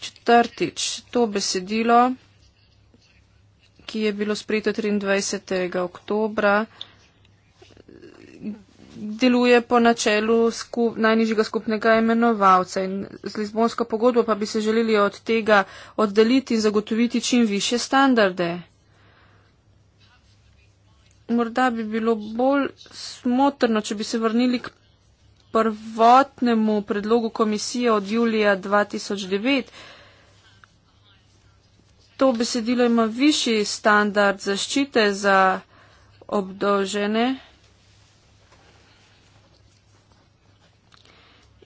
Četrtič, to besedilo ki je bilo sprejeto 23. oktobra, deluje po načelu sku, najnižjega skupnega imenovalca. In z Lizbonsko pogodbo pa bi se želeli od tega oddaliti in zagotoviti čim više standarde. Morda bi bilo bolj smotrno, če bi se vrnili k prvotnemu predlogu komisije od julija 2009 to besedilo ima višji standard zaščite za obdolžene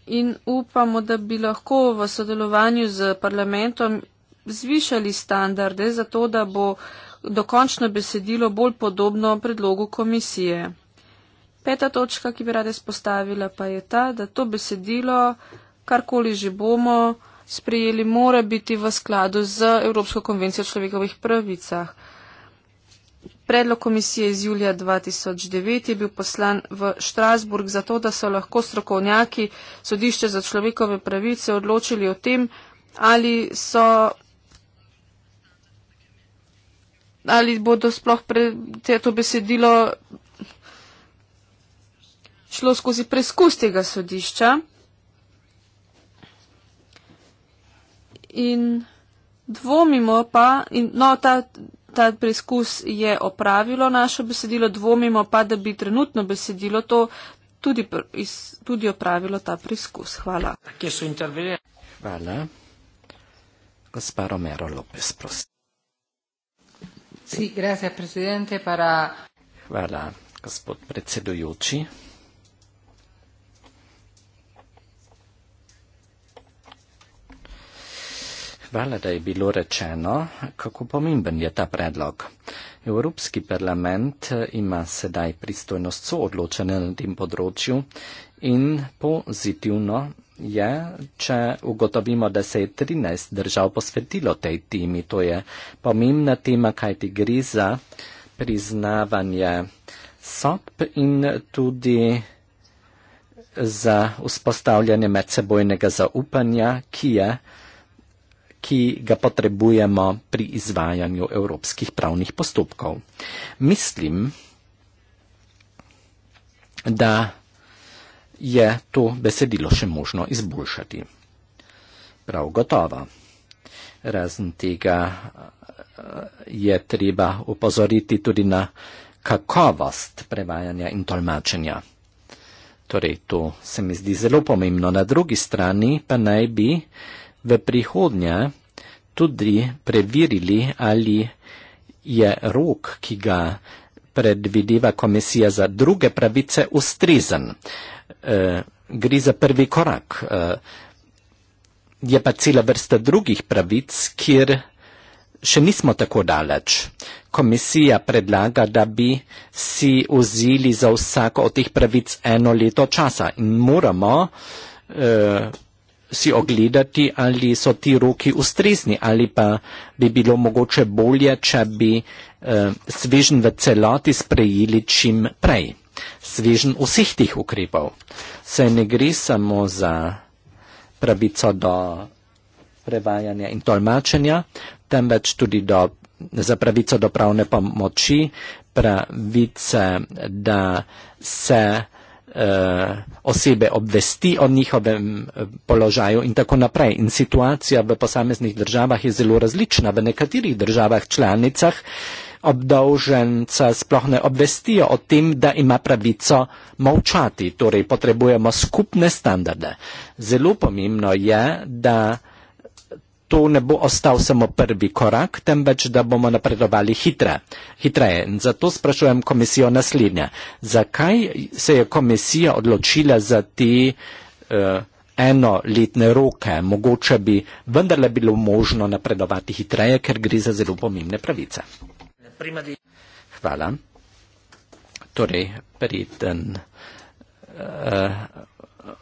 in upamo, da bi lahko v sodelovanju z parlamentom zvišali standarde, zato da bo dokončno besedilo bolj podobno predlogu komisije. Peta točka, ki bi rada spostavila, pa je ta, da to besedilo, karkoli že bomo, sprejeli, mora biti v skladu z Evropsko konvencijo o človekovih pravicah. Predlog komisije iz julija 2009 je bil poslan v Štrasburg zato, da so lahko strokovnjaki sodišče za človekove pravice odločili o tem, ali, so, ali bodo sploh to besedilo šlo skozi preskus tega sodišča. in dvomimo pa, in, no, ta, ta preizkus je opravilo naše besedilo, dvomimo pa, da bi trenutno besedilo to tudi, iz, tudi opravilo ta preizkus. Hvala. Hvala. Gospa Romero Lopes, prosim. Sí, gracias, presidente, para... Hvala, gospod predsedujoči. hvala, da je bilo rečeno, kako pomemben je ta predlog. Evropski parlament eh, ima sedaj pristojnost soodločene na tem področju in pozitivno je, če ugotovimo, da se je 13 držav posvetilo tej temi. To je pomembna tema, kaj ti gre za priznavanje sodb in tudi za vzpostavljanje medsebojnega zaupanja, ki je ki ga potrebujemo pri izvajanju evropskih pravnih postopkov. Mislim, da je to besedilo še možno izboljšati. Prav gotovo. Razen tega eh, je treba upozoriti tudi na kakovost prevajanja in tolmačenja. Torej, to se mi zdi zelo pomembno. Na drugi strani pa naj bi v prihodnje tudi preverili, ali je rok, ki ga predvideva Komisija za druge pravice, ustrezen. E, gre za prvi korak. E, je pa cela vrsta drugih pravic, kjer še nismo tako daleč. Komisija predlaga, da bi si vzeli za vsako od teh pravic eno leto časa in moramo e, si ogledati, ali so ti roki ustrezni, ali pa bi bilo mogoče bolje, če bi eh, svežen v celoti sprejeli čim prej. Svežen vseh tih ukrepov. Se ne gre samo za pravico do prevajanja in tolmačenja, temveč tudi do, za pravico do pravne pomoči, pravice, da se Eh, osebe obvesti o njihovem eh, položaju in tako naprej. In situacija v posameznih državah je zelo različna. V nekaterih državah članicah obdolženca sploh ne obvestijo o tem, da ima pravico molčati, torej potrebujemo skupne standarde. Zelo pomembno je, da tu ne bo ostal samo prvi korak, temveč da bomo napredovali hitre, hitreje. Zato sprašujem komisijo naslednje. Zakaj se je komisija odločila za ti uh, eh, enoletne roke? Mogoče bi vendarle bilo možno napredovati hitreje, ker gre za zelo pomembne pravice. Hvala. Torej, preden. Eh,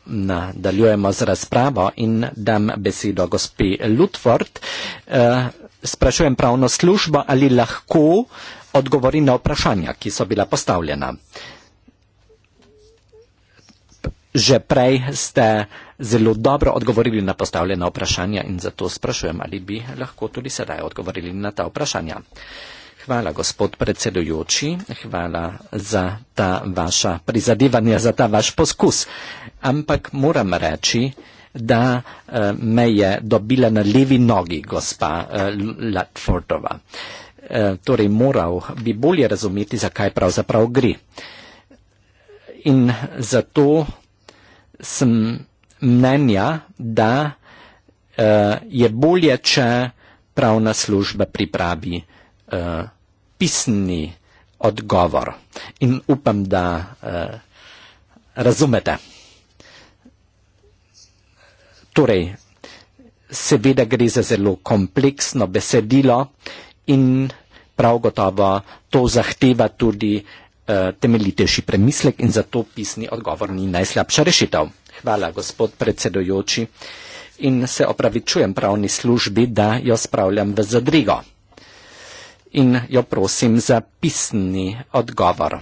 nadaljujemo z razpravo in dam besedo gospi Lutford. Eh, sprašujem pravno službo, ali lahko odgovori na vprašanja, ki so bila postavljena. Že prej ste zelo dobro odgovorili na postavljena vprašanja in zato sprašujem, ali bi lahko tudi sedaj odgovorili na ta vprašanja. Uh, Hvala, gospod predsedujoči, hvala za ta vaša prizadevanja, za ta vaš poskus. Ampak moram reči, da uh, me je dobila na levi nogi gospa uh, Latfordova. Uh, torej, moral bi bolje razumeti, zakaj pravzaprav gre. In zato sem mnenja, da uh, je bolje, če pravna služba pripravi uh, pisni odgovor. In upam, da eh, razumete. Torej, seveda gre za zelo kompleksno besedilo in prav gotovo to zahteva tudi eh, temeljitejši premislek in zato pisni odgovor ni najslabša rešitev. Hvala, gospod predsedojoči. In se opravičujem pravni službi, da jo spravljam v zadrigo in jo prosim za pisni odgovor.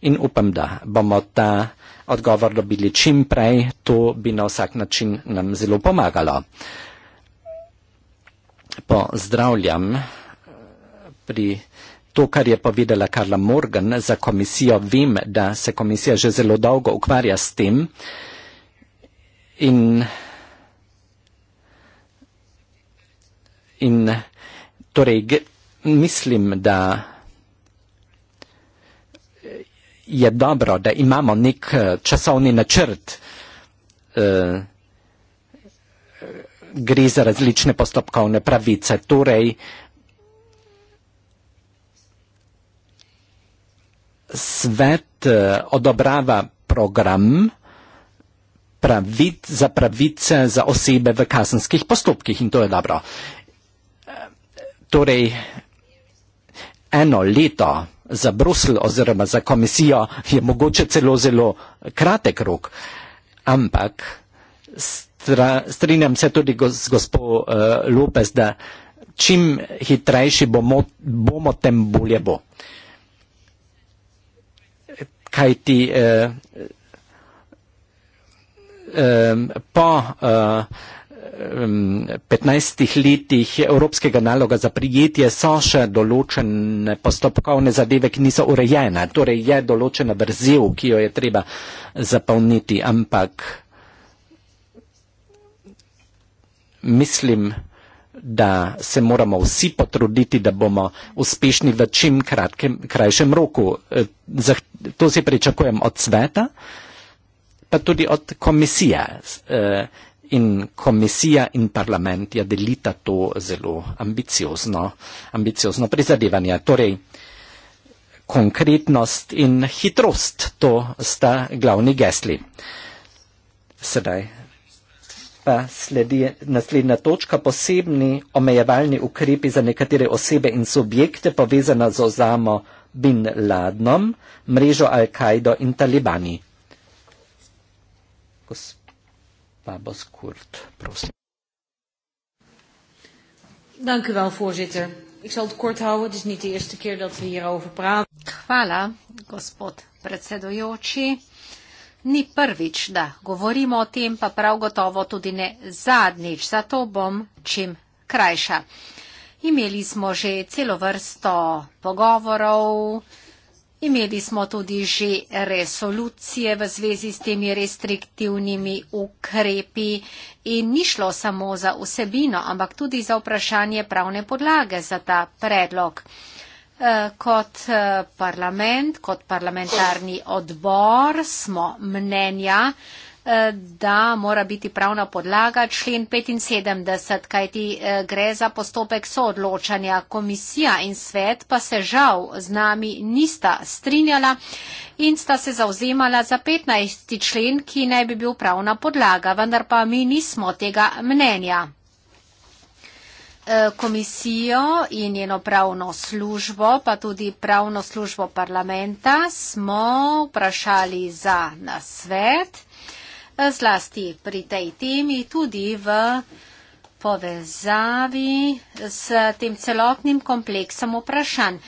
In upam, da bomo ta odgovor dobili čim prej, to bi na vsak način nam zelo pomagalo. Pozdravljam eh, pri to, kar je povedala Karla Morgan za komisijo. Vem, da se komisija že zelo dolgo ukvarja s tem in, in torej mislim, da je dobro, da imamo nek eh, časovni načrt. Eh, gre za različne postopkovne pravice. Torej, svet eh, odobrava program pravic za pravice za osebe v kazenskih postopkih in to je dobro. Torej, eno leto za Brusel oziroma za komisijo je mogoče celo zelo kratek rok, ampak stra, strinjam se tudi go, z gospo uh, eh, Lopez, da čim hitrejši bomo, bomo tem bolje bo. Kaj ti uh, eh, uh, eh, po uh, 15 letih evropskega naloga za prijetje so še določene postopkovne zadeve, ki niso urejene. Torej je določena vrzel, ki jo je treba zapolniti, ampak mislim, da se moramo vsi potruditi, da bomo uspešni v čim kratkem, krajšem roku. E, to si pričakujem od sveta, pa tudi od komisije. E, in komisija in parlament je delita to zelo ambiciozno, ambiciozno prizadevanje. Torej, konkretnost in hitrost, to sta glavni gesli. Sedaj pa sledi naslednja točka, posebni omejevalni ukrepi za nekatere osebe in subjekte povezana z Ozamo Bin Ladnom, mrežo Al-Kaido in Talibani. Gospod. Pabas Kort. Prosim. Dank u wel, voorzitter. Ik zal het kort houden, het is niet de eerste keer dat we hierover praten. Hvala, gospod predsedojoči. Ni prvič, da govorimo o tem, pa prav gotovo tudi ne zadnjič, zato bom čim krajša. Imeli smo že celo vrsto pogovorov, Imeli smo tudi že resolucije v zvezi s temi restriktivnimi ukrepi in ni šlo samo za vsebino, ampak tudi za vprašanje pravne podlage za ta predlog. Eh, kot eh, parlament, kot parlamentarni odbor smo mnenja, Eh, da mora biti pravna podlaga člen 75, kajti eh, gre za postopek soodločanja. Komisija in svet pa se žal z nami nista strinjala in sta se zauzemala za 15. člen, ki naj bi bil pravna podlaga, vendar pa mi nismo tega mnenja. Eh, komisijo in njeno pravno službo, pa tudi pravno službo parlamenta smo vprašali za nasvet zlasti pri tej temi, tudi v povezavi s tem celotnim kompleksom vprašanj.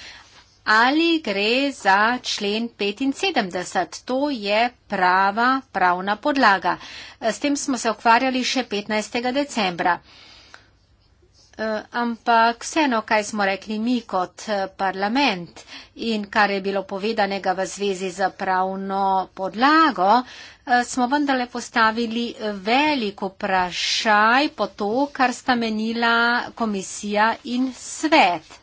Ali gre za člen 75? To je prava pravna podlaga. S tem smo se ukvarjali še 15. decembra. Eh, ampak vseeno, kaj smo rekli mi kot eh, parlament in kar je bilo povedanega v zvezi z pravno podlago, eh, smo vendarle postavili veliko vprašaj po to, kar sta menila komisija in svet.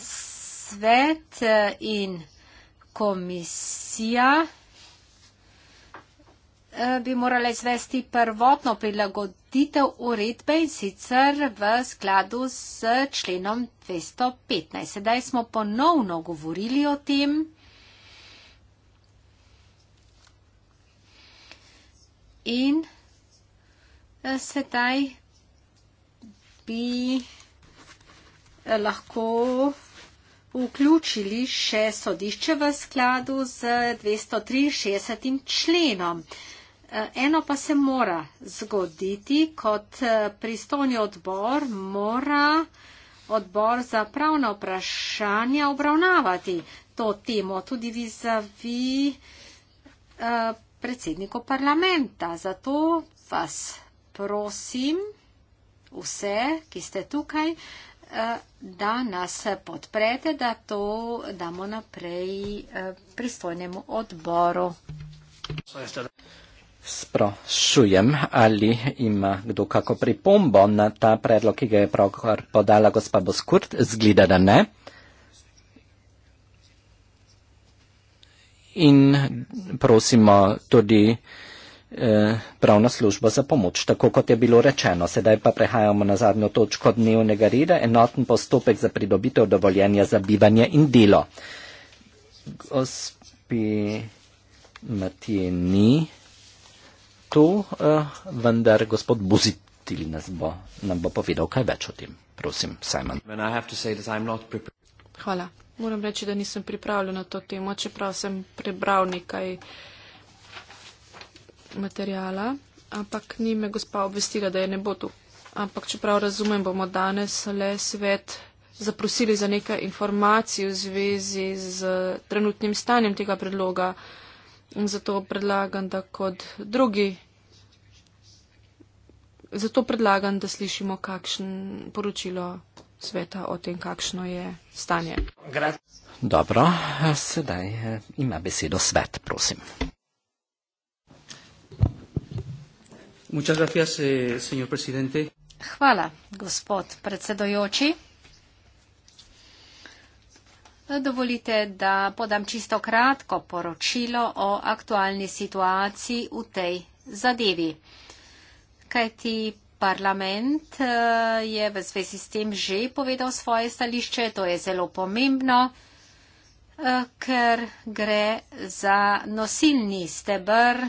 Svet in komisija Eh, bi morala izvesti prvotno prilagoditev uredbe in sicer v skladu s členom 215. Sedaj smo ponovno govorili o tem. In eh, sedaj bi eh, lahko vključili še sodišče v skladu z 263 členom. Eh, eno pa se mora zgoditi, kot eh, pristojni odbor mora odbor za pravna vprašanja obravnavati to temo tudi vizavi eh, predsedniku parlamenta. Zato vas prosim, vse, ki ste tukaj, da nas podprete, da to damo naprej pristojnemu odboru sprašujem, ali ima kdo kako pripombo na ta predlog, ki ga je pravkar podala gospa Boskurt. Zgleda, da ne. In prosimo tudi eh, pravno službo za pomoč, tako kot je bilo rečeno. Sedaj pa prehajamo na zadnjo točko dnevnega reda, enoten postopek za pridobitev dovoljenja za bivanje in delo. Gospi Matije ni tu, eh, vendar gospod Buzitil nas bo, nam bo povedal kaj več o tem. Prosim, Simon. Hvala. Moram reči, da nisem pripravljen na to temo, čeprav sem prebral nekaj materijala, ampak ni me gospa obvestila, da je ne bo tu. Ampak čeprav razumem, bomo danes le svet zaprosili za nekaj informacij v zvezi z trenutnim stanjem tega predloga. Uh, In zato predlagam, da kot drugi, zato predlagam, da slišimo kakšen poročilo sveta o tem, kakšno je stanje. Dobro, sedaj eh, ima besedo svet, prosim. Eh, Hvala, gospod predsedojoči. Dovolite, da podam čisto kratko poročilo o aktualni situaciji v tej zadevi. Kajti parlament eh, je v zvezi s tem že povedal svoje stališče, to je zelo pomembno, eh, ker gre za nosilni stebr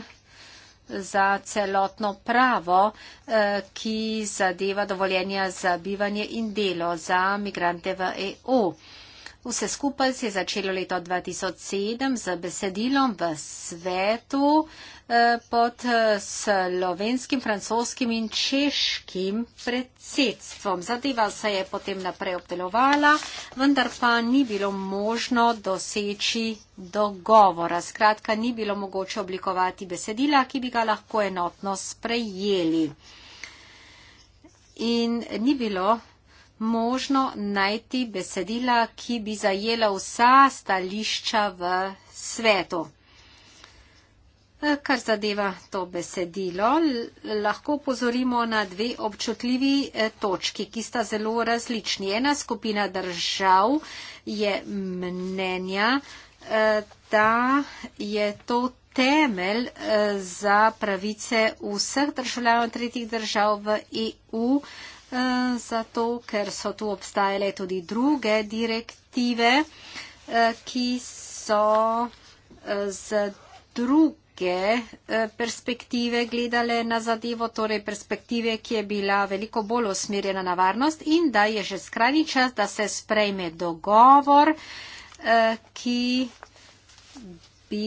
za celotno pravo, eh, ki zadeva dovoljenja za bivanje in delo za migrante v EU. Vse skupaj se je začelo leto 2007 z besedilom v svetu eh, pod eh, slovenskim, francoskim in češkim predsedstvom. Zadeva se je potem naprej obdelovala, vendar pa ni bilo možno doseči dogovora. Skratka, ni bilo mogoče oblikovati besedila, ki bi ga lahko enotno sprejeli. In ni bilo možno najti besedila, ki bi zajela vsa stališča v svetu. E, kar zadeva to besedilo, lahko pozorimo na dve občutljivi e, točki, ki sta zelo različni. Ena skupina držav je mnenja, e, da je to temelj za pravice vseh državljanov tretjih držav v EU, Eh, zato ker so tu obstajale tudi druge direktive, eh, ki so eh, z druge perspektive gledale na zadevo, torej perspektive, ki je bila veliko bolj osmerjena na varnost in da je že skrajni čas, da se sprejme dogovor, ki bi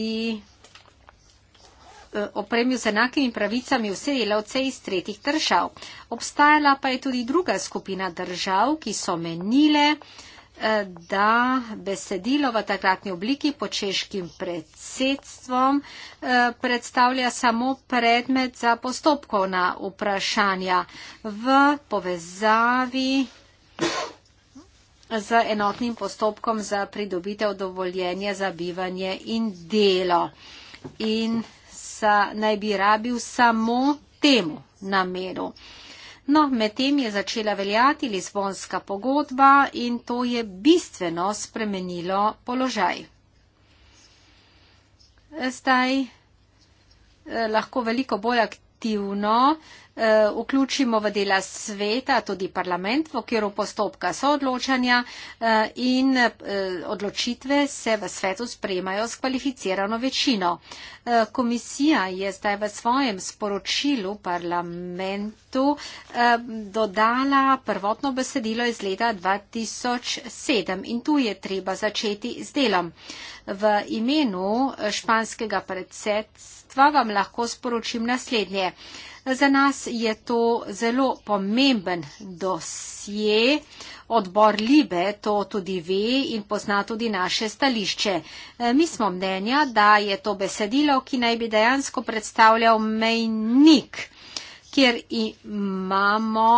Eh, opremil z enakimi pravicami vse delavce iz tretjih držav. Obstajala pa je tudi druga skupina držav, ki so menile, eh, da besedilo v takratni obliki pod češkim predsedstvom eh, predstavlja samo predmet za postopkovna vprašanja v povezavi z enotnim postopkom za pridobitev dovoljenja za bivanje in delo. In časa naj bi rabil samo temu namenu. No, medtem je začela veljati Lizbonska pogodba in to je bistveno spremenilo položaj. Zdaj eh, lahko veliko bolj aktivno Eh, vključimo v dela sveta tudi parlament, v okviru postopka soodločanja eh, in eh, odločitve se v svetu sprejemajo s kvalificirano večino. Komisija je zdaj v svojem sporočilu parlamentu dodala prvotno besedilo iz leta 2007 in tu je treba začeti z delom. V imenu španskega predsedstva vam lahko sporočim naslednje. Za nas je to zelo pomemben dosje. Odbor Libe to tudi ve in pozna tudi naše stališče. E, mi smo mnenja, da je to besedilo, ki naj bi dejansko predstavljal mejnik, kjer imamo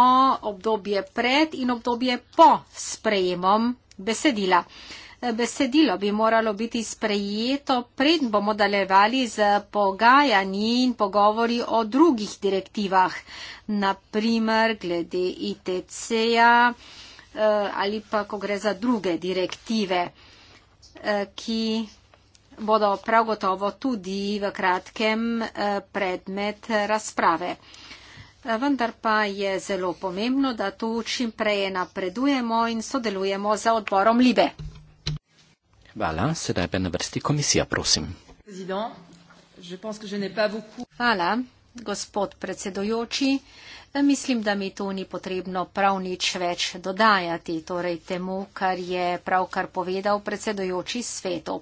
obdobje pred in obdobje po sprejemom besedila besedilo bi moralo biti sprejeto, pred bomo daljevali z pogajanji in pogovori o drugih direktivah, naprimer glede ITC-ja eh, ali pa, ko gre za druge direktive, eh, ki bodo prav gotovo tudi v kratkem eh, predmet razprave. Vendar pa je zelo pomembno, da tu čim prej napredujemo in sodelujemo z odborom Libe. Hvala, sedaj pa na vrsti komisija, prosim. Hvala, gospod predsedojoči. Mislim, da mi to ni potrebno prav nič več dodajati, torej temu, kar je pravkar povedal predsedojoči svetu.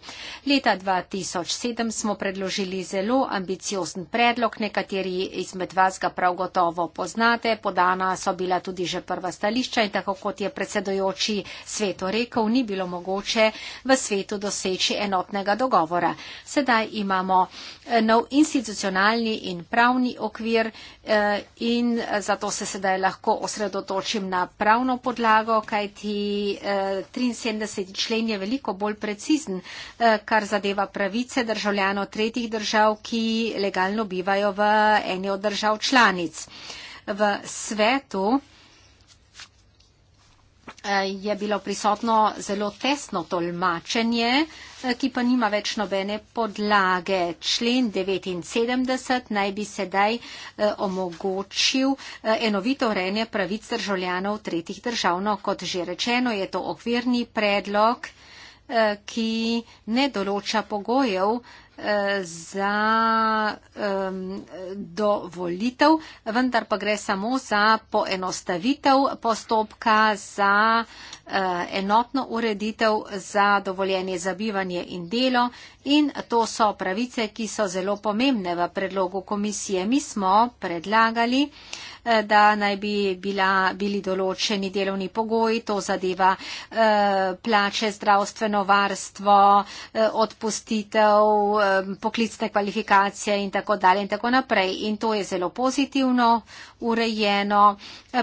Leta 2007 smo predložili zelo ambiciozen predlog, nekateri izmed vas ga prav gotovo poznate, podana so bila tudi že prva stališča in tako kot je predsedojoči svetu rekel, ni bilo mogoče v svetu doseči enotnega dogovora. Sedaj imamo eh, nov institucionalni in pravni okvir eh, in zato se sedaj lahko osredotočim na pravno podlago, kajti 73. Eh, člen je veliko bolj precizen, eh, kar zadeva pravice državljanov tretjih držav, ki legalno bivajo v eni od držav članic. V svetu Eh, je bilo prisotno zelo tesno tolmačenje, eh, ki pa nima več nobene podlage. Člen 79 naj bi sedaj eh, omogočil enovito urejanje pravic državljanov tretjih držav. No, kot že rečeno, je to okvirni predlog, ki ne določa pogojev za um, dovolitev, vendar pa gre samo za poenostavitev postopka za uh, Eh, enotno ureditev za dovoljenje za bivanje in delo in to so pravice, ki so zelo pomembne v predlogu komisije. Mi smo predlagali, eh, da naj bi bila, bili določeni delovni pogoji, to zadeva eh, plače, zdravstveno varstvo, odpustitev, poklicne kvalifikacije in tako dalje in tako naprej. In to je zelo pozitivno urejeno.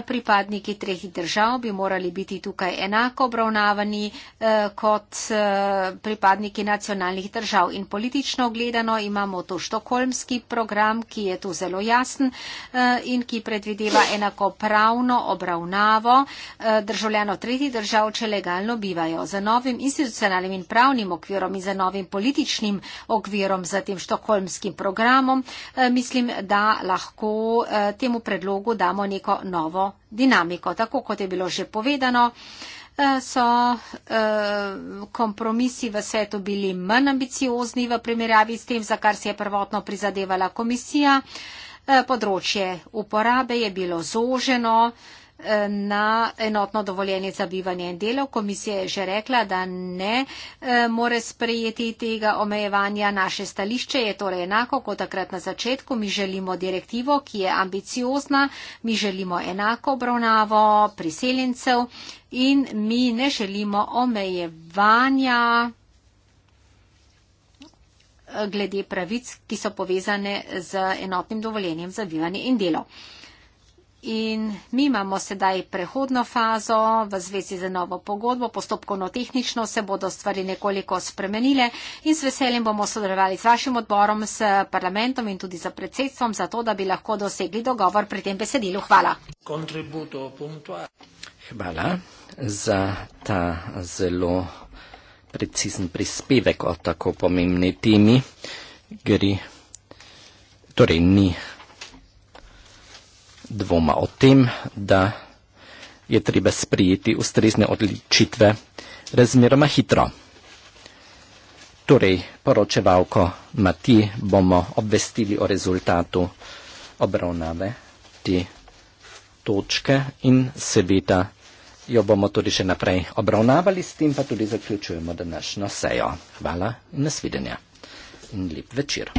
Pripadniki treh držav bi morali biti tukaj enako enako obravnavani eh, kot eh, pripadniki nacionalnih držav. In politično gledano imamo tu štokolmski program, ki je tu zelo jasen eh, in ki predvideva enakopravno obravnavo eh, državljanov tretjih držav, če legalno bivajo. Za novim institucionalnim in pravnim okvirom in za novim političnim okvirom za tem štokolmskim programom eh, mislim, da lahko eh, temu predlogu damo neko novo dinamiko. Tako kot je bilo že povedano, eh, so eh, kompromisi v svetu bili manj ambiciozni v primerjavi s tem, za kar si je prvotno prizadevala komisija. Eh, področje uporabe je bilo zoženo, na enotno dovoljenje za bivanje in delo. Komisija je že rekla, da ne eh, more sprejeti tega omejevanja. Naše stališče je torej enako kot takrat na začetku. Mi želimo direktivo, ki je ambiciozna, mi želimo enako obravnavo priseljencev in mi ne želimo omejevanja eh, glede pravic, ki so povezane z enotnim dovoljenjem za bivanje in delo. In mi imamo sedaj prehodno fazo v zvezi z novo pogodbo, postopkovno tehnično se bodo stvari nekoliko spremenile in s veseljem bomo sodelovali z vašim odborom, s parlamentom in tudi z predsedstvom, zato da bi lahko dosegli dogovor pri tem besedilu. Hvala. Hvala za ta zelo precizen prispevek o tako pomembni temi. Gri. Torej, ni dvoma o tem, da je treba sprijeti ustrezne odličitve razmeroma hitro. Torej, poročevalko Mati bomo obvestili o rezultatu obravnave te točke in seveda jo bomo tudi še naprej obravnavali, s tem pa tudi zaključujemo današnjo sejo. Hvala in nasvidenja in lep večer.